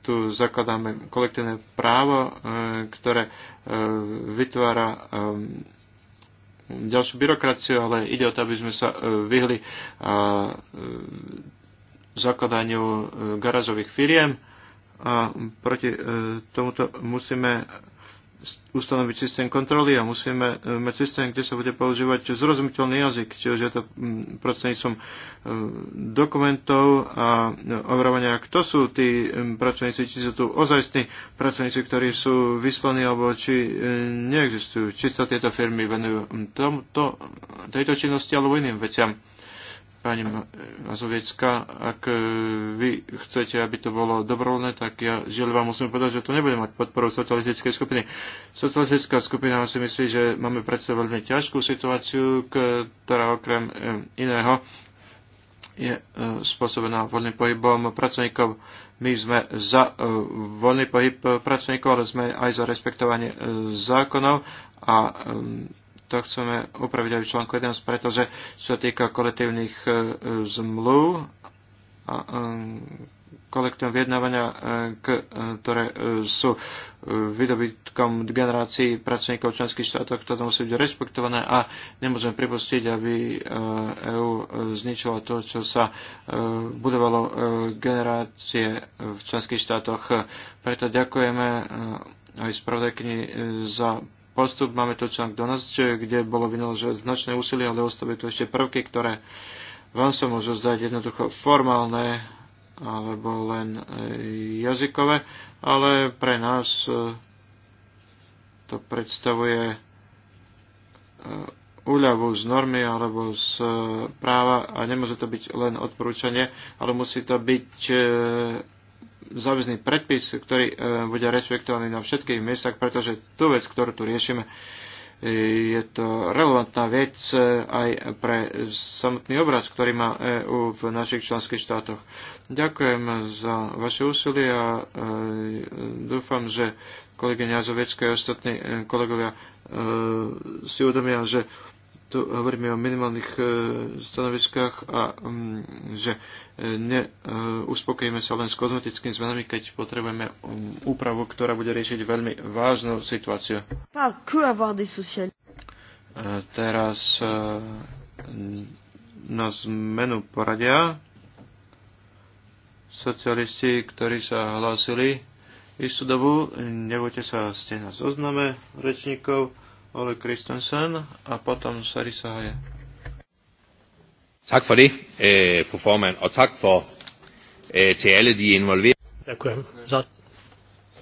tu zakladáme kolektívne právo, e, ktoré e, vytvára ďalšiu byrokraciu, ale ide o to, aby sme sa vyhli zakladaniu garazových firiem a proti tomuto musíme ustanoviť systém kontroly a musíme e, mať systém, kde sa bude používať zrozumiteľný jazyk, čiže je to prostredníctvom e, dokumentov a e, overovania, kto sú tí pracovníci, či sú tu ozajstní pracovníci, ktorí sú vyslaní alebo či neexistujú, či sa tieto firmy venujú tomto, tejto činnosti alebo iným veciam pani Mazoviecka, ak e, vy chcete, aby to bolo dobrovoľné, tak ja žiaľ vám musím povedať, že to nebude mať podporu socialistickej skupiny. Socialistická skupina si myslí, že máme predsa veľmi ťažkú situáciu, ktorá okrem e, iného je e, spôsobená voľným pohybom pracovníkov. My sme za voľný pohyb pracovníkov, ale sme aj za respektovanie zákonov a to chceme opraviť aj v článku 11, pretože čo sa týka kolektívnych e, zmluv a e, kolektívne vyjednávania, e, ktoré sú vydobytkom generácií pracovníkov členských štátov, toto musí byť respektované a nemôžeme pripustiť, aby EÚ zničilo to, čo sa budovalo generácie v členských štátoch. Preto ďakujeme aj spravodajkyni za postup. Máme to článok 12, kde bolo vynaložené značné úsilie, ale ostali tu ešte prvky, ktoré vám sa môžu zdať jednoducho formálne alebo len e, jazykové, ale pre nás e, to predstavuje e, úľavu z normy alebo z práva a nemôže to byť len odporúčanie, ale musí to byť záväzný predpis, ktorý e, bude respektovaný na všetkých miestach, pretože tú vec, ktorú tu riešime, e, je to relevantná vec e, aj pre samotný obraz, ktorý má EU v našich členských štátoch. Ďakujem za vaše úsilie a dúfam, že kolegyňa Azovecka a ostatní kolegovia si uvedomia, že tu hovoríme o minimálnych e, stanoviskách a m, mm, že e, neuspokojíme e, sa len s kozmetickými zmenami, keď potrebujeme mm, úpravu, ktorá bude riešiť veľmi vážnu situáciu. E, teraz e, na zmenu poradia socialisti, ktorí sa hlásili istú dobu, nebojte sa, ste na zozname rečníkov Ole Christensen og potom Sari Sahaja. Tak for det, eh, for formand, og tak for eh, til alle de involverede. Ďakujem za,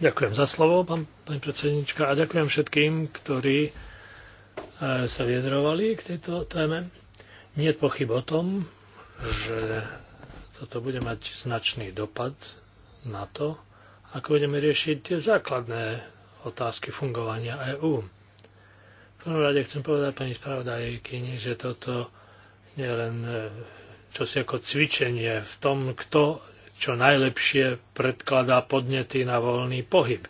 ďakujem za slovo, pán, pani predsednička, a ďakujem všetkým, ktorí eh, sa vyjadrovali k tejto téme. Nie je pochyb o tom, že toto bude mať značný dopad na to, ako budeme riešiť tie základné otázky fungovania EÚ prvom rade chcem povedať pani spravodajkyni, že toto nie je len e, čosi ako cvičenie v tom, kto čo najlepšie predkladá podnety na voľný pohyb.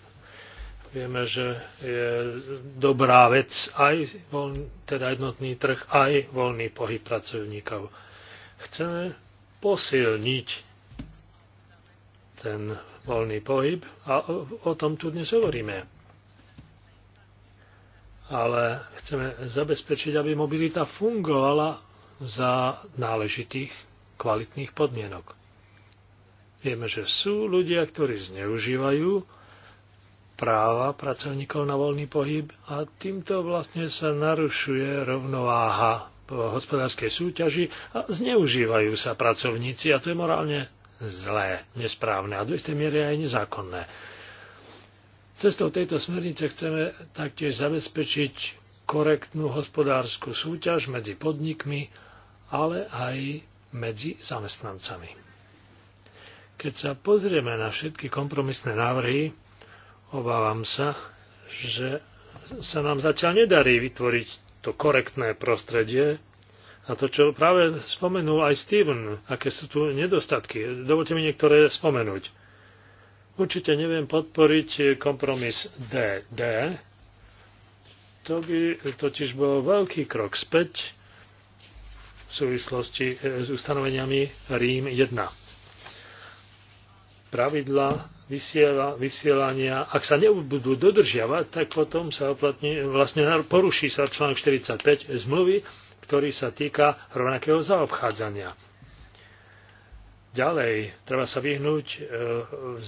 Vieme, že je dobrá vec aj voľný, teda jednotný trh, aj voľný pohyb pracovníkov. Chceme posilniť ten voľný pohyb a o, o tom tu dnes hovoríme ale chceme zabezpečiť, aby mobilita fungovala za náležitých kvalitných podmienok. Vieme, že sú ľudia, ktorí zneužívajú práva pracovníkov na voľný pohyb a týmto vlastne sa narušuje rovnováha po hospodárskej súťaži a zneužívajú sa pracovníci a to je morálne zlé, nesprávne a do istej miery aj nezákonné. Cestou tejto smernice chceme taktiež zabezpečiť korektnú hospodárskú súťaž medzi podnikmi, ale aj medzi zamestnancami. Keď sa pozrieme na všetky kompromisné návrhy, obávam sa, že sa nám zatiaľ nedarí vytvoriť to korektné prostredie a to, čo práve spomenul aj Steven, aké sú tu nedostatky. Dovolte mi niektoré spomenúť Určite neviem podporiť eh, kompromis DD. To by totiž bol veľký krok späť v súvislosti eh, s ustanoveniami Rím 1. Pravidla vysiela, vysielania, ak sa nebudú dodržiavať, tak potom sa oplatní, vlastne poruší sa článok 45 zmluvy, ktorý sa týka rovnakého zaobchádzania. Ďalej, treba sa vyhnúť e,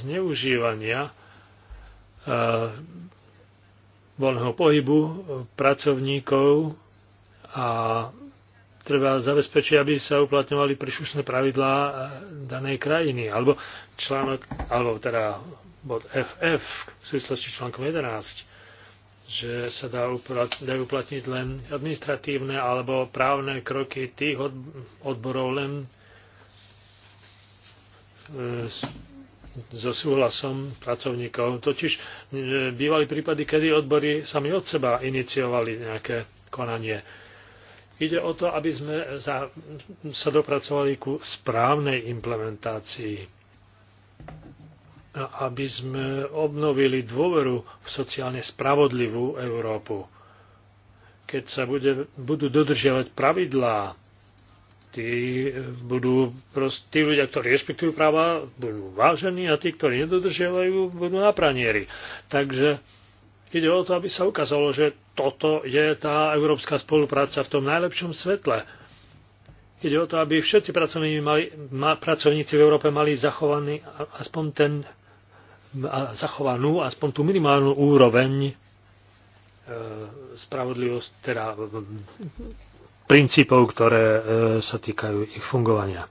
zneužívania e, voľného pohybu e, pracovníkov a treba zabezpečiť, aby sa uplatňovali príslušné pravidlá danej krajiny. Alebo článok, alebo teda bod FF v súvislosti článkom 11, že sa dá dajú uplatniť len administratívne alebo právne kroky tých odborov len E, so súhlasom pracovníkov. Totiž e, bývali prípady, kedy odbory sami od seba iniciovali nejaké konanie. Ide o to, aby sme za, sa dopracovali ku správnej implementácii. A aby sme obnovili dôveru v sociálne spravodlivú Európu. Keď sa bude, budú dodržiavať pravidlá, tí, eh, budú prost, tí ľudia, ktorí rešpektujú práva, budú vážení a tí, ktorí nedodržiavajú, budú na pranieri. Takže ide o to, aby sa ukázalo, že toto je tá európska spolupráca v tom najlepšom svetle. Ide o to, aby všetci pracovníci, mali, ma, pracovníci v Európe mali zachovaný aspoň ten zachovanú aspoň tú minimálnu úroveň eh, spravodlivosť, teda princípov, ktoré e, sa týkajú ich fungovania.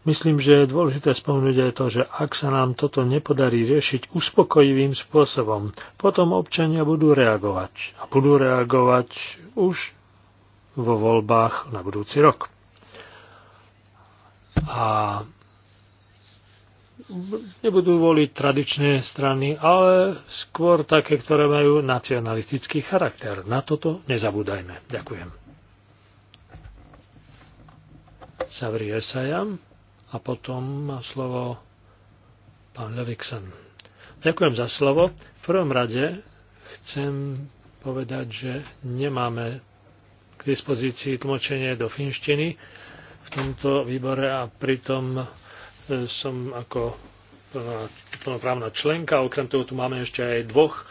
Myslím, že je dôležité spomenúť aj to, že ak sa nám toto nepodarí riešiť uspokojivým spôsobom, potom občania budú reagovať. A budú reagovať už vo voľbách na budúci rok. A nebudú voliť tradičné strany, ale skôr také, ktoré majú nacionalistický charakter. Na toto nezabúdajme. Ďakujem. Savri Esajam a potom má slovo pán Levikson. Ďakujem za slovo. V prvom rade chcem povedať, že nemáme k dispozícii tlmočenie do finštiny v tomto výbore a pritom e, som ako plnoprávna členka. Okrem toho tu máme ešte aj dvoch e,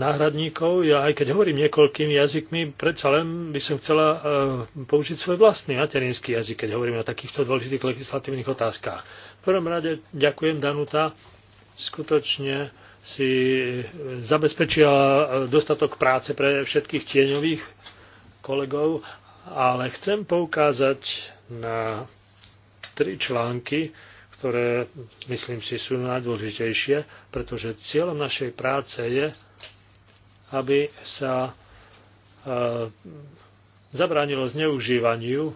náhradníkov. Ja aj keď hovorím niekoľkými jazykmi, predsa len by som chcela e, použiť svoj vlastný materinský jazyk, keď hovorím o takýchto dôležitých legislatívnych otázkach. V prvom rade ďakujem Danuta. Skutočne si e, zabezpečila e, dostatok práce pre všetkých tieňových kolegov, ale chcem poukázať na tri články, ktoré myslím si sú najdôležitejšie, pretože cieľom našej práce je, aby sa e, zabránilo zneužívaniu e,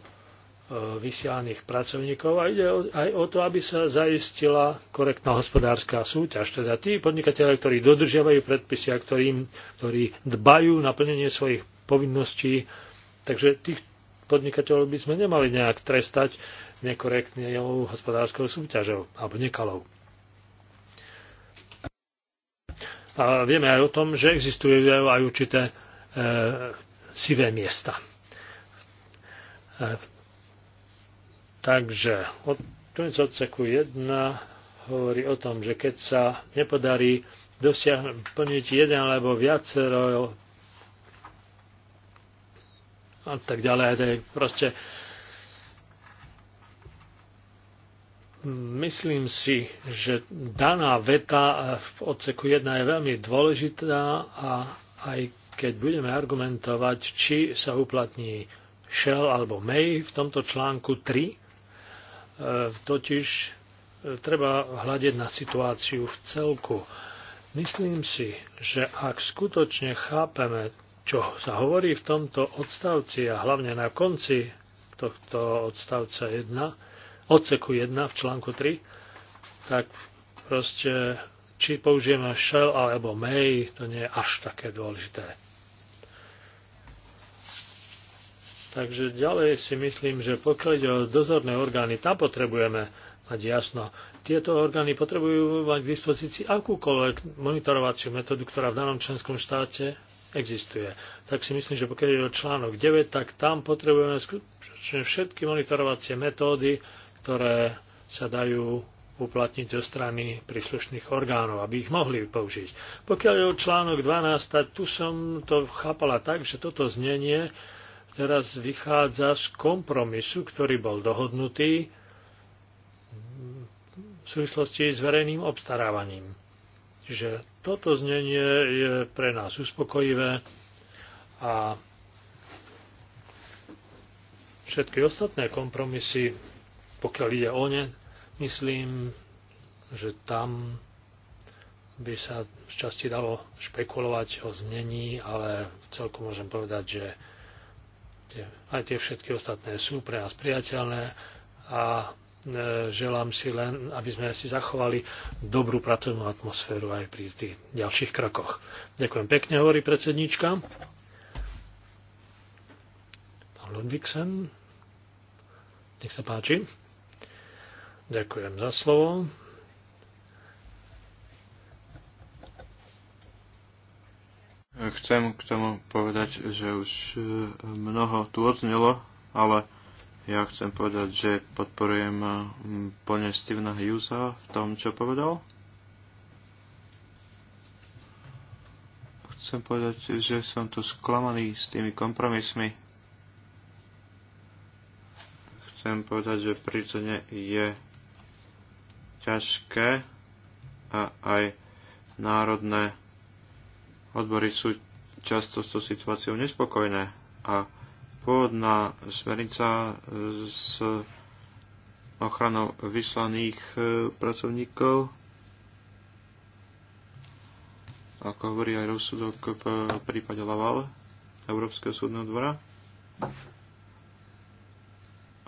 vysielaných pracovníkov a ide aj o to, aby sa zaistila korektná hospodárska súťaž. Teda tí podnikatelia, ktorí dodržiavajú predpisy a ktorým, ktorí dbajú na plnenie svojich povinností. Takže tých podnikateľov by sme nemali nejak trestať nekorektnou hospodárskou súťažou alebo nekalou. A vieme aj o tom, že existujú aj určité e, sivé miesta. E, takže od odseku 1 hovorí o tom, že keď sa nepodarí dosiahnuť plniť jeden alebo viacero a tak ďalej, to je proste myslím si, že daná veta v odseku 1 je veľmi dôležitá a aj keď budeme argumentovať, či sa uplatní shell alebo may v tomto článku 3, e, totiž e, treba hľadiť na situáciu v celku. Myslím si, že ak skutočne chápeme, čo sa hovorí v tomto odstavci a hlavne na konci tohto odstavca 1, odseku 1 v článku 3, tak proste či použijeme shell alebo may, to nie je až také dôležité. Takže ďalej si myslím, že pokiaľ ide o dozorné orgány, tam potrebujeme mať jasno. Tieto orgány potrebujú mať k dispozícii akúkoľvek monitorovaciu metódu, ktorá v danom členskom štáte existuje. Tak si myslím, že pokiaľ ide o článok 9, tak tam potrebujeme všetky monitorovacie metódy, ktoré sa dajú uplatniť zo strany príslušných orgánov, aby ich mohli použiť. Pokiaľ je o článok 12, tu som to chápala tak, že toto znenie teraz vychádza z kompromisu, ktorý bol dohodnutý v súvislosti s verejným obstarávaním. Čiže toto znenie je pre nás uspokojivé a všetky ostatné kompromisy pokiaľ ide o ne, myslím, že tam by sa z časti dalo špekulovať o znení, ale celku môžem povedať, že tie, aj tie všetky ostatné sú pre nás priateľné a e, želám si len, aby sme si zachovali dobrú pracovnú atmosféru aj pri tých ďalších krokoch. Ďakujem pekne, hovorí predsednička. Pán Ludvíksen, nech sa páči. Ďakujem za slovo. Chcem k tomu povedať, že už e, mnoho tu odznelo, ale ja chcem povedať, že podporujem e, plne Stevena Hughesa v tom, čo povedal. Chcem povedať, že som tu sklamaný s tými kompromismi. Chcem povedať, že prídzene je ťažké a aj národné odbory sú často s tou situáciou nespokojné a pôvodná smernica e, s ochranou vyslaných e, pracovníkov ako hovorí aj rozsudok v prípade Laval Európskeho súdneho dvora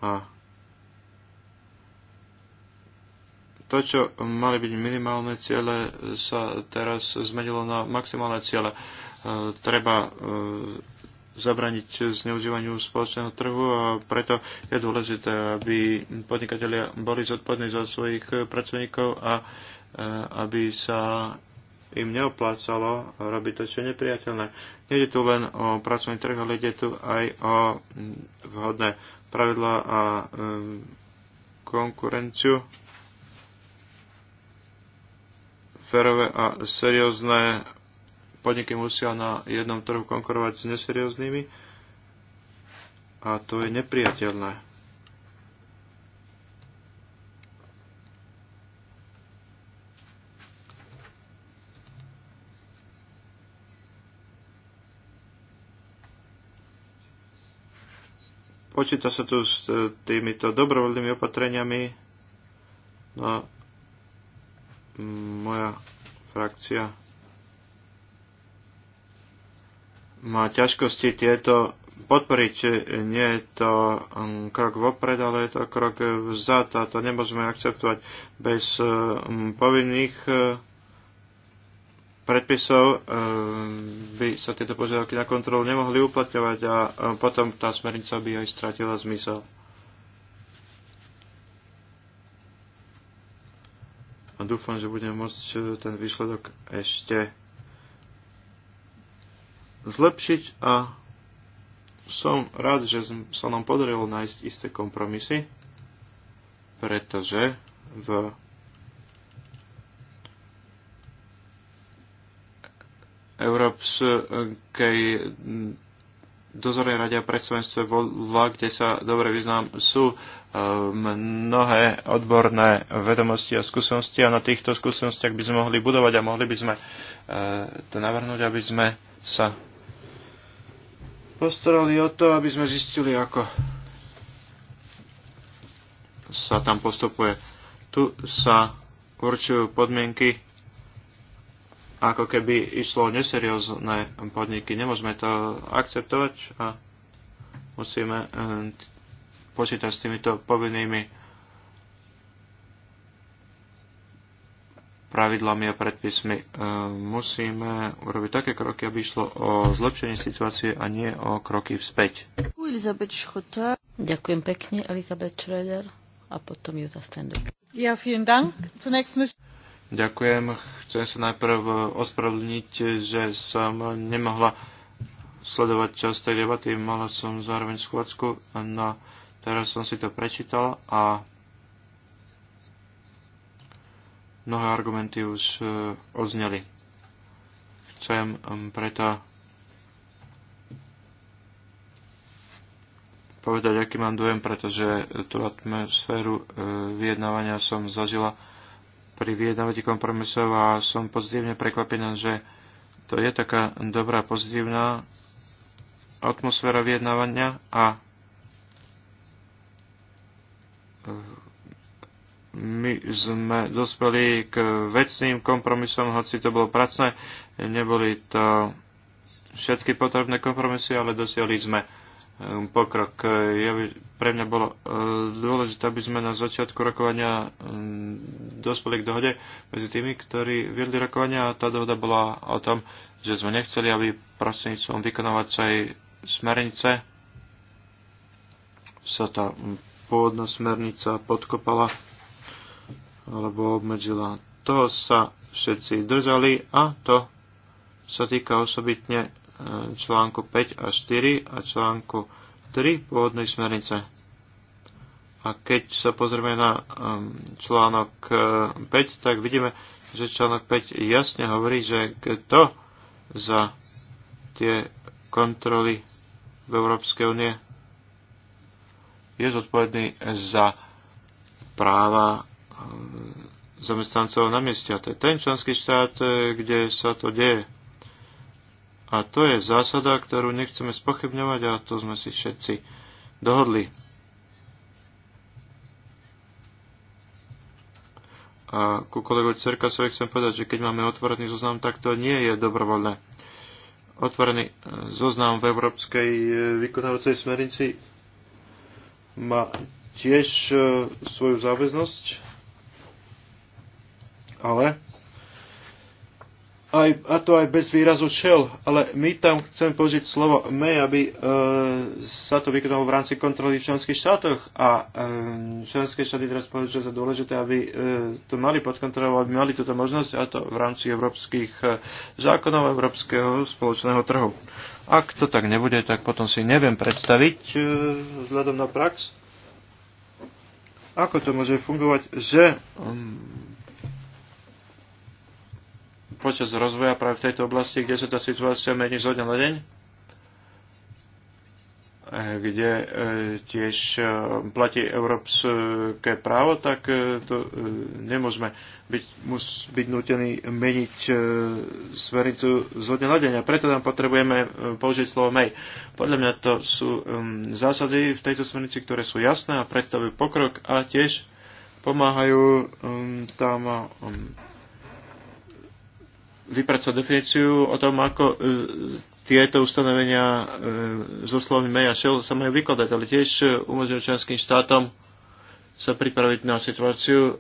a to, čo mali byť minimálne ciele, sa teraz zmenilo na maximálne ciele. E, treba e, zabraniť zneužívaniu spoločného trhu a preto je dôležité, aby podnikatelia boli zodpovední za svojich pracovníkov a e, aby sa im neoplácalo robiť to, čo je nepriateľné. Nejde tu len o pracovný trh, ale ide tu aj o vhodné pravidlá a konkurenciu férové a seriózne podniky musia na jednom trhu konkurovať s neserióznymi a to je nepriateľné. Počíta sa tu s e, týmito dobrovoľnými opatreniami, no moja frakcia má ťažkosti tieto podporiť. Nie je to um, krok vopred, ale je to krok vzad a to nemôžeme akceptovať bez um, povinných uh, predpisov um, by sa tieto požiadavky na kontrolu nemohli uplatňovať a potom tá smernica by aj stratila zmysel. dúfam, že budem môcť e, ten výsledok ešte zlepšiť a som rád, že sa nám podarilo nájsť isté kompromisy, pretože v Európskej dozornej rade a predstavenstve vlák, kde sa dobre vyznám, sú mnohé odborné vedomosti a skúsenosti a na týchto skúsenostiach by sme mohli budovať a mohli by sme eh, to navrhnúť, aby sme sa postarali o to, aby sme zistili, ako sa tam postupuje. Tu sa určujú podmienky, ako keby išlo o neseriózne podniky. Nemôžeme to akceptovať a musíme eh, počíta s týmito povinnými pravidlami a predpismi. E, musíme urobiť také kroky, aby išlo o zlepšenie situácie a nie o kroky vzpäť. Ďakujem pekne, Elizabeth Schroeder a potom Jutta Stendel. Ja, vielen Dank. Zunächst Ďakujem. Chcem sa najprv ospravedlniť, že som nemohla sledovať čas tej debaty. Mala som zároveň schôdzku na Teraz som si to prečítal a mnohé argumenty už e, odzneli. Chcem preto povedať, aký mám dojem, pretože tú atmosféru e, vyjednávania som zažila pri vyjednávaní kompromisov a som pozitívne prekvapená, že to je taká dobrá, pozitívna atmosféra vyjednávania a my sme dospeli k vecným kompromisom, hoci to bolo pracné, neboli to všetky potrebné kompromisy, ale dosiahli sme um, pokrok. Ja by, pre mňa bolo uh, dôležité, aby sme na začiatku rokovania um, dospeli k dohode medzi tými, ktorí viedli rokovania a tá dohoda bola o tom, že sme nechceli, aby prostredníctvom vykonávacej smernice sa to pôvodná smernica podkopala alebo obmedzila. To sa všetci držali a to sa týka osobitne e, článku 5 a 4 a článku 3 pôvodnej smernice. A keď sa pozrieme na článok 5, e, tak vidíme, že článok 5 jasne hovorí, že kto za tie kontroly v Európskej únie je zodpovedný za práva eh, zamestnancov na mieste. A to je ten členský štát, eh, kde sa to deje. A to je zásada, ktorú nechceme spochybňovať a to sme si všetci dohodli. A ku kolegovi Cerkasovi chcem povedať, že keď máme otvorený zoznam, tak to nie je dobrovoľné. Otvorený eh, zoznam v Európskej vykonávacej smernici má tiež e, svoju záväznosť, ale aj, a to aj bez výrazu šel, ale my tam chceme použiť slovo my, aby e, sa to vykonalo v rámci kontroly v členských štátoch a e, členské štáty teraz považujú za dôležité, aby e, to mali pod kontrolou, aby mali túto možnosť a to v rámci európskych e, zákonov, európskeho spoločného trhu. Ak to tak nebude, tak potom si neviem predstaviť e, vzhľadom na prax, ako to môže fungovať, že um, počas rozvoja práve v tejto oblasti, kde sa tá situácia mení zo dňa na deň, kde e, tiež e, platí európske právo, tak e, to nemôžeme byť, mus, byť nutení meniť smernicu z hodne hľadenia. Preto tam potrebujeme použiť slovo may. Podľa mňa to sú zásady v tejto smernici, ktoré sú jasné a predstavujú pokrok a tiež pomáhajú tam vypracovať definíciu o tom, ako tieto ustanovenia e, zo slovy Meja a sa majú vykladať, ale tiež umožňujú členským štátom sa pripraviť na situáciu, e,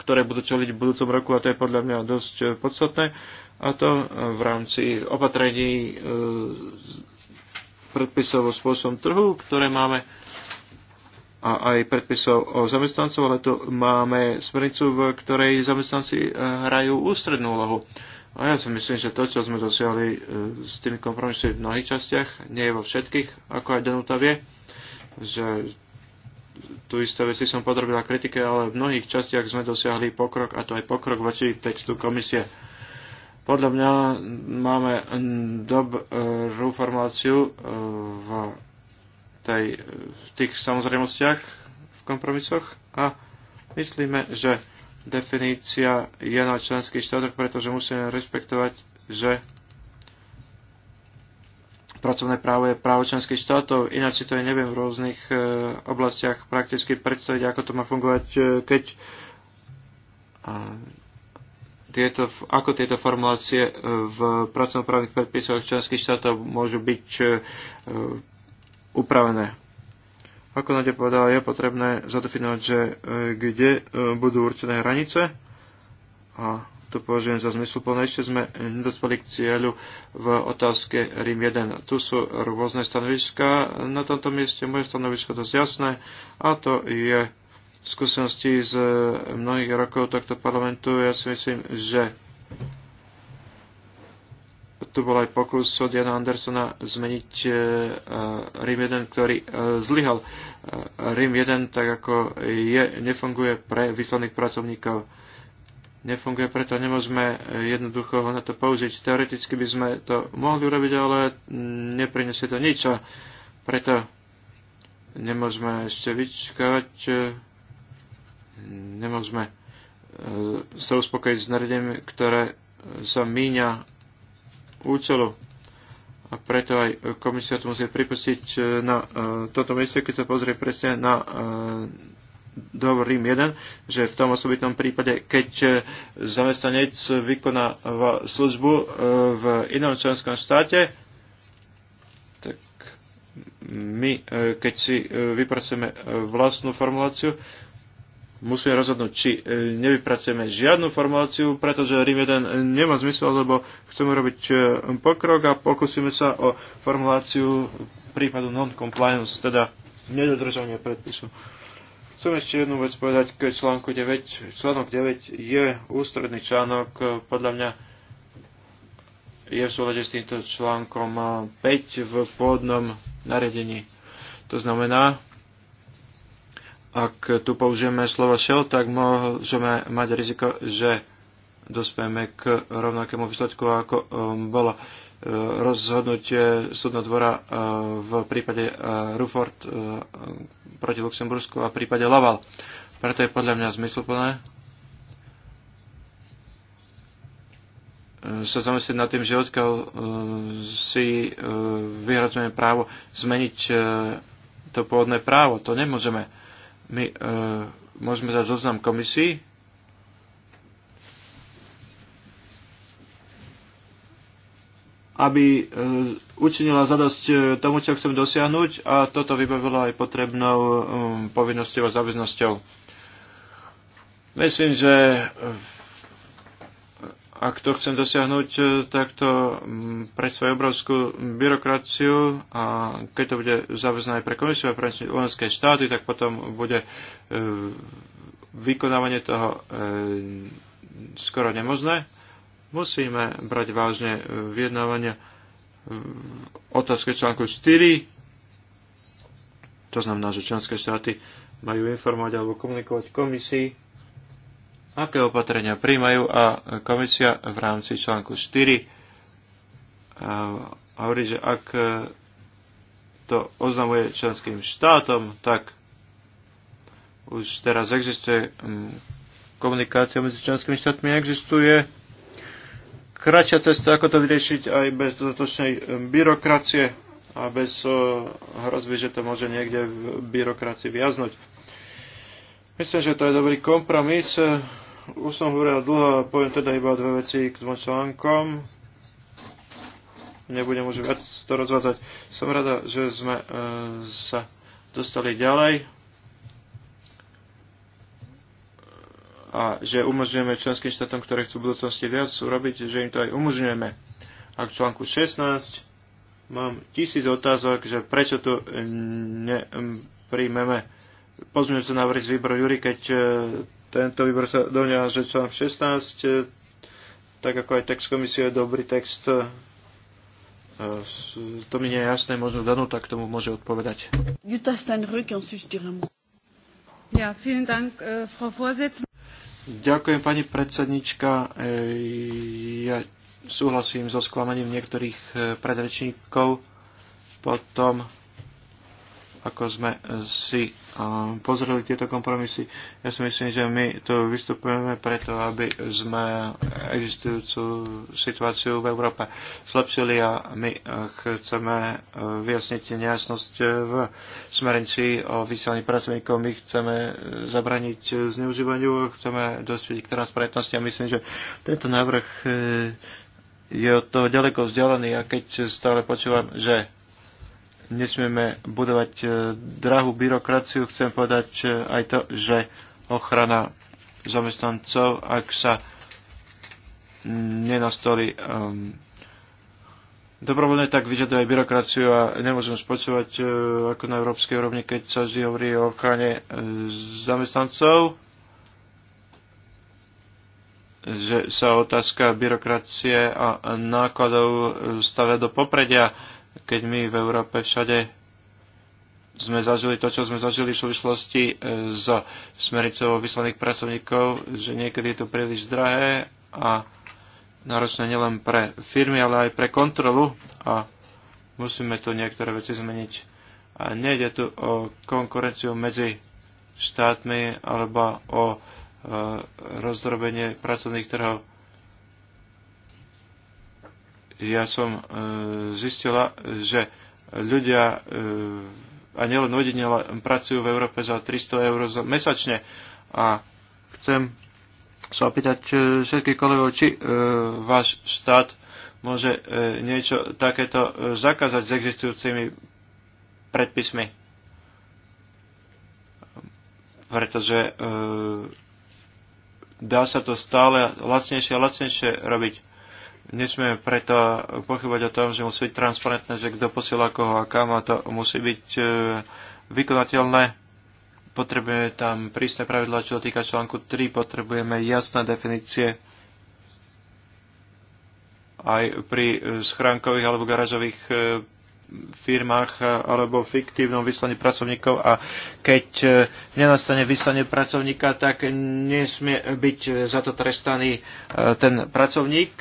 ktoré budú čeliť v budúcom roku a to je podľa mňa dosť e, podstatné a to v rámci opatrení predpisov o spôsobom trhu, ktoré máme a aj predpisov o zamestnancov, ale tu máme smernicu, v ktorej zamestnanci hrajú ústrednú úlohu. A ja si myslím, že to, čo sme dosiahli e, s tými kompromismi v mnohých častiach, nie je vo všetkých, ako aj Danuta vie, že tu isté veci som podrobila kritike, ale v mnohých častiach sme dosiahli pokrok, a to aj pokrok voči textu komisie. Podľa mňa máme dobrú formáciu e, v, tej, v tých samozrejmostiach, v kompromisoch a myslíme, že definícia je na členských štátoch, pretože musíme rešpektovať, že pracovné právo je právo členských štátov, ináč si to aj neviem v rôznych e, oblastiach prakticky predstaviť, ako to má fungovať, e, keď tieto, ako tieto formulácie e, v pracovnoprávnych predpisoch členských štátov môžu byť upravené. Ako Nadia povedala, je potrebné zadefinovať, že e, kde e, budú určené hranice a to považujem za zmysluplné. Ešte sme nedospeli k cieľu v otázke Rím 1. Tu sú rôzne stanoviska. Na tomto mieste moje stanovisko je dosť jasné a to je v skúsenosti z mnohých rokov tohto parlamentu. Ja si myslím, že tu bol aj pokus od Jana Andersona zmeniť e, e, RIM 1, ktorý e, zlyhal. RIM 1, tak ako je, nefunguje pre vyslaných pracovníkov. Nefunguje, preto nemôžeme jednoducho ho na to použiť. Teoreticky by sme to mohli urobiť, ale mm, neprinesie to nič a preto nemôžeme ešte vyčkať, nemôžeme sa uspokojiť s nariadením, ktoré sa míňa účelu. A preto aj komisia to musí pripustiť e, na e, toto mieste, keď sa pozrie presne na e, dohovor Rím 1, že v tom osobitnom prípade, keď zamestnanec vykonáva službu v inom členskom štáte, tak my, keď si vypracujeme vlastnú formuláciu, musíme rozhodnúť, či e, nevypracujeme žiadnu formuláciu, pretože Rím 1 e, nemá zmysel, lebo chceme robiť e, pokrok a pokúsime sa o formuláciu prípadu non-compliance, teda nedodržania predpisu. Chcem ešte jednu vec povedať k článku 9. Článok 9 je ústredný článok, podľa mňa je v súlade s týmto článkom 5 v pôvodnom nariadení. To znamená, ak tu použijeme slovo shell, tak môžeme mať riziko, že dospieme k rovnakému výsledku, ako um, bolo e, rozhodnutie súdno dvora e, v prípade e, Rufort proti Luxembursku a v prípade Laval. Preto je podľa mňa zmysluplné sa zamyslieť nad tým, že odkiaľ si vyhradzujeme právo zmeniť to pôvodné právo. To nemôžeme my uh, môžeme dať zoznam komisí. aby e, učinila zadosť e, tomu, čo chcem dosiahnuť a toto vybavilo aj potrebnou um, povinnosťou a záväznosťou. Myslím, že ak to chcem dosiahnuť, e, tak to mm, pre svoju obrovskú byrokraciu a keď to bude záväzné aj pre komisiu a pre členské štáty, tak potom bude e, vykonávanie toho e, skoro nemožné. Musíme brať vážne vyjednávania otázke článku 4. To znamená, že členské štáty majú informovať alebo komunikovať komisii aké opatrenia príjmajú a komisia v rámci článku 4 eh, hovorí, že ak to oznamuje členským štátom, tak už teraz existuje hm, komunikácia medzi členskými štátmi, existuje kratšia cesta, ako to vyriešiť aj bez dodatočnej hm, byrokracie a bez eh, hrozby, že to môže niekde v byrokracii viaznuť. Myslím, že to je dobrý kompromis eh, už som hovoril dlho, poviem teda iba dve veci k dvom článkom. Nebudem už viac to rozvádzať. Som rada, že sme e, sa dostali ďalej a že umožňujeme členským štátom, ktoré chcú v budúcnosti viac urobiť, že im to aj umožňujeme. A k článku 16 mám tisíc otázok, že prečo tu nepríjmeme pozmeňujúce návrhy z výboru Jury, keď e, tento výbor sa domnieva, že článok 16, e, tak ako aj text komisie, je dobrý text. E, to mi nie je jasné, možno danu, tak tomu môže odpovedať. Jutta Steinrück, ensuite ja, vielen Dank, äh, Frau Vorsitzende. Ďakujem, pani predsednička. E, ja súhlasím so sklamaním niektorých predrečníkov potom ako sme eh, si eh, pozreli tieto kompromisy. Ja si myslím, že my tu vystupujeme preto, aby sme existujúcu situáciu v Európe zlepšili a my eh, chceme vyjasniť nejasnosť v smerenci o vysielaní pracovníkov. My chceme zabraniť zneužívaniu, chceme dospieť k transparentnosti a myslím, že tento návrh je od toho ďaleko vzdialený a keď stále počúvam, že nesmieme budovať e, drahú byrokraciu. Chcem povedať e, aj to, že ochrana zamestnancov, ak sa nenastoli um, ehm, dobrovoľne, tak vyžaduje aj byrokraciu a nemôžem spočovať uh, e, ako na európskej úrovni, keď sa vždy hovorí o ochrane uh, zamestnancov, že sa otázka byrokracie a nákladov stavia do popredia. Uh, keď my v Európe všade sme zažili to, čo sme zažili v súvislosti e, s smericou vyslaných pracovníkov, že niekedy je to príliš drahé a náročné nielen pre firmy, ale aj pre kontrolu a musíme tu niektoré veci zmeniť. A nejde tu o konkurenciu medzi štátmi alebo o e, rozdrobenie pracovných trhov ja som e, zistila, že ľudia, e, a nielen vedenie, ale pracujú v Európe za 300 eur mesačne. A chcem sa opýtať e, všetkých kolegov, či e, váš štát môže e, niečo takéto e, zakázať s existujúcimi predpismi. Pretože e, dá sa to stále lacnejšie a lacnejšie robiť Nesmieme preto pochybať o tom, že musí byť transparentné, že kto posiela koho a kam a to musí byť e, vykonateľné. Potrebujeme tam prísne pravidla, čo týka článku 3, potrebujeme jasné definície aj pri e, schránkových alebo garážových e, firmách alebo fiktívnom vyslaní pracovníkov a keď nenastane vyslanie pracovníka, tak nesmie byť za to trestaný ten pracovník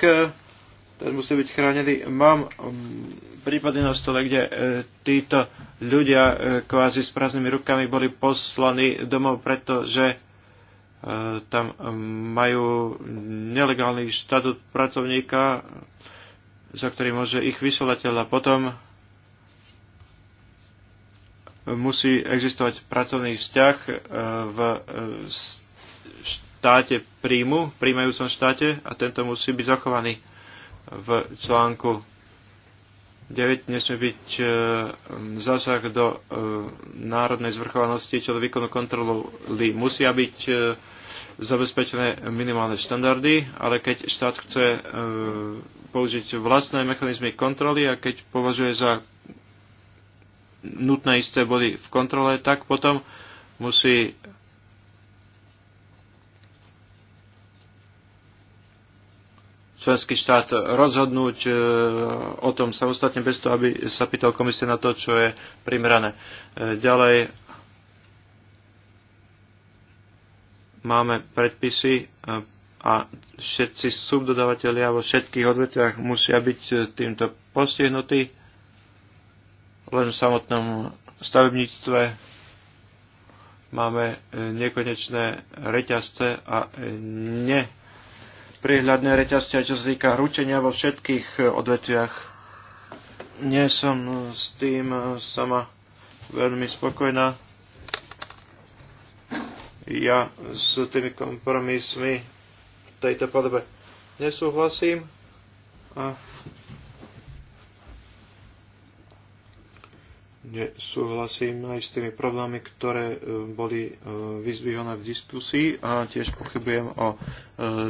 ten musí byť chránený. Mám um, prípady na stole, kde e, títo ľudia e, kvázi s prázdnymi rukami boli poslaní domov, pretože e, tam um, majú nelegálny štatút pracovníka, za ktorý môže ich vysolateľ a potom musí existovať pracovný vzťah v štáte príjmu, príjmajúcom štáte a tento musí byť zachovaný v článku 9 nesmie byť e, zásah do e, národnej zvrchovanosti, čo do výkonu kontroly musia byť e, zabezpečené minimálne štandardy, ale keď štát chce e, použiť vlastné mechanizmy kontroly a keď považuje za nutné isté body v kontrole, tak potom musí členský štát rozhodnúť e, o tom samostatne bez toho, aby sa pýtal komisie na to, čo je primerané. E, ďalej máme predpisy e, a všetci subdodávateľia vo všetkých odvetviach musia byť týmto postihnutí len v samotnom stavebníctve máme nekonečné reťazce a ne prihľadné reťazce, čo sa týka hručenia vo všetkých eh, odvetviach. Nie som eh, s tým eh, sama veľmi spokojná. Ja s tými kompromismi v tejto podobe nesúhlasím a nesúhlasím aj s tými problémami, ktoré e, boli e, vyzvihované v diskusii a tiež pochybujem o e,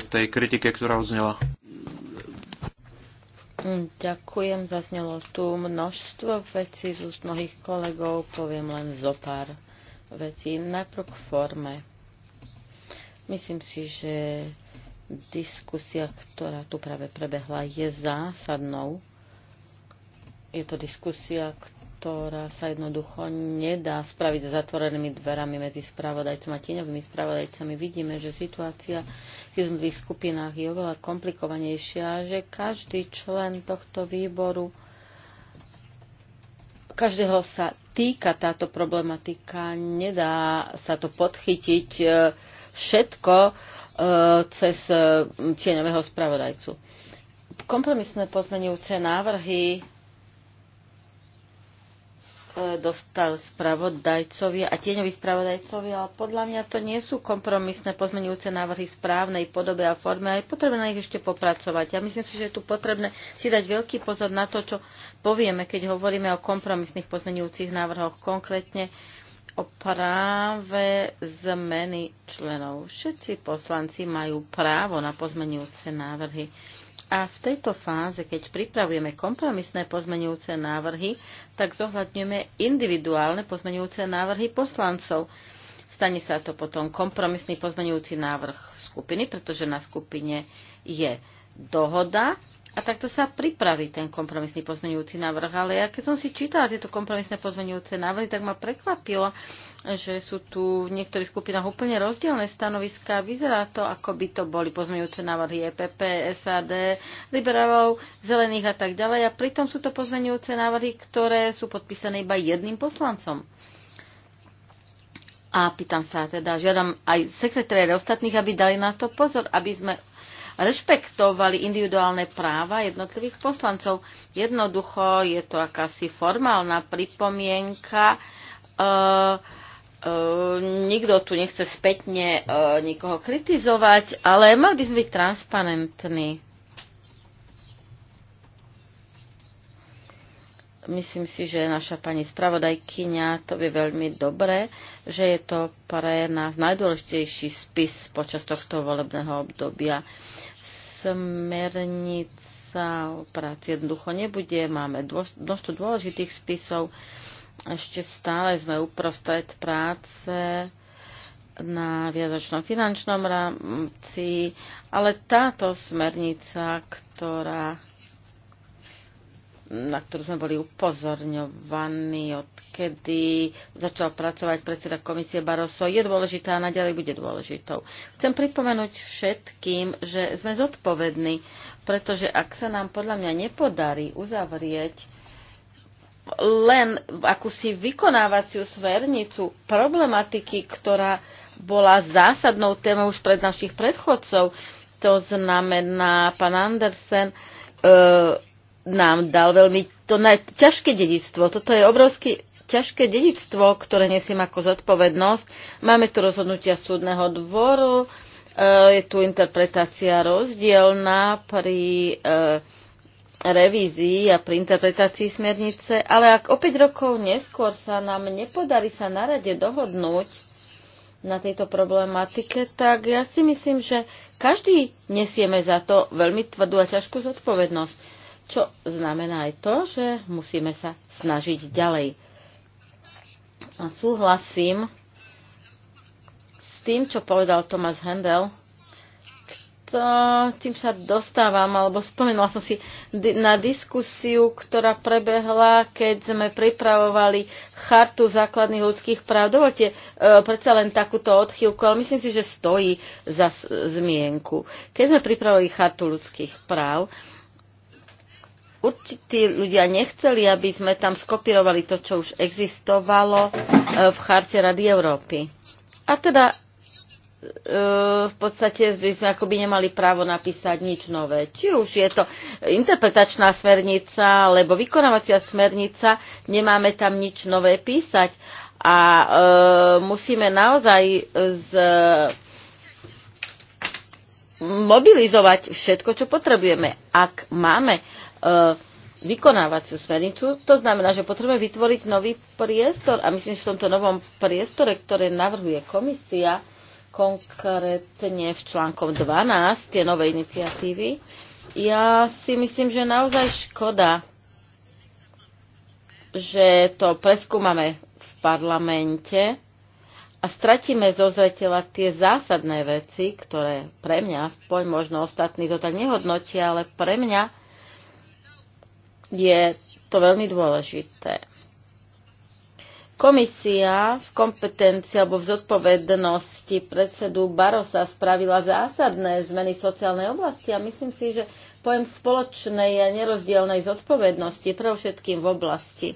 tej kritike, ktorá uznela. Ďakujem, zaznelo tu množstvo vecí z úst mnohých kolegov, poviem len zo pár vecí. Najprv k forme. Myslím si, že diskusia, ktorá tu práve prebehla, je zásadnou. Je to diskusia, ktorá ktorá sa jednoducho nedá spraviť za zatvorenými dverami medzi spravodajcami a tieňovými spravodajcami. Vidíme, že situácia v jednotlivých skupinách je oveľa komplikovanejšia že každý člen tohto výboru, každého sa týka táto problematika, nedá sa to podchytiť e, všetko e, cez e, tieňového spravodajcu. Kompromisné pozmenujúce návrhy E, dostal spravodajcovi a tieňoví spravodajcovi, ale podľa mňa to nie sú kompromisné pozmenujúce návrhy správnej podobe a forme a je potrebné na nich ešte popracovať. Ja myslím si, že je tu potrebné si dať veľký pozor na to, čo povieme, keď hovoríme o kompromisných pozmenujúcich návrhoch, konkrétne o práve zmeny členov. Všetci poslanci majú právo na pozmenujúce návrhy a v tejto fáze, keď pripravujeme kompromisné pozmeňujúce návrhy, tak zohľadňujeme individuálne pozmenujúce návrhy poslancov. Stane sa to potom kompromisný pozmenujúci návrh skupiny, pretože na skupine je dohoda a takto sa pripraví ten kompromisný pozmeňujúci návrh. Ale ja keď som si čítala tieto kompromisné pozmeňujúce návrhy, tak ma prekvapilo, že sú tu v niektorých skupinách úplne rozdielne stanoviská. Vyzerá to, ako by to boli pozmeňujúce návrhy EPP, SAD, liberálov, zelených a tak ďalej. A pritom sú to pozmeňujúce návrhy, ktoré sú podpísané iba jedným poslancom. A pýtam sa teda, žiadam aj sekretáre ostatných, aby dali na to pozor, aby sme rešpektovali individuálne práva jednotlivých poslancov. Jednoducho je to akási formálna pripomienka. E, e, nikto tu nechce spätne e, nikoho kritizovať, ale mali by sme byť transparentní. Myslím si, že naša pani spravodajkyňa to vie veľmi dobre, že je to pre nás najdôležitejší spis počas tohto volebného obdobia. Smernica o práci jednoducho nebude, máme množstvo dôležitých spisov, ešte stále sme uprostred práce na viazačnom finančnom rámci, ale táto smernica, ktorá na ktorú sme boli upozorňovaní, odkedy začal pracovať predseda komisie Baroso, je dôležitá a naďalej bude dôležitou. Chcem pripomenúť všetkým, že sme zodpovední, pretože ak sa nám podľa mňa nepodarí uzavrieť len akúsi vykonávaciu smernicu problematiky, ktorá bola zásadnou témou už pred našich predchodcov, to znamená, pán Andersen, e, nám dal veľmi to ťažké dedictvo. Toto je obrovské ťažké dedictvo, ktoré nesiem ako zodpovednosť. Máme tu rozhodnutia súdneho dvoru, e, je tu interpretácia rozdielna pri e, revízii a pri interpretácii smernice, ale ak o 5 rokov neskôr sa nám nepodarí sa na rade dohodnúť na tejto problematike, tak ja si myslím, že každý nesieme za to veľmi tvrdú a ťažkú zodpovednosť. Čo znamená aj to, že musíme sa snažiť ďalej. A súhlasím s tým, čo povedal Thomas Handel, to, tým sa dostávam, alebo spomenula som si na diskusiu, ktorá prebehla, keď sme pripravovali chartu základných ľudských práv. Dovolte e, predsa len takúto odchýlku, ale myslím si, že stojí za zmienku. Keď sme pripravili chartu ľudských práv, určití ľudia nechceli, aby sme tam skopírovali to, čo už existovalo e, v charte Rady Európy. A teda e, v podstate by sme akoby nemali právo napísať nič nové. Či už je to interpretačná smernica alebo vykonávacia smernica, nemáme tam nič nové písať. A e, musíme naozaj z, mobilizovať všetko, čo potrebujeme. Ak máme E, vykonávaciu smernicu. To znamená, že potrebujeme vytvoriť nový priestor a myslím, že v tomto novom priestore, ktoré navrhuje komisia, konkrétne v článkom 12, tie nové iniciatívy, ja si myslím, že naozaj škoda, že to preskúmame v parlamente a stratíme zo zretela tie zásadné veci, ktoré pre mňa, aspoň možno ostatní to tak nehodnotia, ale pre mňa je to veľmi dôležité. Komisia v kompetencii alebo v zodpovednosti predsedu Barosa spravila zásadné zmeny v sociálnej oblasti a myslím si, že pojem spoločnej a nerozdielnej zodpovednosti pre všetkým v oblasti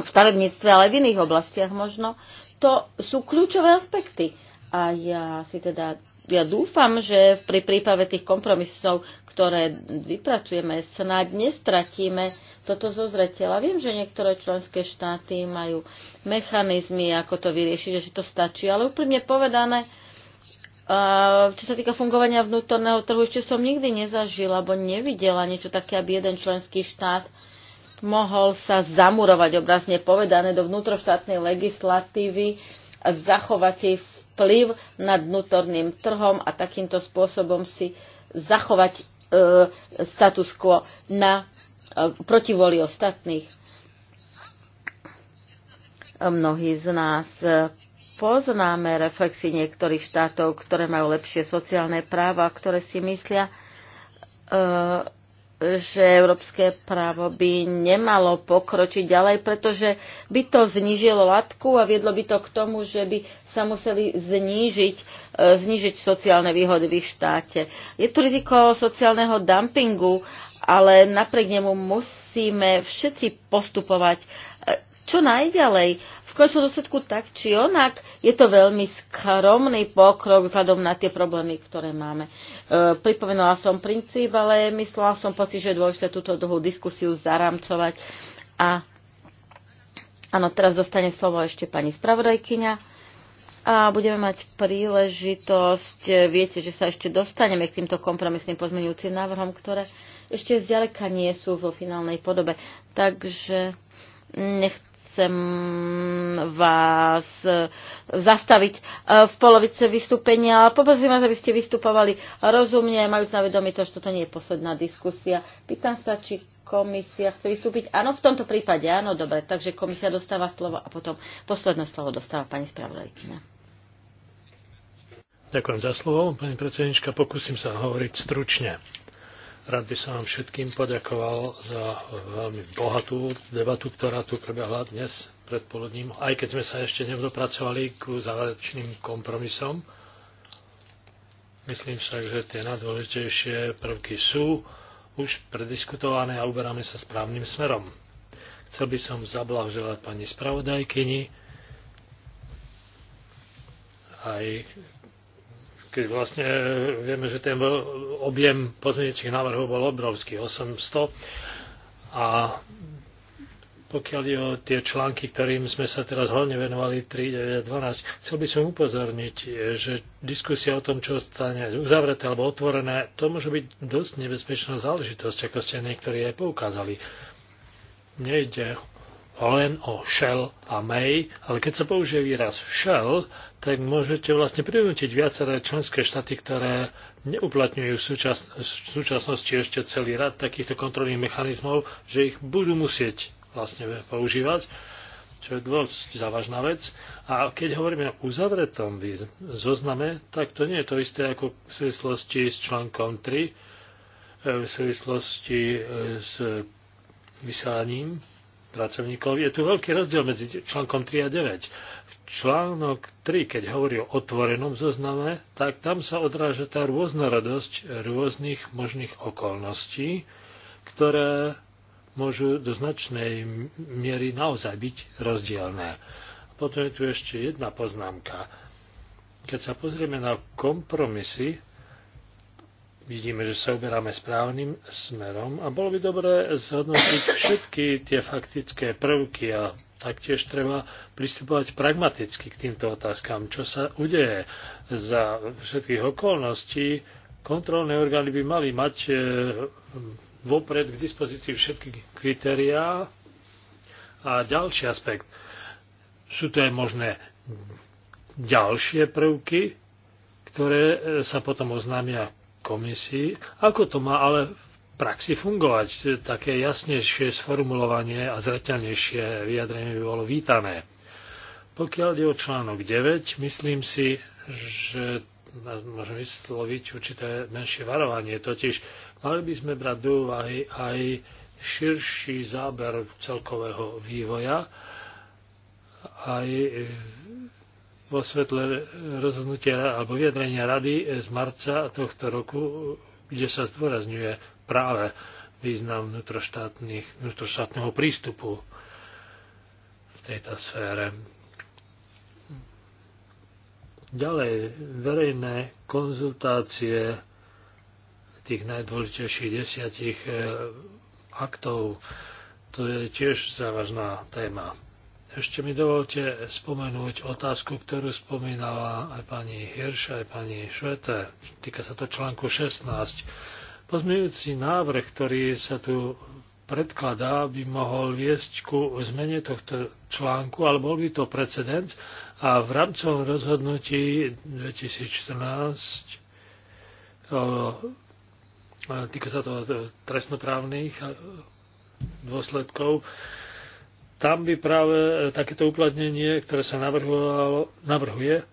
v stavebníctve, ale aj v iných oblastiach možno, to sú kľúčové aspekty. A ja si teda ja dúfam, že pri príprave tých kompromisov, ktoré vypracujeme, snáď nestratíme toto zo zretela. Viem, že niektoré členské štáty majú mechanizmy, ako to vyriešiť, že to stačí, ale úprimne povedané, čo sa týka fungovania vnútorného trhu, ešte som nikdy nezažila alebo nevidela niečo také, aby jeden členský štát mohol sa zamurovať, obrazne povedané, do vnútroštátnej legislatívy a zachovať jej vplyv nad vnútorným trhom a takýmto spôsobom si zachovať e, status quo na e, protivoli ostatných. Mnohí z nás e, poznáme reflexy niektorých štátov, ktoré majú lepšie sociálne práva, ktoré si myslia, e, že európske právo by nemalo pokročiť ďalej, pretože by to znížilo latku a viedlo by to k tomu, že by sa museli znížiť, e, znížiť sociálne výhody v ich štáte. Je tu riziko sociálneho dumpingu, ale napriek nemu musíme všetci postupovať e, čo najďalej konečnom dôsledku tak či onak je to veľmi skromný pokrok vzhľadom na tie problémy, ktoré máme. E, pripomenula som princíp, ale myslela som pocit, že je dôležité túto dlhú diskusiu zaramcovať. A áno, teraz dostane slovo ešte pani spravodajkyňa a budeme mať príležitosť, e, viete, že sa ešte dostaneme k týmto kompromisným pozmeňujúcim návrhom, ktoré ešte zďaleka nie sú vo finálnej podobe. Takže nech chcem vás e, zastaviť e, v polovice vystúpenia, ale poprosím vás, aby ste vystupovali rozumne, majú sa vedomie to, že toto nie je posledná diskusia. Pýtam sa, či komisia chce vystúpiť. Áno, v tomto prípade, áno, dobre. Takže komisia dostáva slovo a potom posledné slovo dostáva pani spravodajkyňa. Ďakujem za slovo, pani predsednička. Pokúsim sa hovoriť stručne. Rád by som vám všetkým poďakoval za veľmi bohatú debatu, ktorá tu prebehla dnes predpoludním, aj keď sme sa ešte nevdopracovali k záverečným kompromisom. Myslím však, že tie najdôležitejšie prvky sú už prediskutované a uberáme sa správnym smerom. Chcel by som zablahoželať pani spravodajkyni aj keď vlastne e, vieme, že ten objem pozmeňujúcich návrhov bol obrovský, 800. A pokiaľ je o tie články, ktorým sme sa teraz hlavne venovali, 3, 9, 12, chcel by som upozorniť, e, že diskusia o tom, čo stane uzavreté alebo otvorené, to môže byť dosť nebezpečná záležitosť, ako ste niektorí aj poukázali. Nejde len o shall a may, ale keď sa použije výraz shall, tak môžete vlastne prinútiť viaceré členské štáty, ktoré neuplatňujú v, súčas- v súčasnosti ešte celý rad takýchto kontrolných mechanizmov, že ich budú musieť vlastne používať, čo je dosť závažná vec. A keď hovoríme o uzavretom zozname, tak to nie je to isté ako v súvislosti s článkom 3, e, v súvislosti e, s vysielaním pracovníkov. Je tu veľký rozdiel medzi článkom 3 a 9. V Článok 3, keď hovorí o otvorenom zozname, tak tam sa odráža tá rôznorodosť rôznych možných okolností, ktoré môžu do značnej miery naozaj byť rozdielne. Potom je tu ešte jedna poznámka. Keď sa pozrieme na kompromisy, vidíme, že sa uberáme správnym smerom a bolo by dobré zhodnotiť všetky tie faktické prvky a taktiež treba pristupovať pragmaticky k týmto otázkam. Čo sa udeje za všetkých okolností, kontrolné orgány by mali mať e, vopred k dispozícii všetky kritériá. A ďalší aspekt. Sú to aj možné ďalšie prvky, ktoré e, sa potom oznámia komisii, ako to má ale v praxi fungovať. Také jasnejšie sformulovanie a zreteľnejšie vyjadrenie by bolo vítané. Pokiaľ je o článok 9, myslím si, že môžem vysloviť určité menšie varovanie, totiž mali by sme brať do úvahy aj širší záber celkového vývoja, aj vo svetle rozhodnutia alebo vyjadrenia rady z marca tohto roku, kde sa zdôrazňuje práve význam vnútroštátneho prístupu v tejto sfére. Ďalej, verejné konzultácie tých najdôležitejších desiatich eh, aktov, to je tiež závažná téma. Ešte mi dovolte spomenúť otázku, ktorú spomínala aj pani Hirš, aj pani Švete. Týka sa to článku 16. Pozmejúci návrh, ktorý sa tu predkladá, by mohol viesť ku zmene tohto článku, ale bol by to precedens a v rámcovom rozhodnutí 2014 týka sa to trestnoprávnych dôsledkov, tam by práve e, takéto uplatnenie, ktoré sa navrhuje, e,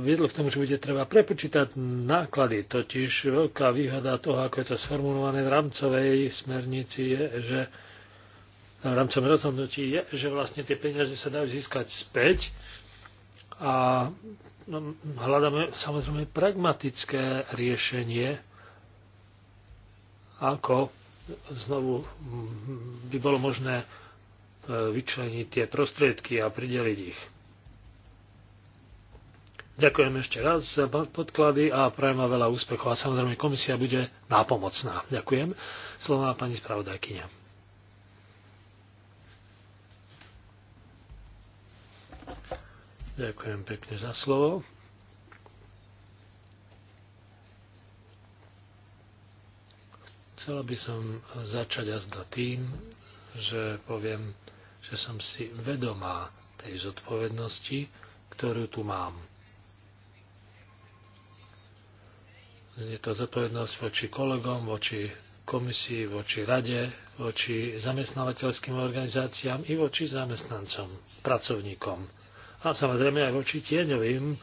viedlo k tomu, že bude treba prepočítať náklady. Totiž veľká výhoda toho, ako je to sformulované v rámcovej smernici, je, že v rámcom rozhodnutí je, že vlastne tie peniaze sa dajú získať späť a no, hľadáme samozrejme pragmatické riešenie, ako znovu by bolo možné E, vyčleniť tie prostriedky a prideliť ich. Ďakujem ešte raz za podklady a prajem vám veľa úspechov a samozrejme komisia bude nápomocná. Ďakujem. Slovo má pani spravodajkyňa. Ďakujem pekne za slovo. Chcela by som začať azda tým, že poviem že som si vedomá tej zodpovednosti, ktorú tu mám. Je to zodpovednosť voči kolegom, voči komisii, voči rade, voči zamestnávateľským organizáciám i voči zamestnancom, pracovníkom. A samozrejme aj voči tieňovým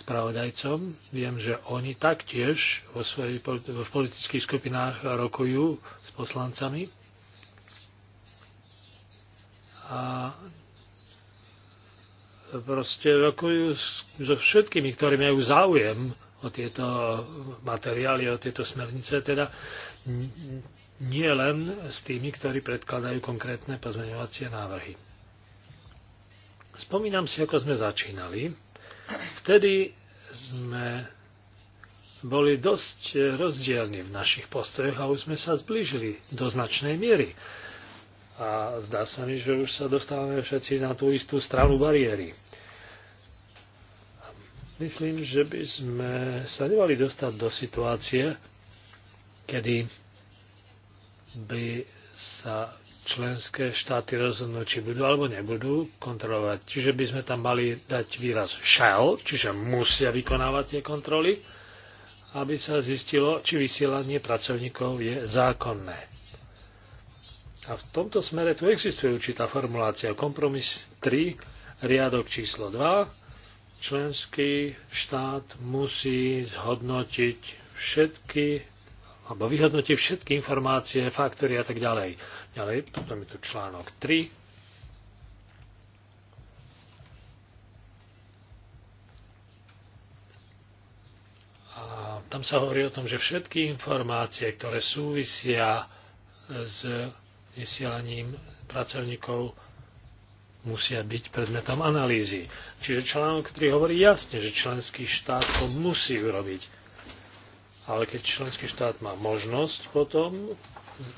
spravodajcom. Viem, že oni taktiež vo svojich, v politických skupinách rokujú s poslancami a proste rokujú so všetkými, ktorí majú záujem o tieto materiály, o tieto smernice, teda nie len s tými, ktorí predkladajú konkrétne pozmeňovacie návrhy. Spomínam si, ako sme začínali. Vtedy sme boli dosť rozdielni v našich postojoch a už sme sa zblížili do značnej miery. A zdá sa mi, že už sa dostávame všetci na tú istú stranu bariéry. Myslím, že by sme sa nemali dostať do situácie, kedy by sa členské štáty rozhodnú, či budú alebo nebudú kontrolovať. Čiže by sme tam mali dať výraz shall, čiže musia vykonávať tie kontroly, aby sa zistilo, či vysielanie pracovníkov je zákonné. A v tomto smere tu existuje určitá formulácia. Kompromis 3, riadok číslo 2. Členský štát musí zhodnotiť všetky alebo vyhodnotiť všetky informácie, faktory a tak ďalej. Ďalej, potom je tu článok 3. A tam sa hovorí o tom, že všetky informácie, ktoré súvisia s vysielaním pracovníkov musia byť predmetom analýzy. Čiže článok 3 hovorí jasne, že členský štát to musí urobiť. Ale keď členský štát má možnosť potom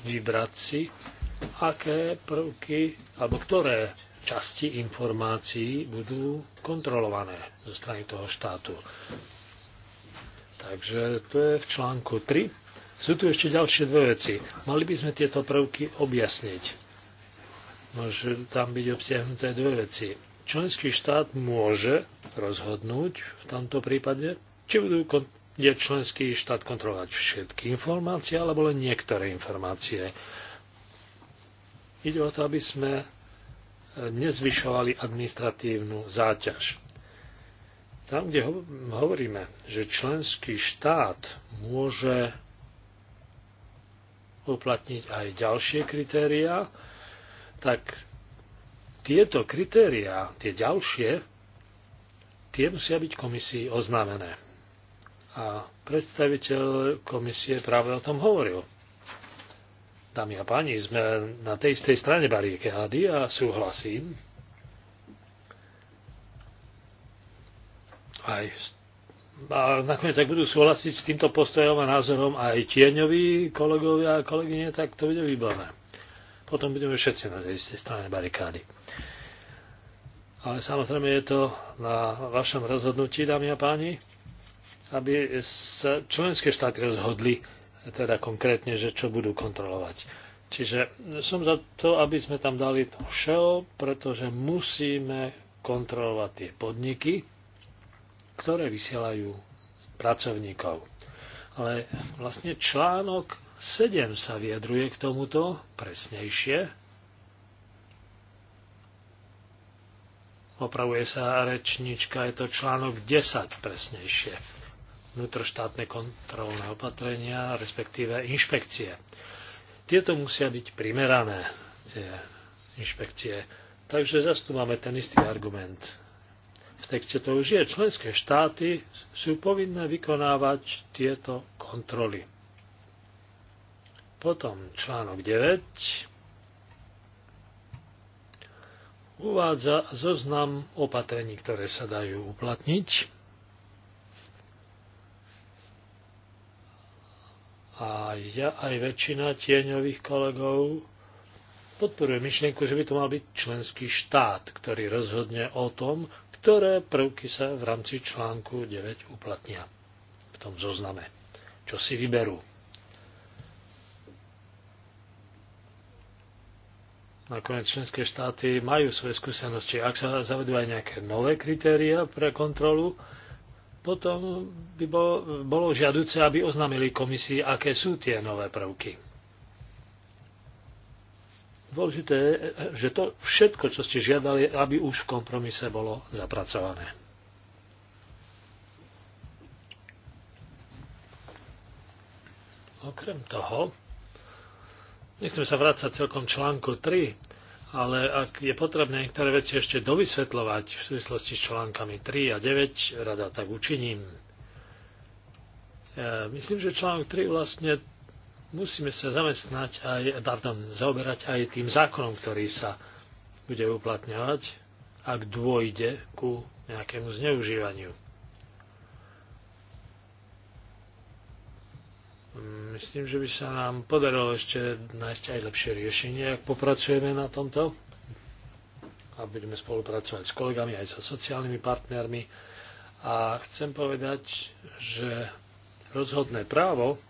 vybrať si, aké prvky alebo ktoré časti informácií budú kontrolované zo strany toho štátu. Takže to je v článku 3 sú tu ešte ďalšie dve veci. Mali by sme tieto prvky objasniť. Môže tam byť obsiahnuté dve veci. Členský štát môže rozhodnúť v tomto prípade, či budú je členský štát kontrolovať všetky informácie alebo len niektoré informácie. Ide o to, aby sme e, nezvyšovali administratívnu záťaž. Tam, kde hovoríme, že členský štát môže uplatniť aj ďalšie kritériá, tak tieto kritériá, tie ďalšie, tie musia byť komisii oznámené. A predstaviteľ komisie práve o tom hovoril. Dámy a páni, sme na tej istej strane barikády a súhlasím aj s a nakoniec, ak budú súhlasiť s týmto postojom a názorom aj tieňoví kolegovia a kolegyne, tak to bude výborné. Potom budeme všetci na tej istej strane barikády. Ale samozrejme je to na vašom rozhodnutí, dámy a páni, aby sa členské štáty rozhodli teda konkrétne, že čo budú kontrolovať. Čiže som za to, aby sme tam dali to všeo, pretože musíme kontrolovať tie podniky, ktoré vysielajú pracovníkov. Ale vlastne článok 7 sa vyjadruje k tomuto presnejšie. Opravuje sa rečnička, je to článok 10 presnejšie. Vnútroštátne kontrolné opatrenia, respektíve inšpekcie. Tieto musia byť primerané, tie inšpekcie. Takže zase tu máme ten istý argument texte to už je, členské štáty sú povinné vykonávať tieto kontroly. Potom článok 9 uvádza zoznam opatrení, ktoré sa dajú uplatniť. A ja aj väčšina tieňových kolegov podporuje myšlienku, že by to mal byť členský štát, ktorý rozhodne o tom, ktoré prvky sa v rámci článku 9 uplatnia v tom zozname. Čo si vyberú? Nakoniec členské štáty majú svoje skúsenosti. Ak sa zavedú aj nejaké nové kritéria pre kontrolu, potom by bolo, bolo žiaduce, aby oznámili komisii, aké sú tie nové prvky dôležité je, že to všetko, čo ste žiadali, aby už v kompromise bolo zapracované. Okrem toho, nechcem sa vrácať celkom článku 3, ale ak je potrebné niektoré veci ešte dovysvetľovať v súvislosti s článkami 3 a 9, rada tak učiním. E, myslím, že článok 3 vlastne musíme sa zamestnať aj, pardon, zaoberať aj tým zákonom, ktorý sa bude uplatňovať, ak dôjde ku nejakému zneužívaniu. Myslím, že by sa nám podarilo ešte nájsť aj lepšie riešenie, ak popracujeme na tomto a budeme spolupracovať s kolegami aj so sociálnymi partnermi. A chcem povedať, že rozhodné právo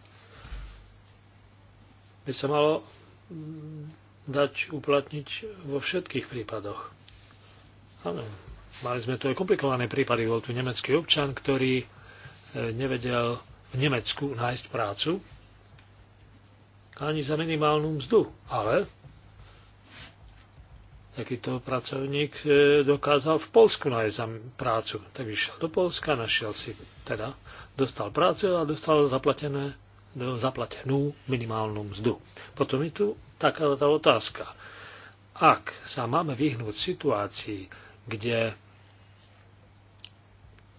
by sa malo mm, dať uplatniť vo všetkých prípadoch. Áno, mali sme tu aj komplikované prípady. Bol tu nemecký občan, ktorý e, nevedel v Nemecku nájsť prácu ani za minimálnu mzdu. Ale takýto pracovník e, dokázal v Polsku nájsť za prácu. Tak išiel do Polska, našiel si teda, dostal prácu a dostal zaplatené zaplatenú minimálnu mzdu. Potom je tu taká tá otázka. Ak sa máme vyhnúť situácii, kde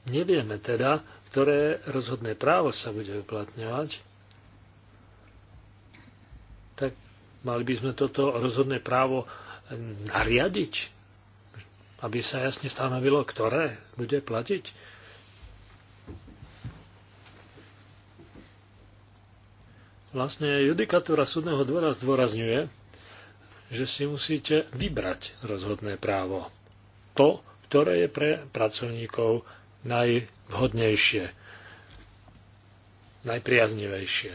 nevieme teda, ktoré rozhodné právo sa bude uplatňovať, tak mali by sme toto rozhodné právo nariadiť, aby sa jasne stanovilo, ktoré bude platiť. Vlastne judikatúra súdneho dvora zdôrazňuje, že si musíte vybrať rozhodné právo. To, ktoré je pre pracovníkov najvhodnejšie, najpriaznivejšie.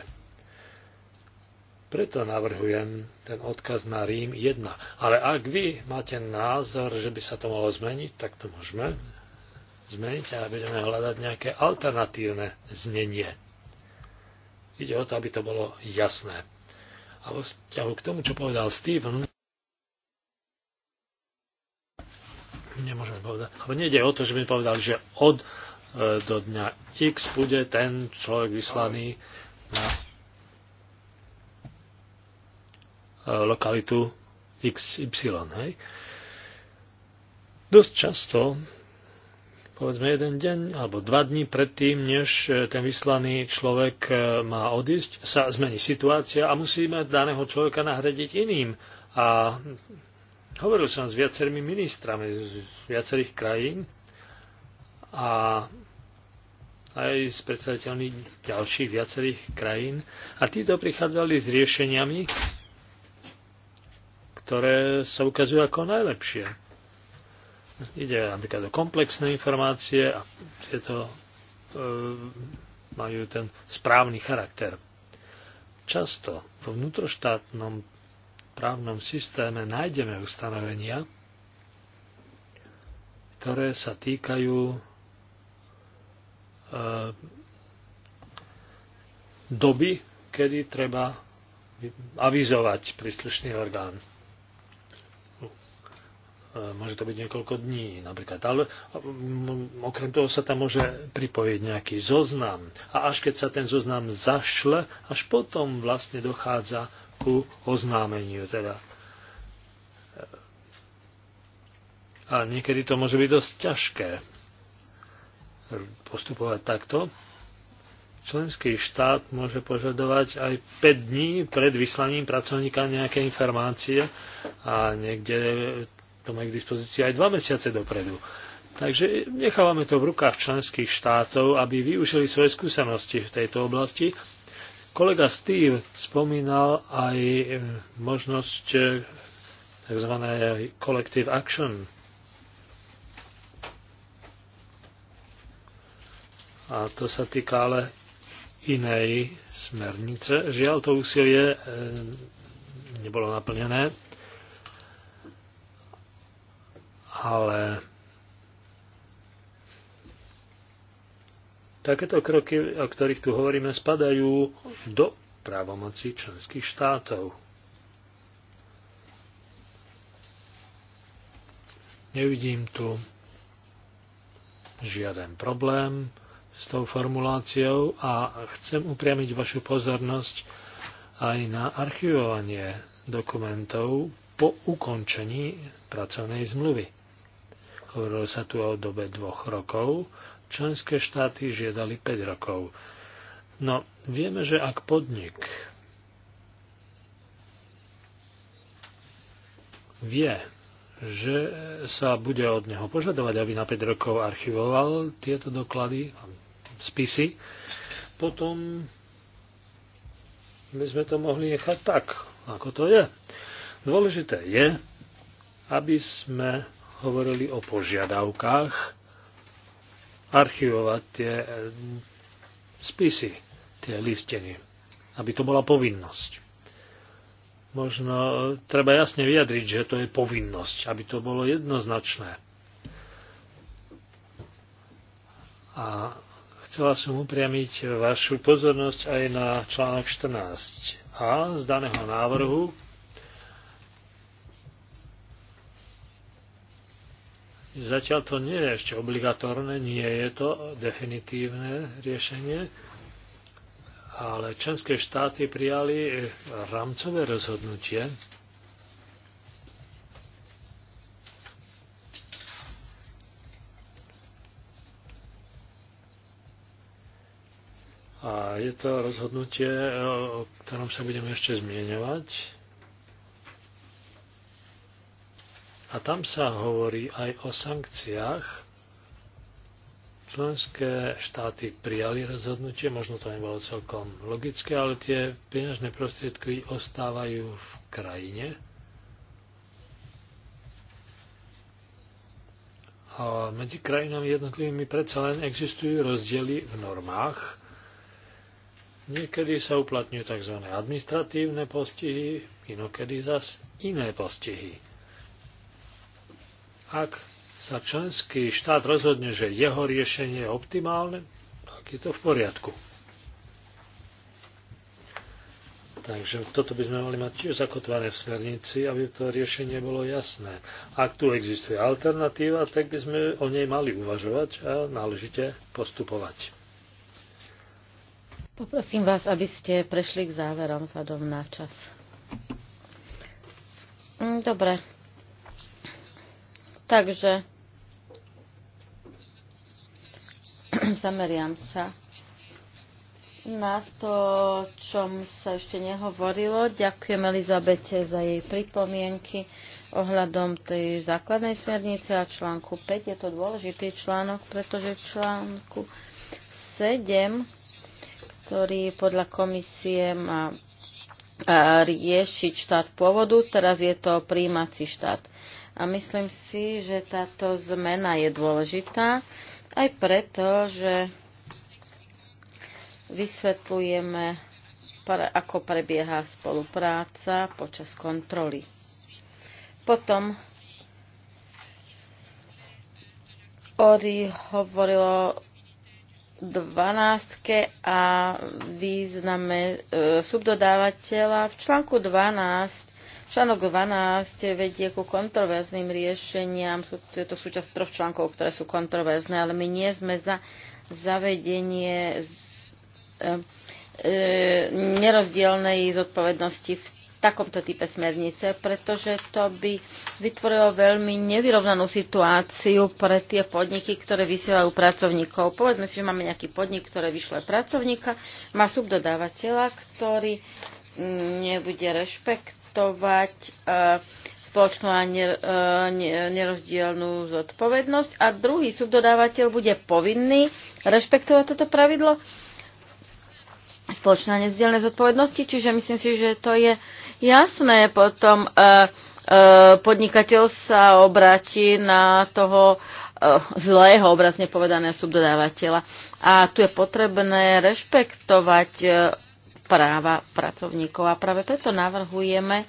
Preto navrhujem ten odkaz na Rím 1. Ale ak vy máte názor, že by sa to mohlo zmeniť, tak to môžeme zmeniť a budeme hľadať nejaké alternatívne znenie. Ide o to, aby to bolo jasné. A vo vzťahu k tomu, čo povedal Steven, nemôžeme povedať, alebo nejde o to, že by povedal, že od e, do dňa X bude ten človek vyslaný na e, lokalitu XY. Hej. Dosť často povedzme jeden deň alebo dva dní predtým, než e, ten vyslaný človek e, má odísť, sa zmení situácia a musíme daného človeka nahradiť iným. A hovoril som s viacerými ministrami z viacerých krajín a aj s predstaviteľmi ďalších viacerých krajín. A títo prichádzali s riešeniami, ktoré sa ukazujú ako najlepšie. Ide napríklad o komplexné informácie a tieto e, majú ten správny charakter. Často vo vnútroštátnom právnom systéme nájdeme ustanovenia, ktoré sa týkajú e, doby, kedy treba avizovať príslušný orgán. E, môže to byť niekoľko dní napríklad. Ale e, okrem toho sa tam môže pripojiť nejaký zoznam. A až keď sa ten zoznam zašle, až potom vlastne dochádza ku oznámeniu. Teda. E, a niekedy to môže byť dosť ťažké postupovať takto. Členský štát môže požadovať aj 5 dní pred vyslaním pracovníka nejaké informácie a niekde to majú k dispozícii aj dva mesiace dopredu. Takže nechávame to v rukách členských štátov, aby využili svoje skúsenosti v tejto oblasti. Kolega Steve spomínal aj e, možnosť e, tzv. collective action. A to sa týka ale inej smernice. Žiaľ, to úsilie e, nebolo naplnené. ale takéto kroky, o ktorých tu hovoríme, spadajú do právomocí členských štátov. Nevidím tu žiaden problém s tou formuláciou a chcem upriamiť vašu pozornosť aj na archivovanie dokumentov po ukončení pracovnej zmluvy. Hovorilo sa tu o dobe dvoch rokov. Členské štáty žiadali 5 rokov. No, vieme, že ak podnik vie, že sa bude od neho požadovať, aby na 5 rokov archivoval tieto doklady, spisy, potom by sme to mohli nechať tak, ako to je. Dôležité je, aby sme hovorili o požiadavkách archivovať tie eh, spisy, tie listiny, aby to bola povinnosť. Možno eh, treba jasne vyjadriť, že to je povinnosť, aby to bolo jednoznačné. A chcela som upriamiť vašu pozornosť aj na článok 14a z daného návrhu, Zatiaľ to nie je ešte obligatórne, nie je to definitívne riešenie, ale členské štáty prijali rámcové rozhodnutie, A je to rozhodnutie, o ktorom sa budeme ešte zmieňovať. A tam sa hovorí aj o sankciách. Členské štáty prijali rozhodnutie, možno to nebolo celkom logické, ale tie peňažné prostriedky ostávajú v krajine. A medzi krajinami jednotlivými predsa len existujú rozdiely v normách. Niekedy sa uplatňujú tzv. administratívne postihy, inokedy zas iné postihy ak sa členský štát rozhodne, že jeho riešenie je optimálne, tak je to v poriadku. Takže toto by sme mali mať tiež zakotvané v smernici, aby to riešenie bolo jasné. Ak tu existuje alternatíva, tak by sme o nej mali uvažovať a náležite postupovať. Poprosím vás, aby ste prešli k záverom vzhľadom na čas. Hm, dobre, Takže zameriam sa na to, čom sa ešte nehovorilo. Ďakujem Elizabete za jej pripomienky ohľadom tej základnej smernice a článku 5. Je to dôležitý článok, pretože v článku 7, ktorý podľa komisie má riešiť štát pôvodu, teraz je to príjímací štát. A myslím si, že táto zmena je dôležitá aj preto, že vysvetlujeme, ako prebieha spolupráca počas kontroly. Potom Ori hovorilo 12 a význame e, subdodávateľa. V článku 12 Článok 12 vedie ku kontroverzným riešeniam. Je to súčasť troch článkov, ktoré sú kontroverzné, ale my nie sme za zavedenie e, e, nerozdielnej zodpovednosti v takomto type smernice, pretože to by vytvorilo veľmi nevyrovnanú situáciu pre tie podniky, ktoré vysielajú pracovníkov. Povedzme si, že máme nejaký podnik, ktoré vyšle pracovníka, má subdodávateľa, ktorý nebude rešpektovať e, spoločnú a e, nerozdielnú zodpovednosť a druhý subdodávateľ bude povinný rešpektovať toto pravidlo spoločná nezdielne zodpovednosti, čiže myslím si, že to je jasné. Potom e, podnikateľ sa obráti na toho zlého, obrazne povedaného subdodávateľa. A tu je potrebné rešpektovať práva pracovníkov. A práve preto navrhujeme e,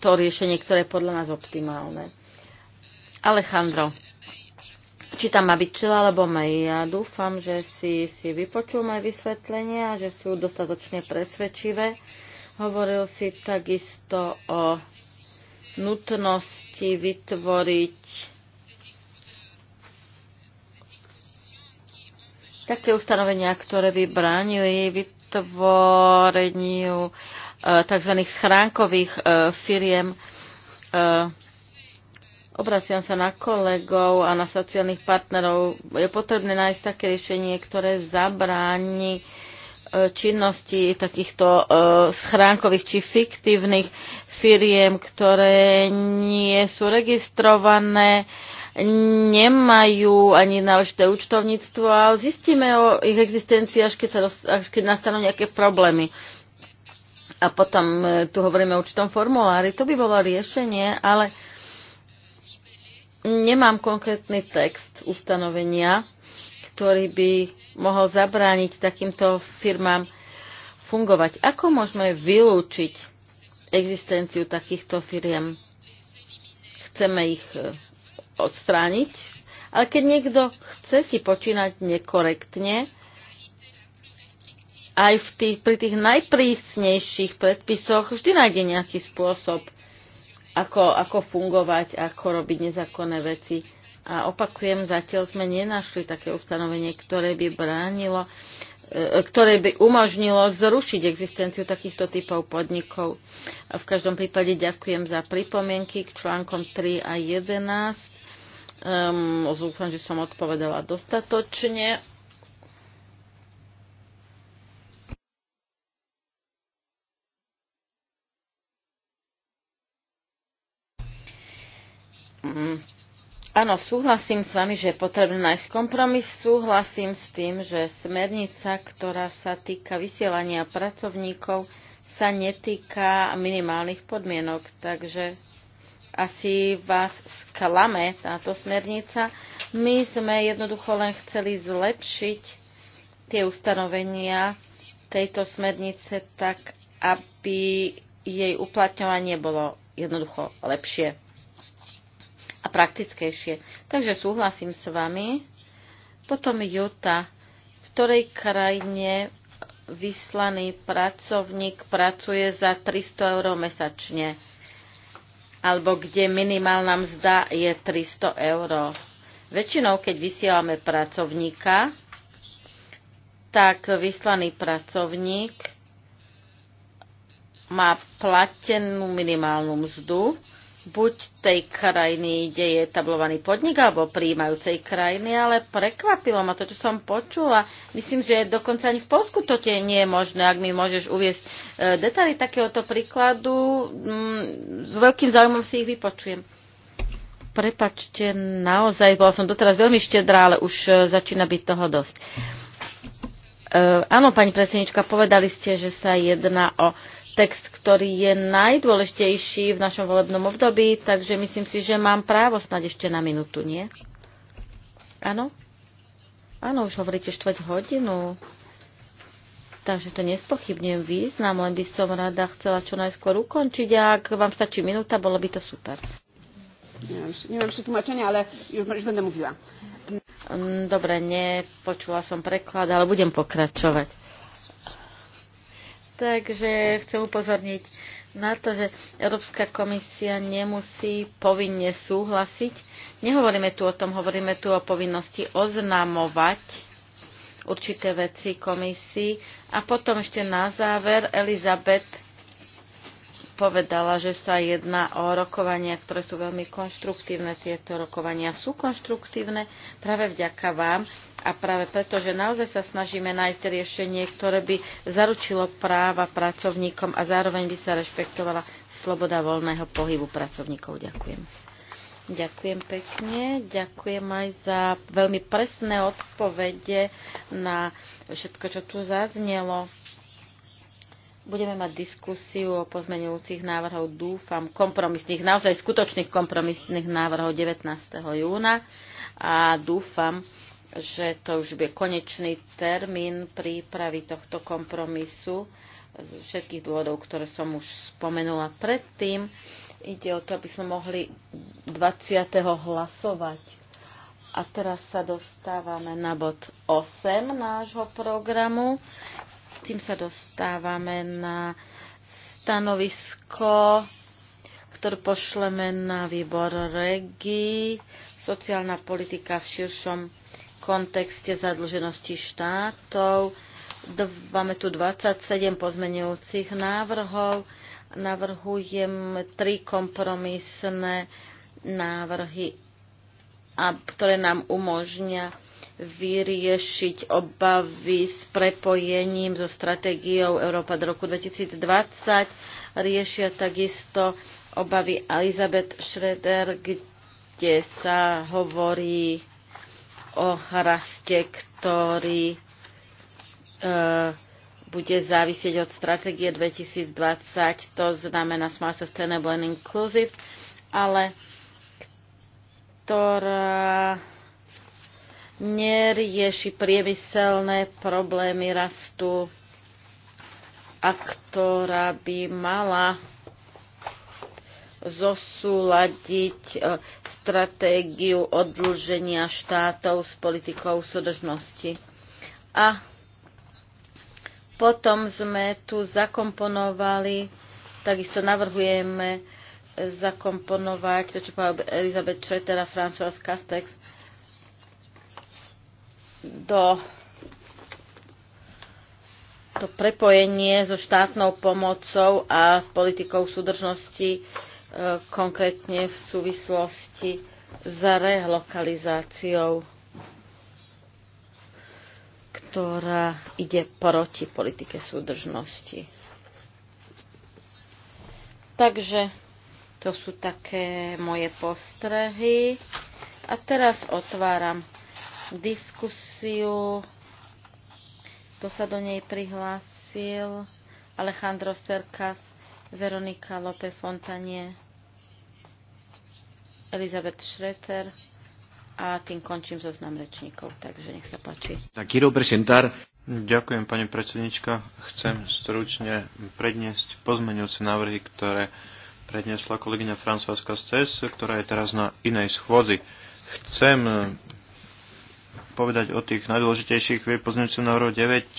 to riešenie, ktoré je podľa nás optimálne. Alejandro, či tam má byť čela alebo mail. Ja dúfam, že si, si vypočul moje vysvetlenie a že sú dostatočne presvedčivé. Hovoril si takisto o nutnosti vytvoriť také ustanovenia, ktoré by bránili vytvoreniu e, tzv. schránkových e, firiem. E, obraciam sa na kolegov a na sociálnych partnerov. Je potrebné nájsť také riešenie, ktoré zabráni činnosti takýchto schránkových či fiktívnych firiem, ktoré nie sú registrované nemajú ani náležité účtovníctvo a zistíme o ich existencii, až keď, sa až keď nastanú nejaké problémy. A potom e, tu hovoríme o určitom formulári. To by bolo riešenie, ale nemám konkrétny text ustanovenia, ktorý by mohol zabrániť takýmto firmám fungovať. Ako môžeme vylúčiť existenciu takýchto firiem? Chceme ich e, odstrániť, ale keď niekto chce si počínať nekorektne, aj v tých, pri tých najprísnejších predpisoch vždy nájde nejaký spôsob, ako, ako fungovať, ako robiť nezákonné veci. A opakujem, zatiaľ sme nenašli také ustanovenie, ktoré by bránilo, e, ktoré by umožnilo zrušiť existenciu takýchto typov podnikov. A v každom prípade ďakujem za pripomienky k článkom 3 a 11. Um, ehm, zúfam, že som odpovedala dostatočne. Mm Áno, súhlasím s vami, že je potrebné nájsť kompromis. Súhlasím s tým, že smernica, ktorá sa týka vysielania pracovníkov, sa netýka minimálnych podmienok. Takže asi vás sklame táto smernica. My sme jednoducho len chceli zlepšiť tie ustanovenia tejto smernice tak, aby jej uplatňovanie bolo jednoducho lepšie a praktickejšie. Takže súhlasím s vami. Potom Juta. V ktorej krajine vyslaný pracovník pracuje za 300 eur mesačne? Alebo kde minimálna mzda je 300 eur? Väčšinou, keď vysielame pracovníka, tak vyslaný pracovník má platenú minimálnu mzdu buď tej krajiny, kde je tablovaný podnik, alebo príjmajúcej krajiny, ale prekvapilo ma to, čo som počula. Myslím, že dokonca ani v Polsku to tie nie je možné, ak mi môžeš uviesť e, detaily takéhoto príkladu. Mm, s veľkým záujmom si ich vypočujem. Prepačte, naozaj, bola som doteraz veľmi štedrá, ale už e, začína byť toho dosť. E, Eh, áno, pani predsednička, povedali ste, že sa jedná o text, ktorý je najdôležitejší v našom volebnom období, takže myslím si, že mám právo snáď ešte na minútu, nie? Áno? Áno, už hovoríte štvrť hodinu. Takže to nespochybňujem význam, len by som rada chcela čo najskôr ukončiť. A ak vám stačí minúta, bolo by to super. Nie, nie mam przetłumaczenia, ale już będę mówiła. Dobre, nepočula som preklad, ale budem pokračovať. Takže chcem upozorniť na to, že Európska komisia nemusí povinne súhlasiť. Nehovoríme tu o tom, hovoríme tu o povinnosti oznamovať určité veci komisii. A potom ešte na záver Elizabeth povedala, že sa jedná o rokovania, ktoré sú veľmi konštruktívne. Tieto rokovania sú konštruktívne práve vďaka vám a práve preto, že naozaj sa snažíme nájsť riešenie, ktoré by zaručilo práva pracovníkom a zároveň by sa rešpektovala sloboda voľného pohybu pracovníkov. Ďakujem. Ďakujem pekne. Ďakujem aj za veľmi presné odpovede na všetko, čo tu zaznelo. Budeme mať diskusiu o pozmenujúcich návrhov, dúfam, kompromisných, naozaj skutočných kompromisných návrhov 19. júna a dúfam, že to už bude konečný termín prípravy tohto kompromisu z všetkých dôvodov, ktoré som už spomenula predtým. Ide o to, aby sme mohli 20. hlasovať. A teraz sa dostávame na bod 8 nášho programu. Tým sa dostávame na stanovisko, ktoré pošleme na výbor REGI, sociálna politika v širšom kontexte zadlženosti štátov. Máme tu 27 pozmenujúcich návrhov. Navrhujem tri kompromisné návrhy, ktoré nám umožňa vyriešiť obavy s prepojením so stratégiou Európa do roku 2020. Riešia takisto obavy Elizabeth Schroeder, kde sa hovorí o raste, ktorý e, bude závisieť od stratégie 2020, to znamená Smart Sustainable and Inclusive, ale ktorá nerieši priemyselné problémy rastu a ktorá by mala zosúladiť e, stratégiu odlúženia štátov s politikou súdržnosti. A potom sme tu zakomponovali, takisto navrhujeme zakomponovať, to čo povedal Elizabeth Schroeder a François Castex, do, to prepojenie so štátnou pomocou a politikou súdržnosti, e, konkrétne v súvislosti s relokalizáciou, ktorá ide proti politike súdržnosti. Takže to sú také moje postrehy. A teraz otváram diskusiu. Kto sa do nej prihlásil? Alejandro Serkas, Veronika Lope Fontanie, Elizabeth Schreter a tým končím zoznam rečníkov, takže nech sa páči. Tak presentar Ďakujem, pani predsednička. Chcem stručne predniesť pozmeňujúce návrhy, ktoré predniesla kolegyňa Francovská CES, ktorá je teraz na inej schôdzi. Chcem povedať o tých najdôležitejších v pozmeňujúcom návrhu 9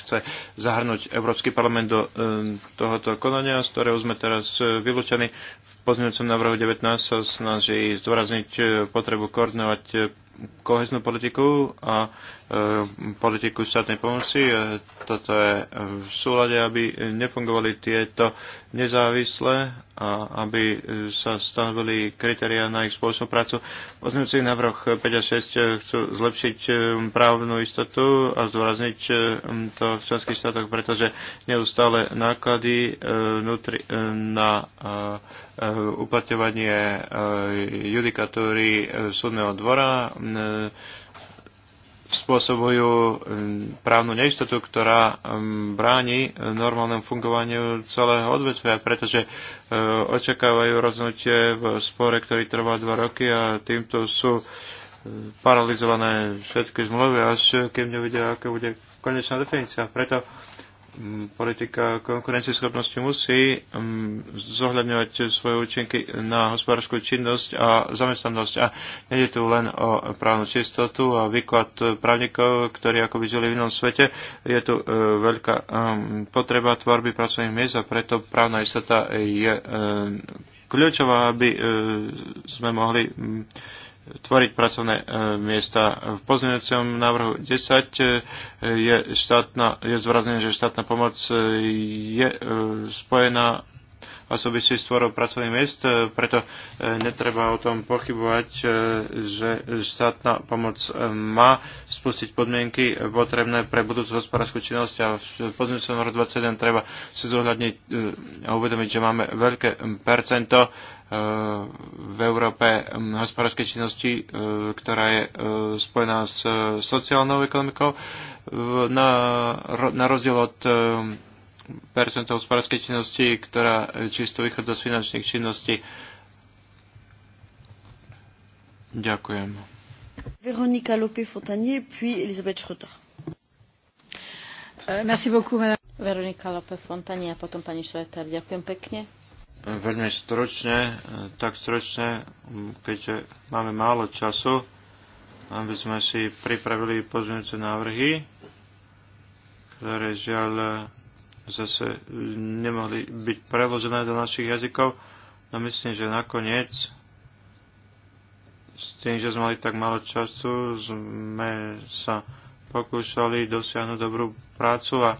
chce zahrnúť Európsky parlament do e, tohoto konania, z ktorého sme teraz e, vylúčení v pozmeňujúcom návrhu 19 sa snaží zdôrazniť e, potrebu koordinovať e, koheznú politiku a e, politiku štátnej pomoci. toto je v súlade, aby nefungovali tieto nezávislé a aby sa stanovili kritéria na ich spoločnú prácu. Poznúci návrh 5 a 6 chcú zlepšiť právnu istotu a zdôrazniť to v členských štátoch, pretože neustále náklady vnútri, na E, uplatňovanie e, judikatúry e, súdneho dvora spôsobujú právnu neistotu, ktorá bráni normálnemu fungovaniu celého odvetvia, pretože očakávajú rozhodnutie v spore, ktorý trvá dva roky a týmto sú paralizované všetky zmluvy, až kým nevidia, aká bude konečná definícia. Preto Mm, politika konkurencieschopnosti musí mm, zohľadňovať svoje účinky na hospodárskú činnosť a zamestnanosť. A nejde tu len o právnu čistotu a výklad právnikov, ktorí akoby žili v inom svete. Je tu e, veľká e, potreba tvorby pracovných miest a preto právna istota je e, kľúčová, aby sme mohli mm, tvoriť pracovné e, miesta. V pozmeňujúcom návrhu 10 e, je, štátna, je zvrazné, že štátna pomoc e, je spojená asi si stvoril pracovný miest, e, preto e, netreba o tom pochybovať, e, že štátna pomoc má spustiť podmienky potrebné pre budúcu hospodárskú činnosť a v pozícii roku 21 treba si zohľadniť a uvedomiť, že máme veľké percento v Európe hospodárskej činnosti, ktorá je spojená s sociálnou ekonomikou, na, na rozdiel od percento hospodárskej činnosti, ktorá e, čisto vychádza z finančných činností. Ďakujem. Veronika Lopé-Fontanier, puis Elisabeth Schroeder. E, merci beaucoup, madame. Veronika Lopé-Fontanier a potom pani Schroeder. Ďakujem pekne. E, veľmi stročne, tak stročne, keďže máme málo času, aby sme si pripravili pozmeňujúce návrhy, ktoré žiaľ zase e, nemohli byť preložené do našich jazykov. No myslím, že nakoniec s tým, že sme mali tak málo času, sme sa pokúšali dosiahnuť dobrú prácu a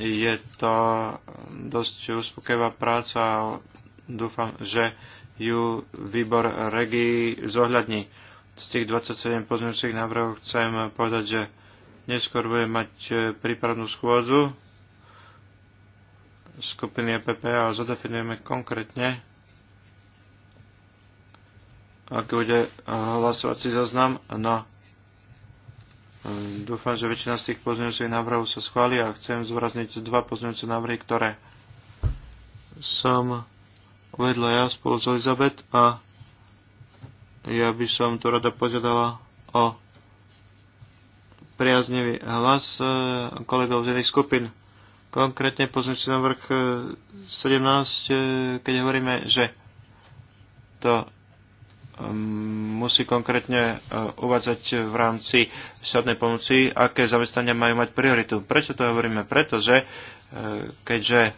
je to dosť uspokojivá práca a dúfam, že ju výbor regii zohľadní. Z tých 27 pozmeňujúcich návrhov chcem povedať, že neskôr budem mať e, prípravnú schôdzu skupiny EPP a zadefinujeme konkrétne, aký bude eh, hlasovací zoznam. No, eh, dúfam, že väčšina z tých pozmeňujúcich návrhov sa schváli a chcem zvrazniť dva pozmeňujúce návrhy, ktoré som uvedla ja spolu s Elizabeth a ja by som tu rada požiadala o priaznivý hlas eh, kolegov z iných skupín. Konkrétne pozmeňujúci návrh 17, e, e, keď hovoríme, že to mm, musí konkrétne e, uvádzať v rámci štátnej pomoci, aké zamestnania majú mať prioritu. Prečo to hovoríme? Pretože keďže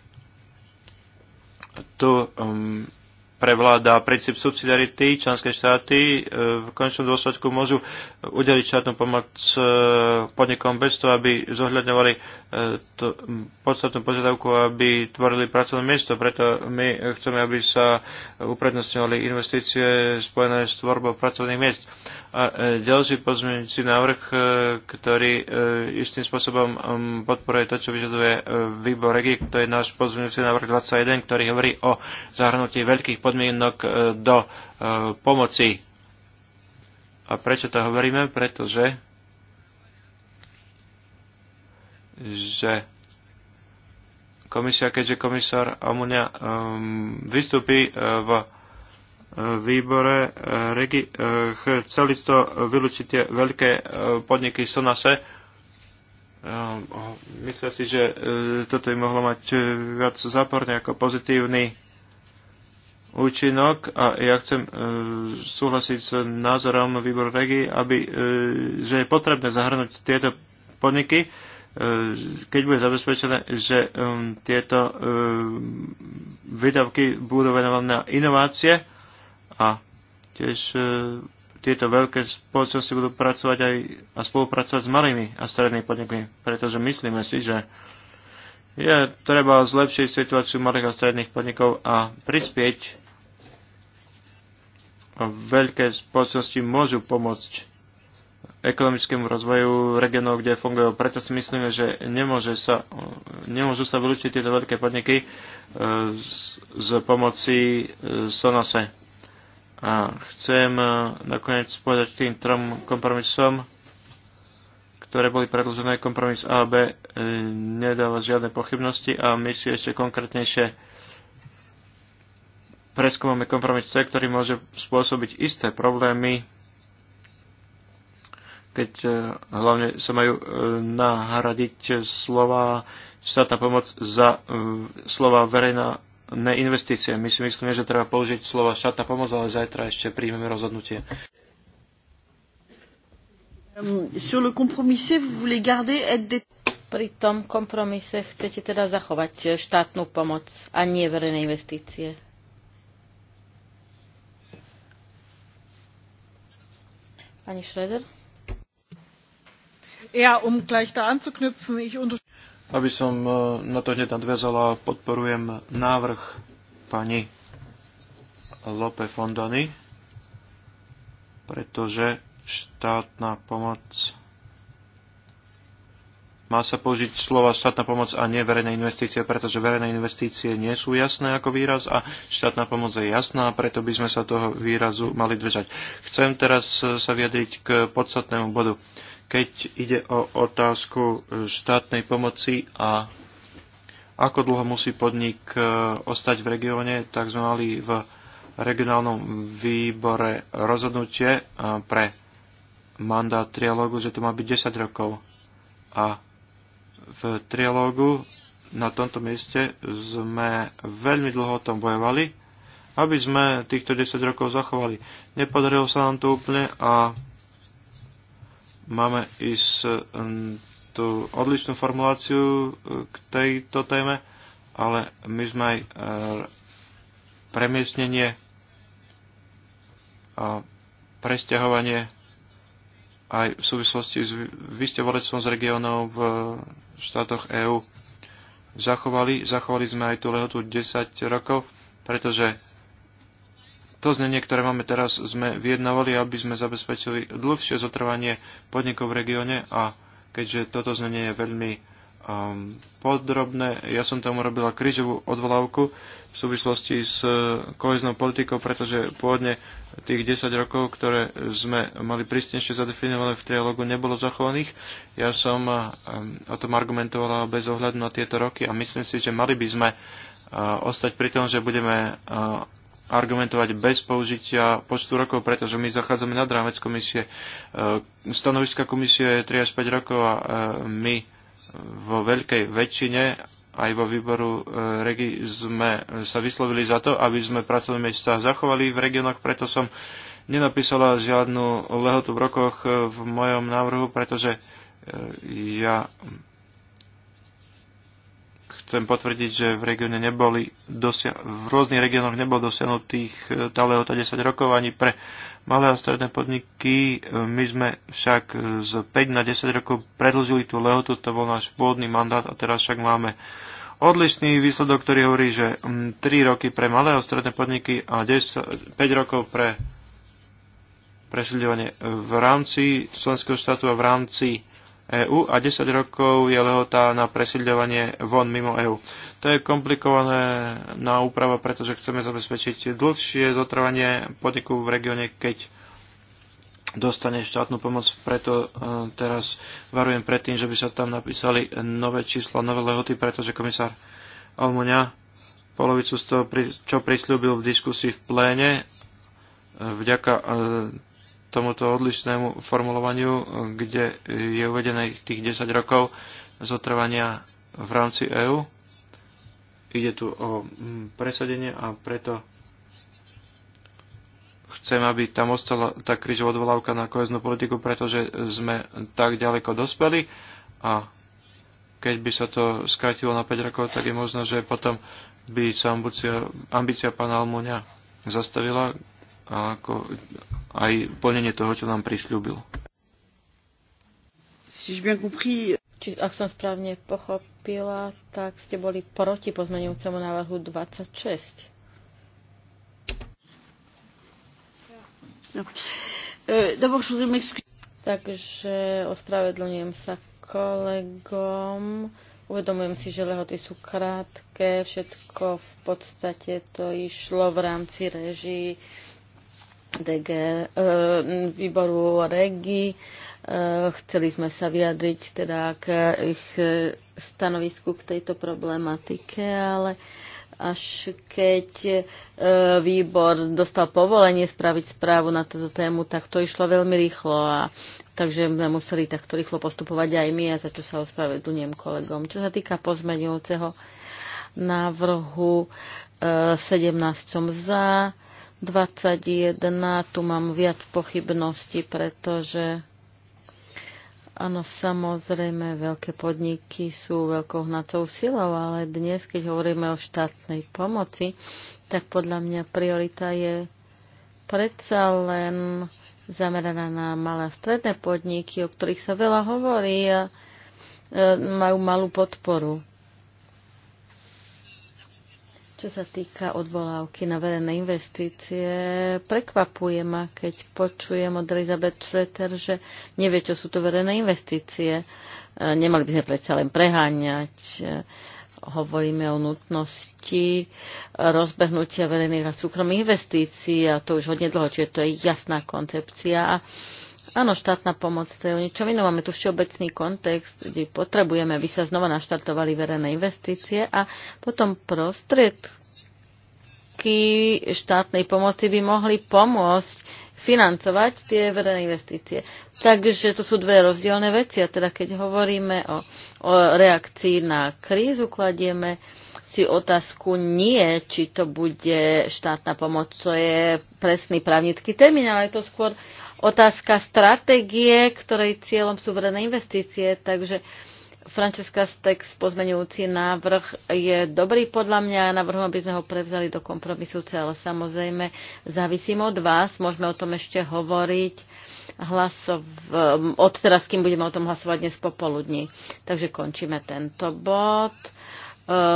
tu mm, prevláda princíp subsidiarity, členské štáty e, v končnom dôsledku môžu udeliť štátnu pomoc e, podnikom bez toho, aby zohľadňovali e, to podstatnú požiadavku, aby tvorili pracovné miesto. Preto my chceme, aby sa uprednostňovali investície spojené s tvorbou pracovných miest. A e, ďalší pozmeňujúci návrh, e, ktorý e, istým spôsobom podporuje to, čo vyžaduje výbor REGI, to je náš pozmeňujúci návrh 21, ktorý hovorí o zahrnutí veľkých podmienok do pomoci. A prečo to hovoríme? Pretože že komisia, keďže komisár Amunia um, vystúpi uh, v výbore eh, regi- eh, chceli to vylúčiť tie veľké eh, podniky sú naše. Myslím si, že toto by mohlo mať viac záporne ako pozitívny účinok a ja chcem súhlasiť s názorom výboru regi, aby, že je potrebné zahrnúť tieto podniky, keď bude zabezpečené, že tieto výdavky budú venované na inovácie a tiež e, tieto veľké spoločnosti budú pracovať aj a spolupracovať s malými a strednými podnikmi, pretože myslíme si, že je treba zlepšiť situáciu malých a stredných podnikov a prispieť veľké spoločnosti môžu pomôcť ekonomickému rozvoju regionov, kde fungujú. Preto si myslíme, že nemôže sa, nemôžu sa vylúčiť tieto veľké podniky e, z, z pomoci e, Sonose a chcem e, nakoniec povedať tým trom kompromisom, ktoré boli predložené, kompromis A a B e, nedáva žiadne pochybnosti a my si ešte konkrétnejšie preskúmame kompromis C, ktorý môže spôsobiť isté problémy, keď e, hlavne sa majú nahradiť slova štátna pomoc za slova verejná ne investície. My si myslíme, že treba použiť slova štátna pomoc, ale zajtra ešte príjmeme rozhodnutie. Um, Pri tom kompromise chcete teda zachovať štátnu pomoc a nie verejné investície. Pani Schroeder? Ja, um gleich da anzuknüpfen, ich aby som e, na to hneď nadviazala, podporujem návrh pani Lope Fondany, pretože štátna pomoc má sa použiť slova štátna pomoc a nie verejné investície, pretože verejné investície nie sú jasné ako výraz a štátna pomoc je jasná, preto by sme sa toho výrazu mali držať. Chcem teraz sa vyjadriť k podstatnému bodu keď ide o otázku štátnej pomoci a ako dlho musí podnik e, ostať v regióne, tak sme mali v regionálnom výbore rozhodnutie e, pre mandát trialógu, že to má byť 10 rokov. A v trialógu na tomto mieste sme veľmi dlho o tom bojovali, aby sme týchto 10 rokov zachovali. Nepodarilo sa nám to úplne a máme ísť tú odlišnú formuláciu e, k tejto téme, ale my sme aj e, premiestnenie a presťahovanie aj v súvislosti s vysťavolectvom z regiónov v štátoch EÚ zachovali. Zachovali sme aj tú lehotu 10 rokov, pretože to znenie, ktoré máme teraz, sme vyjednavali, aby sme zabezpečili dlhšie zotrvanie podnikov v regióne a keďže toto znenie je veľmi um, podrobné, ja som tam urobila krížovú odvolávku v súvislosti s uh, koheznou politikou, pretože pôvodne tých 10 rokov, ktoré sme mali prísnejšie zadefinované v trialogu, nebolo zachovaných. Ja som uh, um, o tom argumentovala bez ohľadu na tieto roky a myslím si, že mali by sme uh, ostať pri tom, že budeme argumentovať bez použitia počtu rokov, pretože my zachádzame nad rámec komisie. E, stanoviska komisie je 3 až 5 rokov a e, my vo veľkej väčšine aj vo výboru e, regi sme sa vyslovili za to, aby sme pracovné miesta zachovali v regiónoch, preto som nenapísala žiadnu lehotu v rokoch v mojom návrhu, pretože ja chcem potvrdiť, že v, regióne neboli dosia- v rôznych regiónoch nebol dosiahnutých e, tá lehota 10 rokov ani pre malé a stredné podniky. E, my sme však e, z 5 na 10 rokov predlžili tú lehotu, to bol náš pôvodný mandát a teraz však máme odlišný výsledok, ktorý hovorí, že 3 roky pre malé a stredné podniky a 10, 5 rokov pre presľudovanie v rámci členského štátu a v rámci EÚ a 10 rokov je lehota na presidľovanie von mimo EÚ. To je komplikované na úprava, pretože chceme zabezpečiť dlhšie zotrvanie podniku v regióne, keď dostane štátnu pomoc, preto e, teraz varujem pred tým, že by sa tam napísali nové čísla, nové lehoty, pretože komisár Almuňa polovicu z toho, čo prislúbil v diskusii v pléne, e, vďaka e, tomuto odlišnému formulovaniu, eh, kde je uvedené tých 10 rokov zotrvania v rámci EÚ. Ide tu o mm, presadenie a preto chcem, aby tam ostala tá krížová odvolávka na koheznú politiku, pretože sme tak ďaleko dospeli a keď by sa to skrátilo na 5 rokov, tak je možno, že potom by sa ambícia, ambícia pána Almúňa zastavila, a ako aj plnenie toho, čo nám prislúbil. Či, ak som správne pochopila, tak ste boli proti pozmenujúcemu návrhu 26. No. E, Takže ospravedlňujem sa kolegom. Uvedomujem si, že lehoty sú krátke, všetko v podstate to išlo v rámci režii DG, e, výboru REGI. E, chceli sme sa vyjadriť teda k ich stanovisku k tejto problematike, ale až keď e, výbor dostal povolenie spraviť správu na túto tému, tak to išlo veľmi rýchlo a takže sme museli takto rýchlo postupovať aj my a za čo sa ospravedlňujem kolegom. Čo sa týka pozmeňujúceho návrhu, 17 som za, 21, tu mám viac pochybností, pretože áno, samozrejme, veľké podniky sú veľkou hnacou silou, ale dnes, keď hovoríme o štátnej pomoci, tak podľa mňa priorita je predsa len zameraná na malé a stredné podniky, o ktorých sa veľa hovorí a e, majú malú podporu. Čo sa týka odvolávky na verejné investície, prekvapuje ma, keď počujem od Elizabeth Schroeter, že nevie, čo sú to verejné investície. E, nemali by sme predsa len preháňať. E, hovoríme o nutnosti rozbehnutia verejných a súkromných investícií a to už hodne dlho, čiže to je jasná koncepcia. A Áno, štátna pomoc to je o ničom inom. Máme tu všeobecný kontext, kde potrebujeme, aby sa znova naštartovali verejné investície a potom prostriedky štátnej pomoci by mohli pomôcť financovať tie verejné investície. Takže to sú dve rozdielne veci. A teda keď hovoríme o, o reakcii na krízu, kladieme si otázku nie, či to bude štátna pomoc, čo je presný právnický termín, ale je to skôr otázka stratégie, ktorej cieľom sú verejné investície. Takže Francesca Stex pozmenujúci návrh je dobrý podľa mňa. Navrhujem, aby sme ho prevzali do kompromisu celé samozrejme závisím od vás. Môžeme o tom ešte hovoriť hlasov, od teraz, kým budeme o tom hlasovať dnes popoludní. Takže končíme tento bod. E,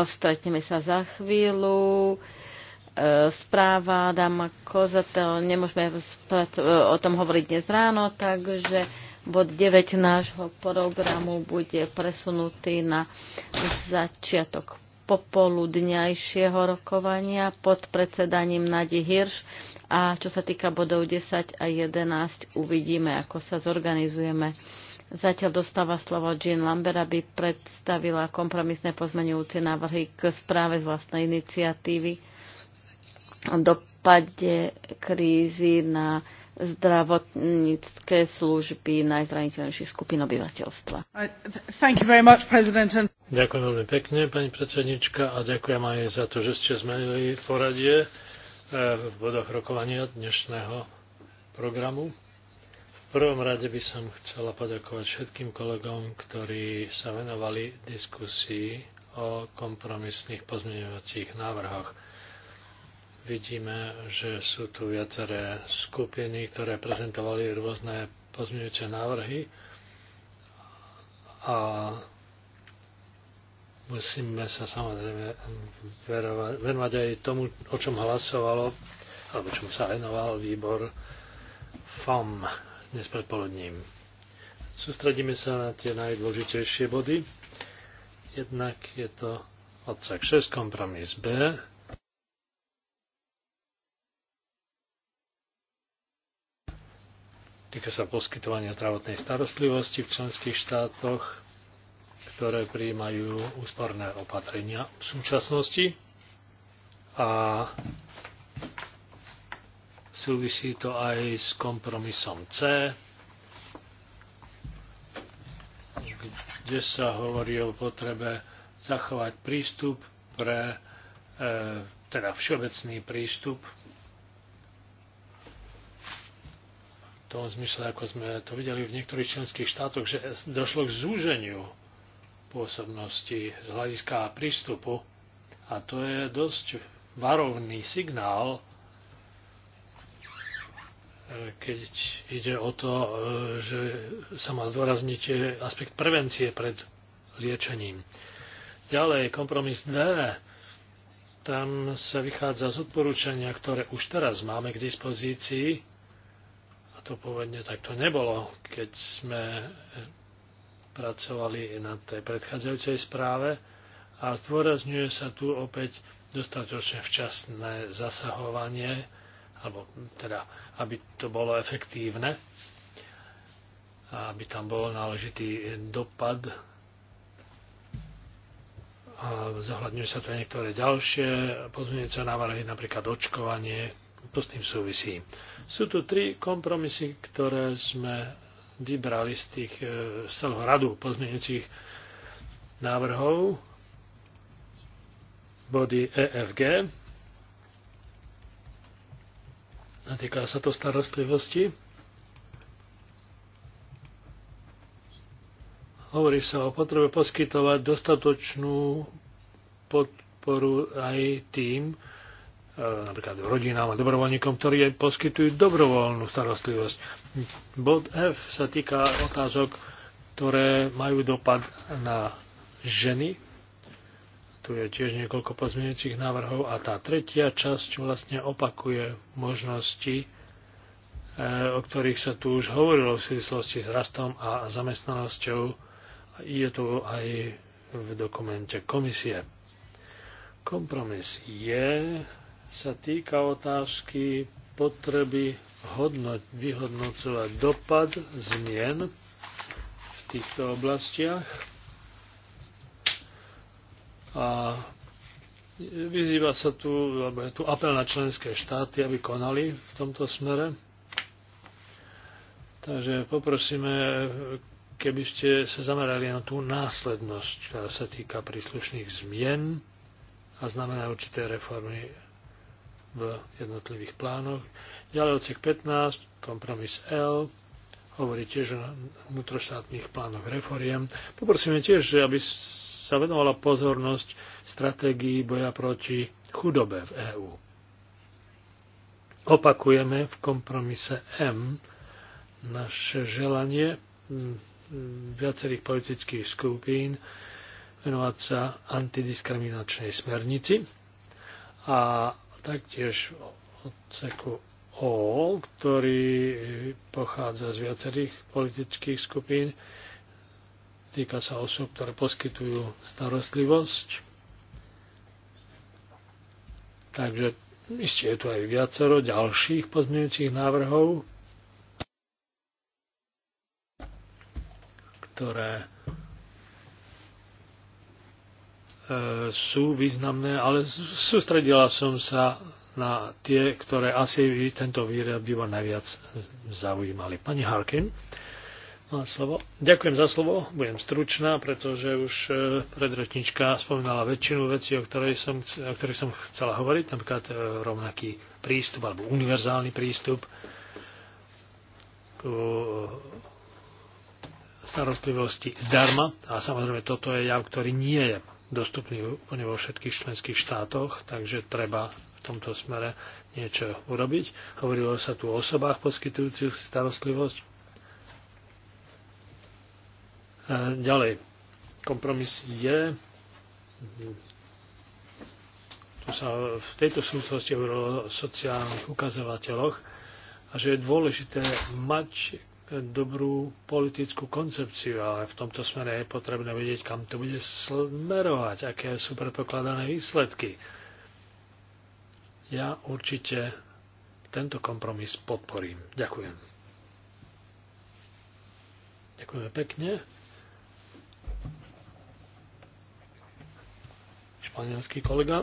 stretneme sa za chvíľu. E, správa Adama Kozatel, nemôžeme e, o tom hovoriť dnes ráno, takže bod 9 nášho programu bude presunutý na začiatok popoludňajšieho rokovania pod predsedaním Nadi Hirš a čo sa týka bodov 10 a 11 uvidíme, ako sa zorganizujeme. Zatiaľ dostáva slovo Jean Lambert, aby predstavila kompromisné pozmenujúce návrhy k správe z vlastnej iniciatívy dopade krízy na zdravotnícke služby najzraniteľnejších skupín obyvateľstva. Much, ďakujem veľmi pekne, pani predsednička, a ďakujem aj za to, že ste zmenili poradie eh, v bodoch rokovania dnešného programu. V prvom rade by som chcela poďakovať všetkým kolegom, ktorí sa venovali diskusii o kompromisných pozmeňovacích návrhoch. Vidíme, že sú tu viaceré skupiny, ktoré prezentovali rôzne pozmeňujúce návrhy a musíme sa samozrejme verovať, venovať aj tomu, o čom hlasovalo, alebo čom sa venoval výbor FAM dnes predpoludním. Sústredíme sa na tie najdôležitejšie body. Jednak je to odsek 6, kompromis B, Týka sa poskytovania zdravotnej starostlivosti v členských štátoch, ktoré prijímajú úsporné opatrenia v súčasnosti a súvisí to aj s kompromisom C, kde sa hovorí o potrebe zachovať prístup pre e, teda všeobecný prístup tom zmysle, ako sme to videli v niektorých členských štátoch, že došlo k zúženiu pôsobnosti z hľadiska prístupu a to je dosť varovný signál, e, keď ide o to, e, že sa má zdôrazniť aspekt prevencie pred liečením. Ďalej, kompromis D. Tam sa vychádza z odporúčania, ktoré už teraz máme k dispozícii a to povedne tak to nebolo, keď sme pracovali na tej predchádzajúcej správe a zdôrazňuje sa tu opäť dostatočne včasné zasahovanie, alebo teda, aby to bolo efektívne, aby tam bol náležitý dopad. A zohľadňujú sa tu niektoré ďalšie pozmeňujúce návrhy, napríklad očkovanie, to s tým súvisí. Sú tu tri kompromisy, ktoré sme vybrali z tých e, z celého radu pozmeňujúcich návrhov body EFG. Natýka sa to starostlivosti. Hovorí sa o potrebe poskytovať dostatočnú podporu aj tým, E, napríklad rodinám a dobrovoľníkom, ktorí poskytujú dobrovoľnú starostlivosť. Bod F sa týka otázok, ktoré majú dopad na ženy. Tu je tiež niekoľko pozmeňujúcich návrhov a tá tretia časť vlastne opakuje možnosti, e, o ktorých sa tu už hovorilo v súvislosti s rastom a zamestnanosťou. Je to aj v dokumente komisie. Kompromis je sa týka otázky potreby hodnoť, vyhodnocovať dopad zmien v týchto oblastiach a vyzýva sa tu, alebo je tu apel na členské štáty, aby konali v tomto smere. Takže poprosíme, keby ste sa zamerali na tú následnosť, ktorá sa týka príslušných zmien a znamená určité reformy v jednotlivých plánoch. Ďalej odsek 15, kompromis L, hovorí tiež o vnútroštátnych plánoch reforiem. Poprosíme tiež, že aby sa venovala pozornosť stratégii boja proti chudobe v EÚ. Opakujeme v kompromise M naše želanie viacerých politických skupín venovať sa antidiskriminačnej smernici a taktiež odseku O, ktorý pochádza z viacerých politických skupín. Týka sa osôb, ktoré poskytujú starostlivosť. Takže ešte je tu aj viacero ďalších pozmeňujúcich návrhov, ktoré E, sú významné, ale sústredila som sa na tie, ktoré asi tento výrob by najviac zaujímali. Pani Harkin má slovo. Ďakujem za slovo, budem stručná, pretože už e, predrečnička spomínala väčšinu vecí, o, ktorej som, o ktorých som chcela hovoriť, napríklad e, rovnaký prístup alebo univerzálny prístup ku starostlivosti zdarma. A samozrejme, toto je jav, ktorý nie je dostupný úplne vo všetkých členských štátoch, takže treba v tomto smere niečo urobiť. Hovorilo sa tu o osobách poskytujúcich starostlivosť. E, ďalej, kompromis je. Tu sa v tejto súvislosti hovorilo o sociálnych ukazovateľoch a že je dôležité mať dobrú politickú koncepciu, ale v tomto smere je potrebné vedieť, kam to bude smerovať, aké sú predpokladané výsledky. Ja určite tento kompromis podporím. Ďakujem. Ďakujeme pekne. Španielský kolega.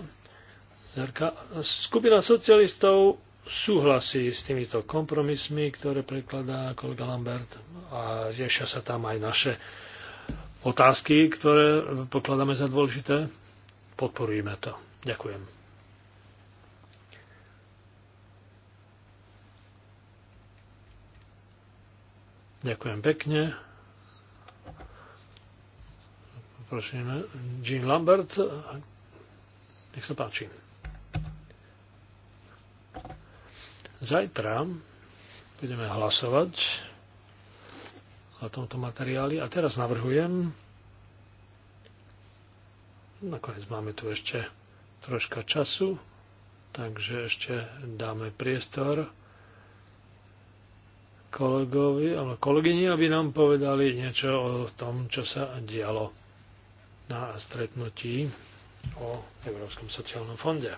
Zerka. Skupina socialistov súhlasí s týmito kompromismi, ktoré prekladá kolega Lambert a riešia sa tam aj naše otázky, ktoré pokladáme za dôležité. Podporujeme to. Ďakujem. Ďakujem pekne. Prosím, Jean Lambert, nech sa páči. Zajtra budeme hlasovať o tomto materiáli a teraz navrhujem, nakoniec máme tu ešte troška času, takže ešte dáme priestor kolegovi alebo kolegyni, aby nám povedali niečo o tom, čo sa dialo na stretnutí o Európskom sociálnom fonde.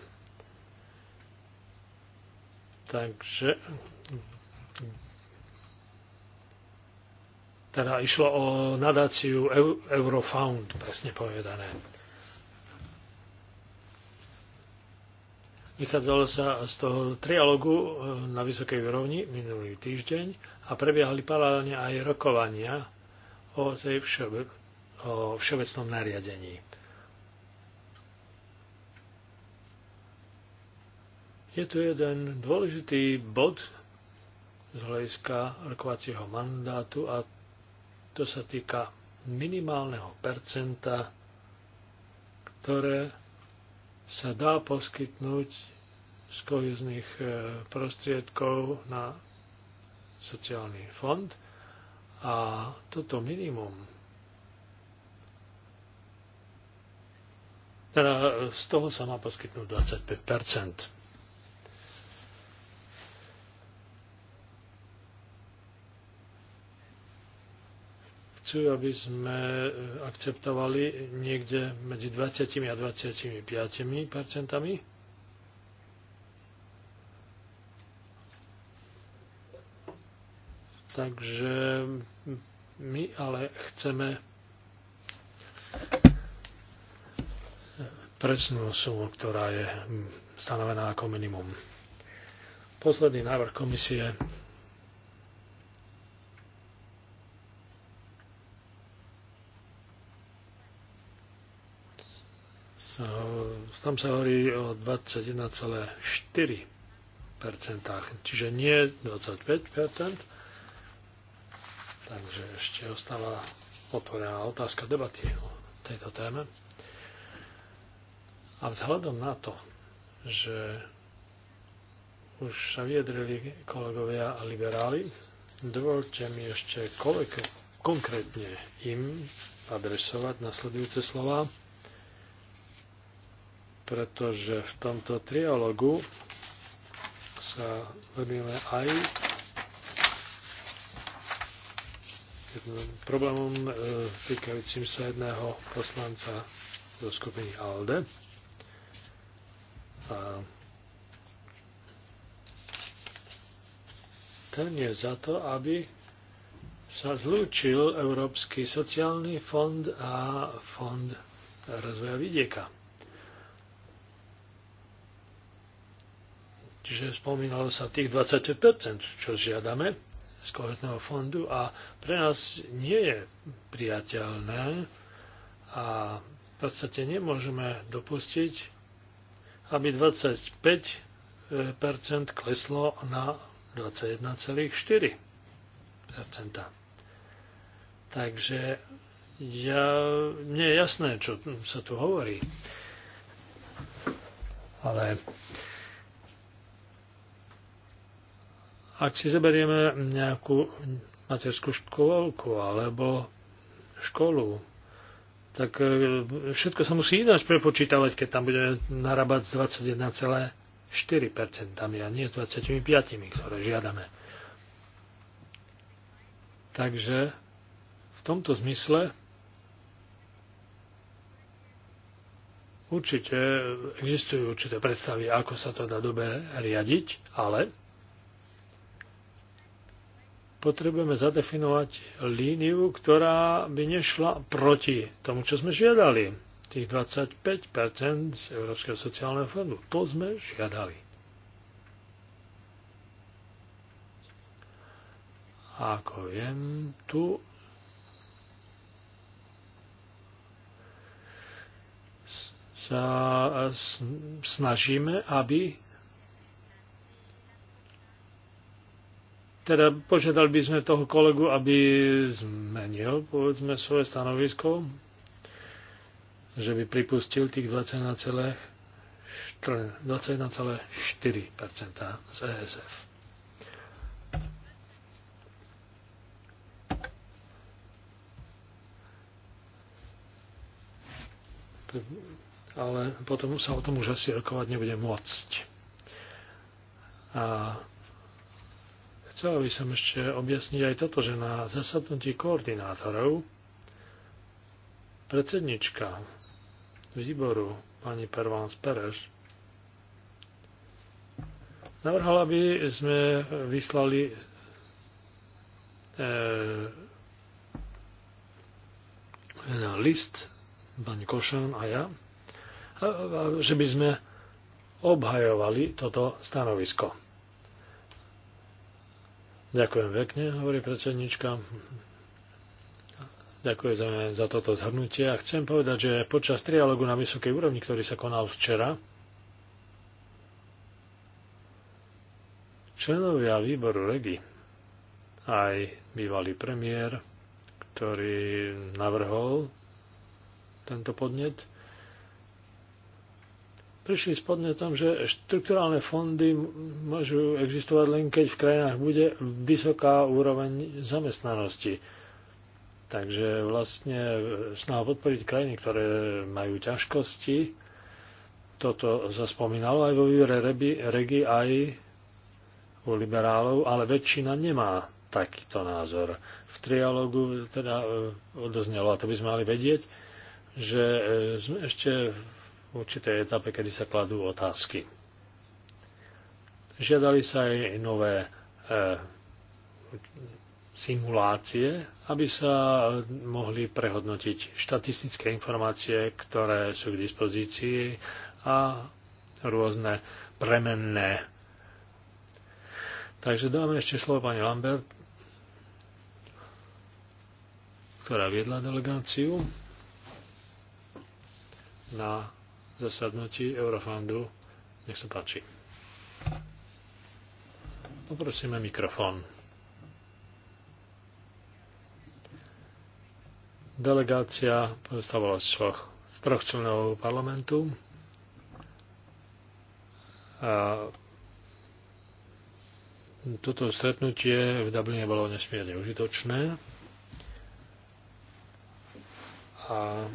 Takže teda išlo o nadáciu Eurofound, presne povedané. Vychádzalo sa z toho trialogu eh, na vysokej úrovni minulý týždeň a prebiehali paralelne aj rokovania o, tej všebe, o všeobecnom nariadení. Je tu jeden dôležitý bod z hľadiska rokovacieho mandátu a to sa týka minimálneho percenta, ktoré sa dá poskytnúť z kohezných e, prostriedkov na sociálny fond a toto minimum teda z toho sa má poskytnúť 25 chcú, aby sme e, akceptovali niekde medzi 20 a 25 percentami. Takže my ale chceme presnú sumu, ktorá je stanovená ako minimum. Posledný návrh komisie tam sa hovorí o 21,4%, čiže nie 25%. Takže ešte ostáva otvorená otázka debaty o tejto téme. A vzhľadom na to, že už sa vyjadrili kolegovia a liberáli, dovolte mi ešte kolek konkrétne im adresovať nasledujúce slova pretože v tomto trialogu sa venujeme aj problémom e, týkajúcim sa jedného poslanca zo skupiny ALDE. A ten je za to, aby sa zlúčil Európsky sociálny fond a fond rozvoja vidieka. Čiže spomínalo sa tých 20%, čo žiadame z kohezného fondu a pre nás nie je priateľné a v podstate nemôžeme dopustiť, aby 25% kleslo na 21,4%. Takže ja, nie je jasné, čo sa tu hovorí. Ale Ak si zoberieme nejakú materskú školku alebo školu, tak e, všetko sa musí ináč prepočítavať, keď tam budeme narábať z 21,4% a nie s 25%, ktoré žiadame. Takže v tomto zmysle určite existujú určité predstavy, ako sa to dá dobre riadiť, ale potrebujeme zadefinovať líniu, ktorá by nešla proti tomu, čo sme žiadali. Tých 25 z Európskeho sociálneho fondu. To sme žiadali. A ako viem, tu sa snažíme, aby Teda požiadali by sme toho kolegu, aby zmenil, povedzme, svoje stanovisko, že by pripustil tých 21,4% 21 z ESF. ale potom sa o tom už asi rokovať nebude môcť. A Chcel by som ešte objasniť aj toto, že na zasadnutí koordinátorov predsednička výboru pani Pervans Pereš navrhala, aby sme vyslali e, na list pani Košan a ja, a, a, že by sme obhajovali toto stanovisko. Ďakujem pekne, hovorí predsednička. Ďakujem za toto zhrnutie a chcem povedať, že počas trialogu na vysokej úrovni, ktorý sa konal včera, členovia výboru REGI aj bývalý premiér, ktorý navrhol tento podnet, prišli s podnetom, že štrukturálne fondy môžu existovať len keď v krajinách bude vysoká úroveň zamestnanosti. Takže vlastne e, snaha podporiť krajiny, ktoré majú ťažkosti, toto zaspomínalo aj vo výbere regi aj u liberálov, ale väčšina nemá takýto názor. V trialógu teda e, odoznelo, a to by sme mali vedieť, že e, sme ešte v určitej etape, kedy sa kladú otázky. Žiadali sa aj nové e, simulácie, aby sa mohli prehodnotiť štatistické informácie, ktoré sú k dispozícii a rôzne premenné. Takže dáme ešte slovo pani Lambert, ktorá viedla delegáciu na zasadnutí Eurofondu. Nech sa páči. Poprosíme mikrofón. Delegácia pozostávala z troch, z troch členov parlamentu. A toto stretnutie v Dubline bolo nesmierne užitočné. A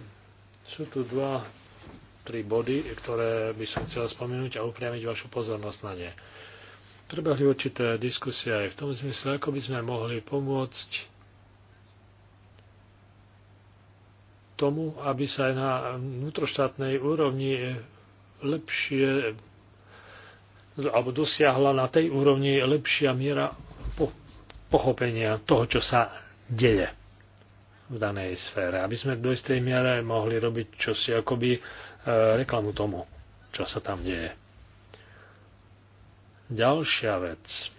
sú tu dva tri body, ktoré by som chcela spomenúť a upriamiť vašu pozornosť na ne. Prebehli určité diskusie aj v tom zmysle, ako by sme mohli pomôcť tomu, aby sa aj na vnútroštátnej úrovni lepšie alebo dosiahla na tej úrovni lepšia miera pochopenia toho, čo sa deje v danej sfére. Aby sme do istej miere mohli robiť čosi akoby Eh, reklamu tomu, čo sa tam deje. Ďalšia vec,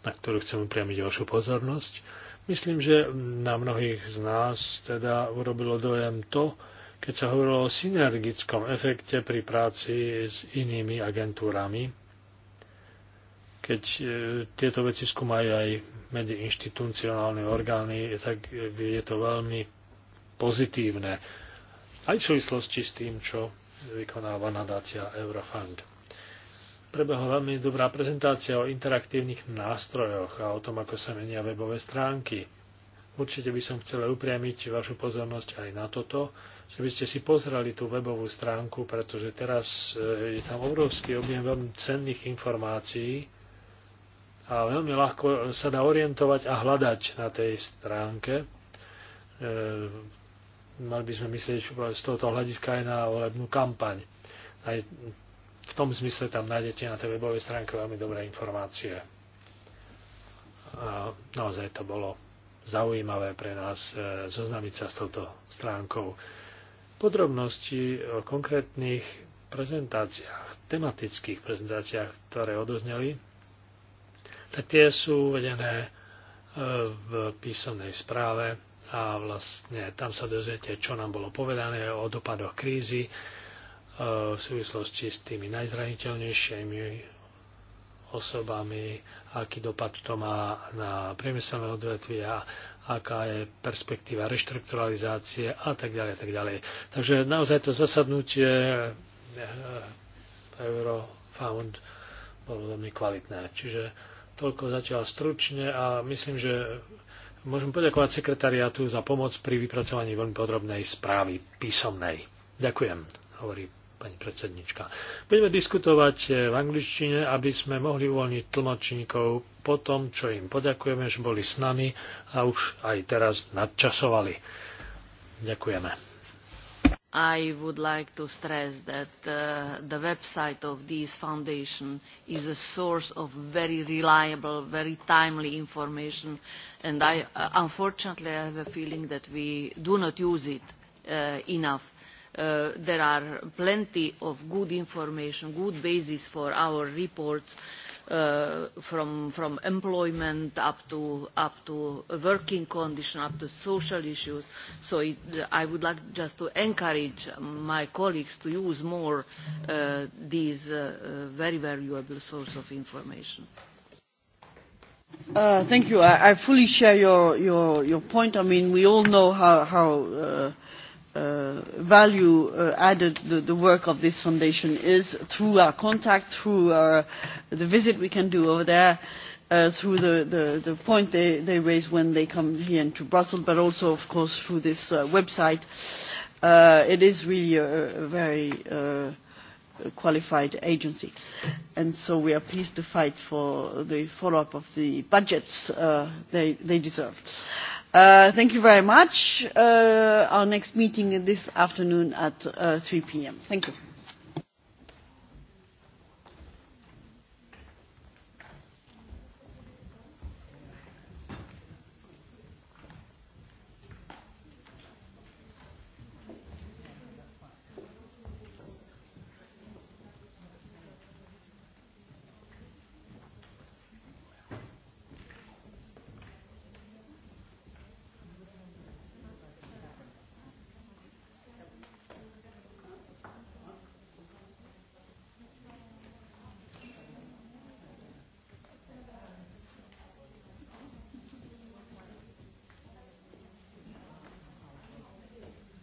na ktorú chcem upriamiť vašu pozornosť, myslím, že na mnohých z nás teda urobilo dojem to, keď sa hovorilo o synergickom efekte pri práci s inými agentúrami, keď eh, tieto veci skúmajú aj medzi inštitucionálne orgány, tak je to veľmi pozitívne aj v súvislosti s tým, čo vykonáva nadácia Eurofund. Prebehla veľmi dobrá prezentácia o interaktívnych nástrojoch a o tom, ako sa menia webové stránky. Určite by som chcel upriamiť vašu pozornosť aj na toto, že by ste si pozreli tú webovú stránku, pretože teraz e, je tam obrovský objem veľmi cenných informácií a veľmi ľahko sa dá orientovať a hľadať na tej stránke e, mali by sme myslieť z tohoto hľadiska aj na volebnú kampaň. Aj v tom zmysle tam nájdete na tej webovej stránke veľmi dobré informácie. A naozaj to bolo zaujímavé pre nás e, zoznámiť sa s touto stránkou. Podrobnosti o konkrétnych prezentáciách, tematických prezentáciách, ktoré odozneli, tak tie sú uvedené e, v písomnej správe a vlastne tam sa dozviete, čo nám bolo povedané o dopadoch krízy e, v súvislosti s tými najzraniteľnejšími osobami, aký dopad to má na priemyselné odvetvia, aká je perspektíva reštrukturalizácie a tak ďalej, tak ďalej. Takže naozaj to zasadnutie e, e, Eurofound bolo veľmi kvalitné. Čiže toľko zatiaľ stručne a myslím, že Môžem poďakovať sekretariátu za pomoc pri vypracovaní veľmi podrobnej správy písomnej. Ďakujem, hovorí pani predsednička. Budeme diskutovať eh, v angličtine, aby sme mohli uvoľniť tlmočníkov po tom, čo im poďakujeme, že boli s nami a už aj teraz nadčasovali. Ďakujeme. I would like to stress that uh, the website of this foundation is a source of very reliable, very timely information, and I, uh, unfortunately I have a feeling that we do not use it uh, enough. Uh, there are plenty of good information, good basis for our reports, uh, Uh, from, from employment up to, up to working condition, up to social issues. So it, I would like just to encourage my colleagues to use more uh, these uh, very valuable source of information. Uh, thank you. I, I fully share your, your, your point. I mean, we all know how, how uh, uh, value uh, added the, the work of this foundation is through our contact, through our, the visit we can do over there, uh, through the, the, the point they, they raise when they come here into Brussels, but also, of course, through this uh, website. Uh, it is really a, a very uh, qualified agency. And so we are pleased to fight for the follow-up of the budgets uh, they, they deserve. Uh, Uh, thank you very much. Uh, our next meeting this afternoon at uh, 3 p.m. Thank you.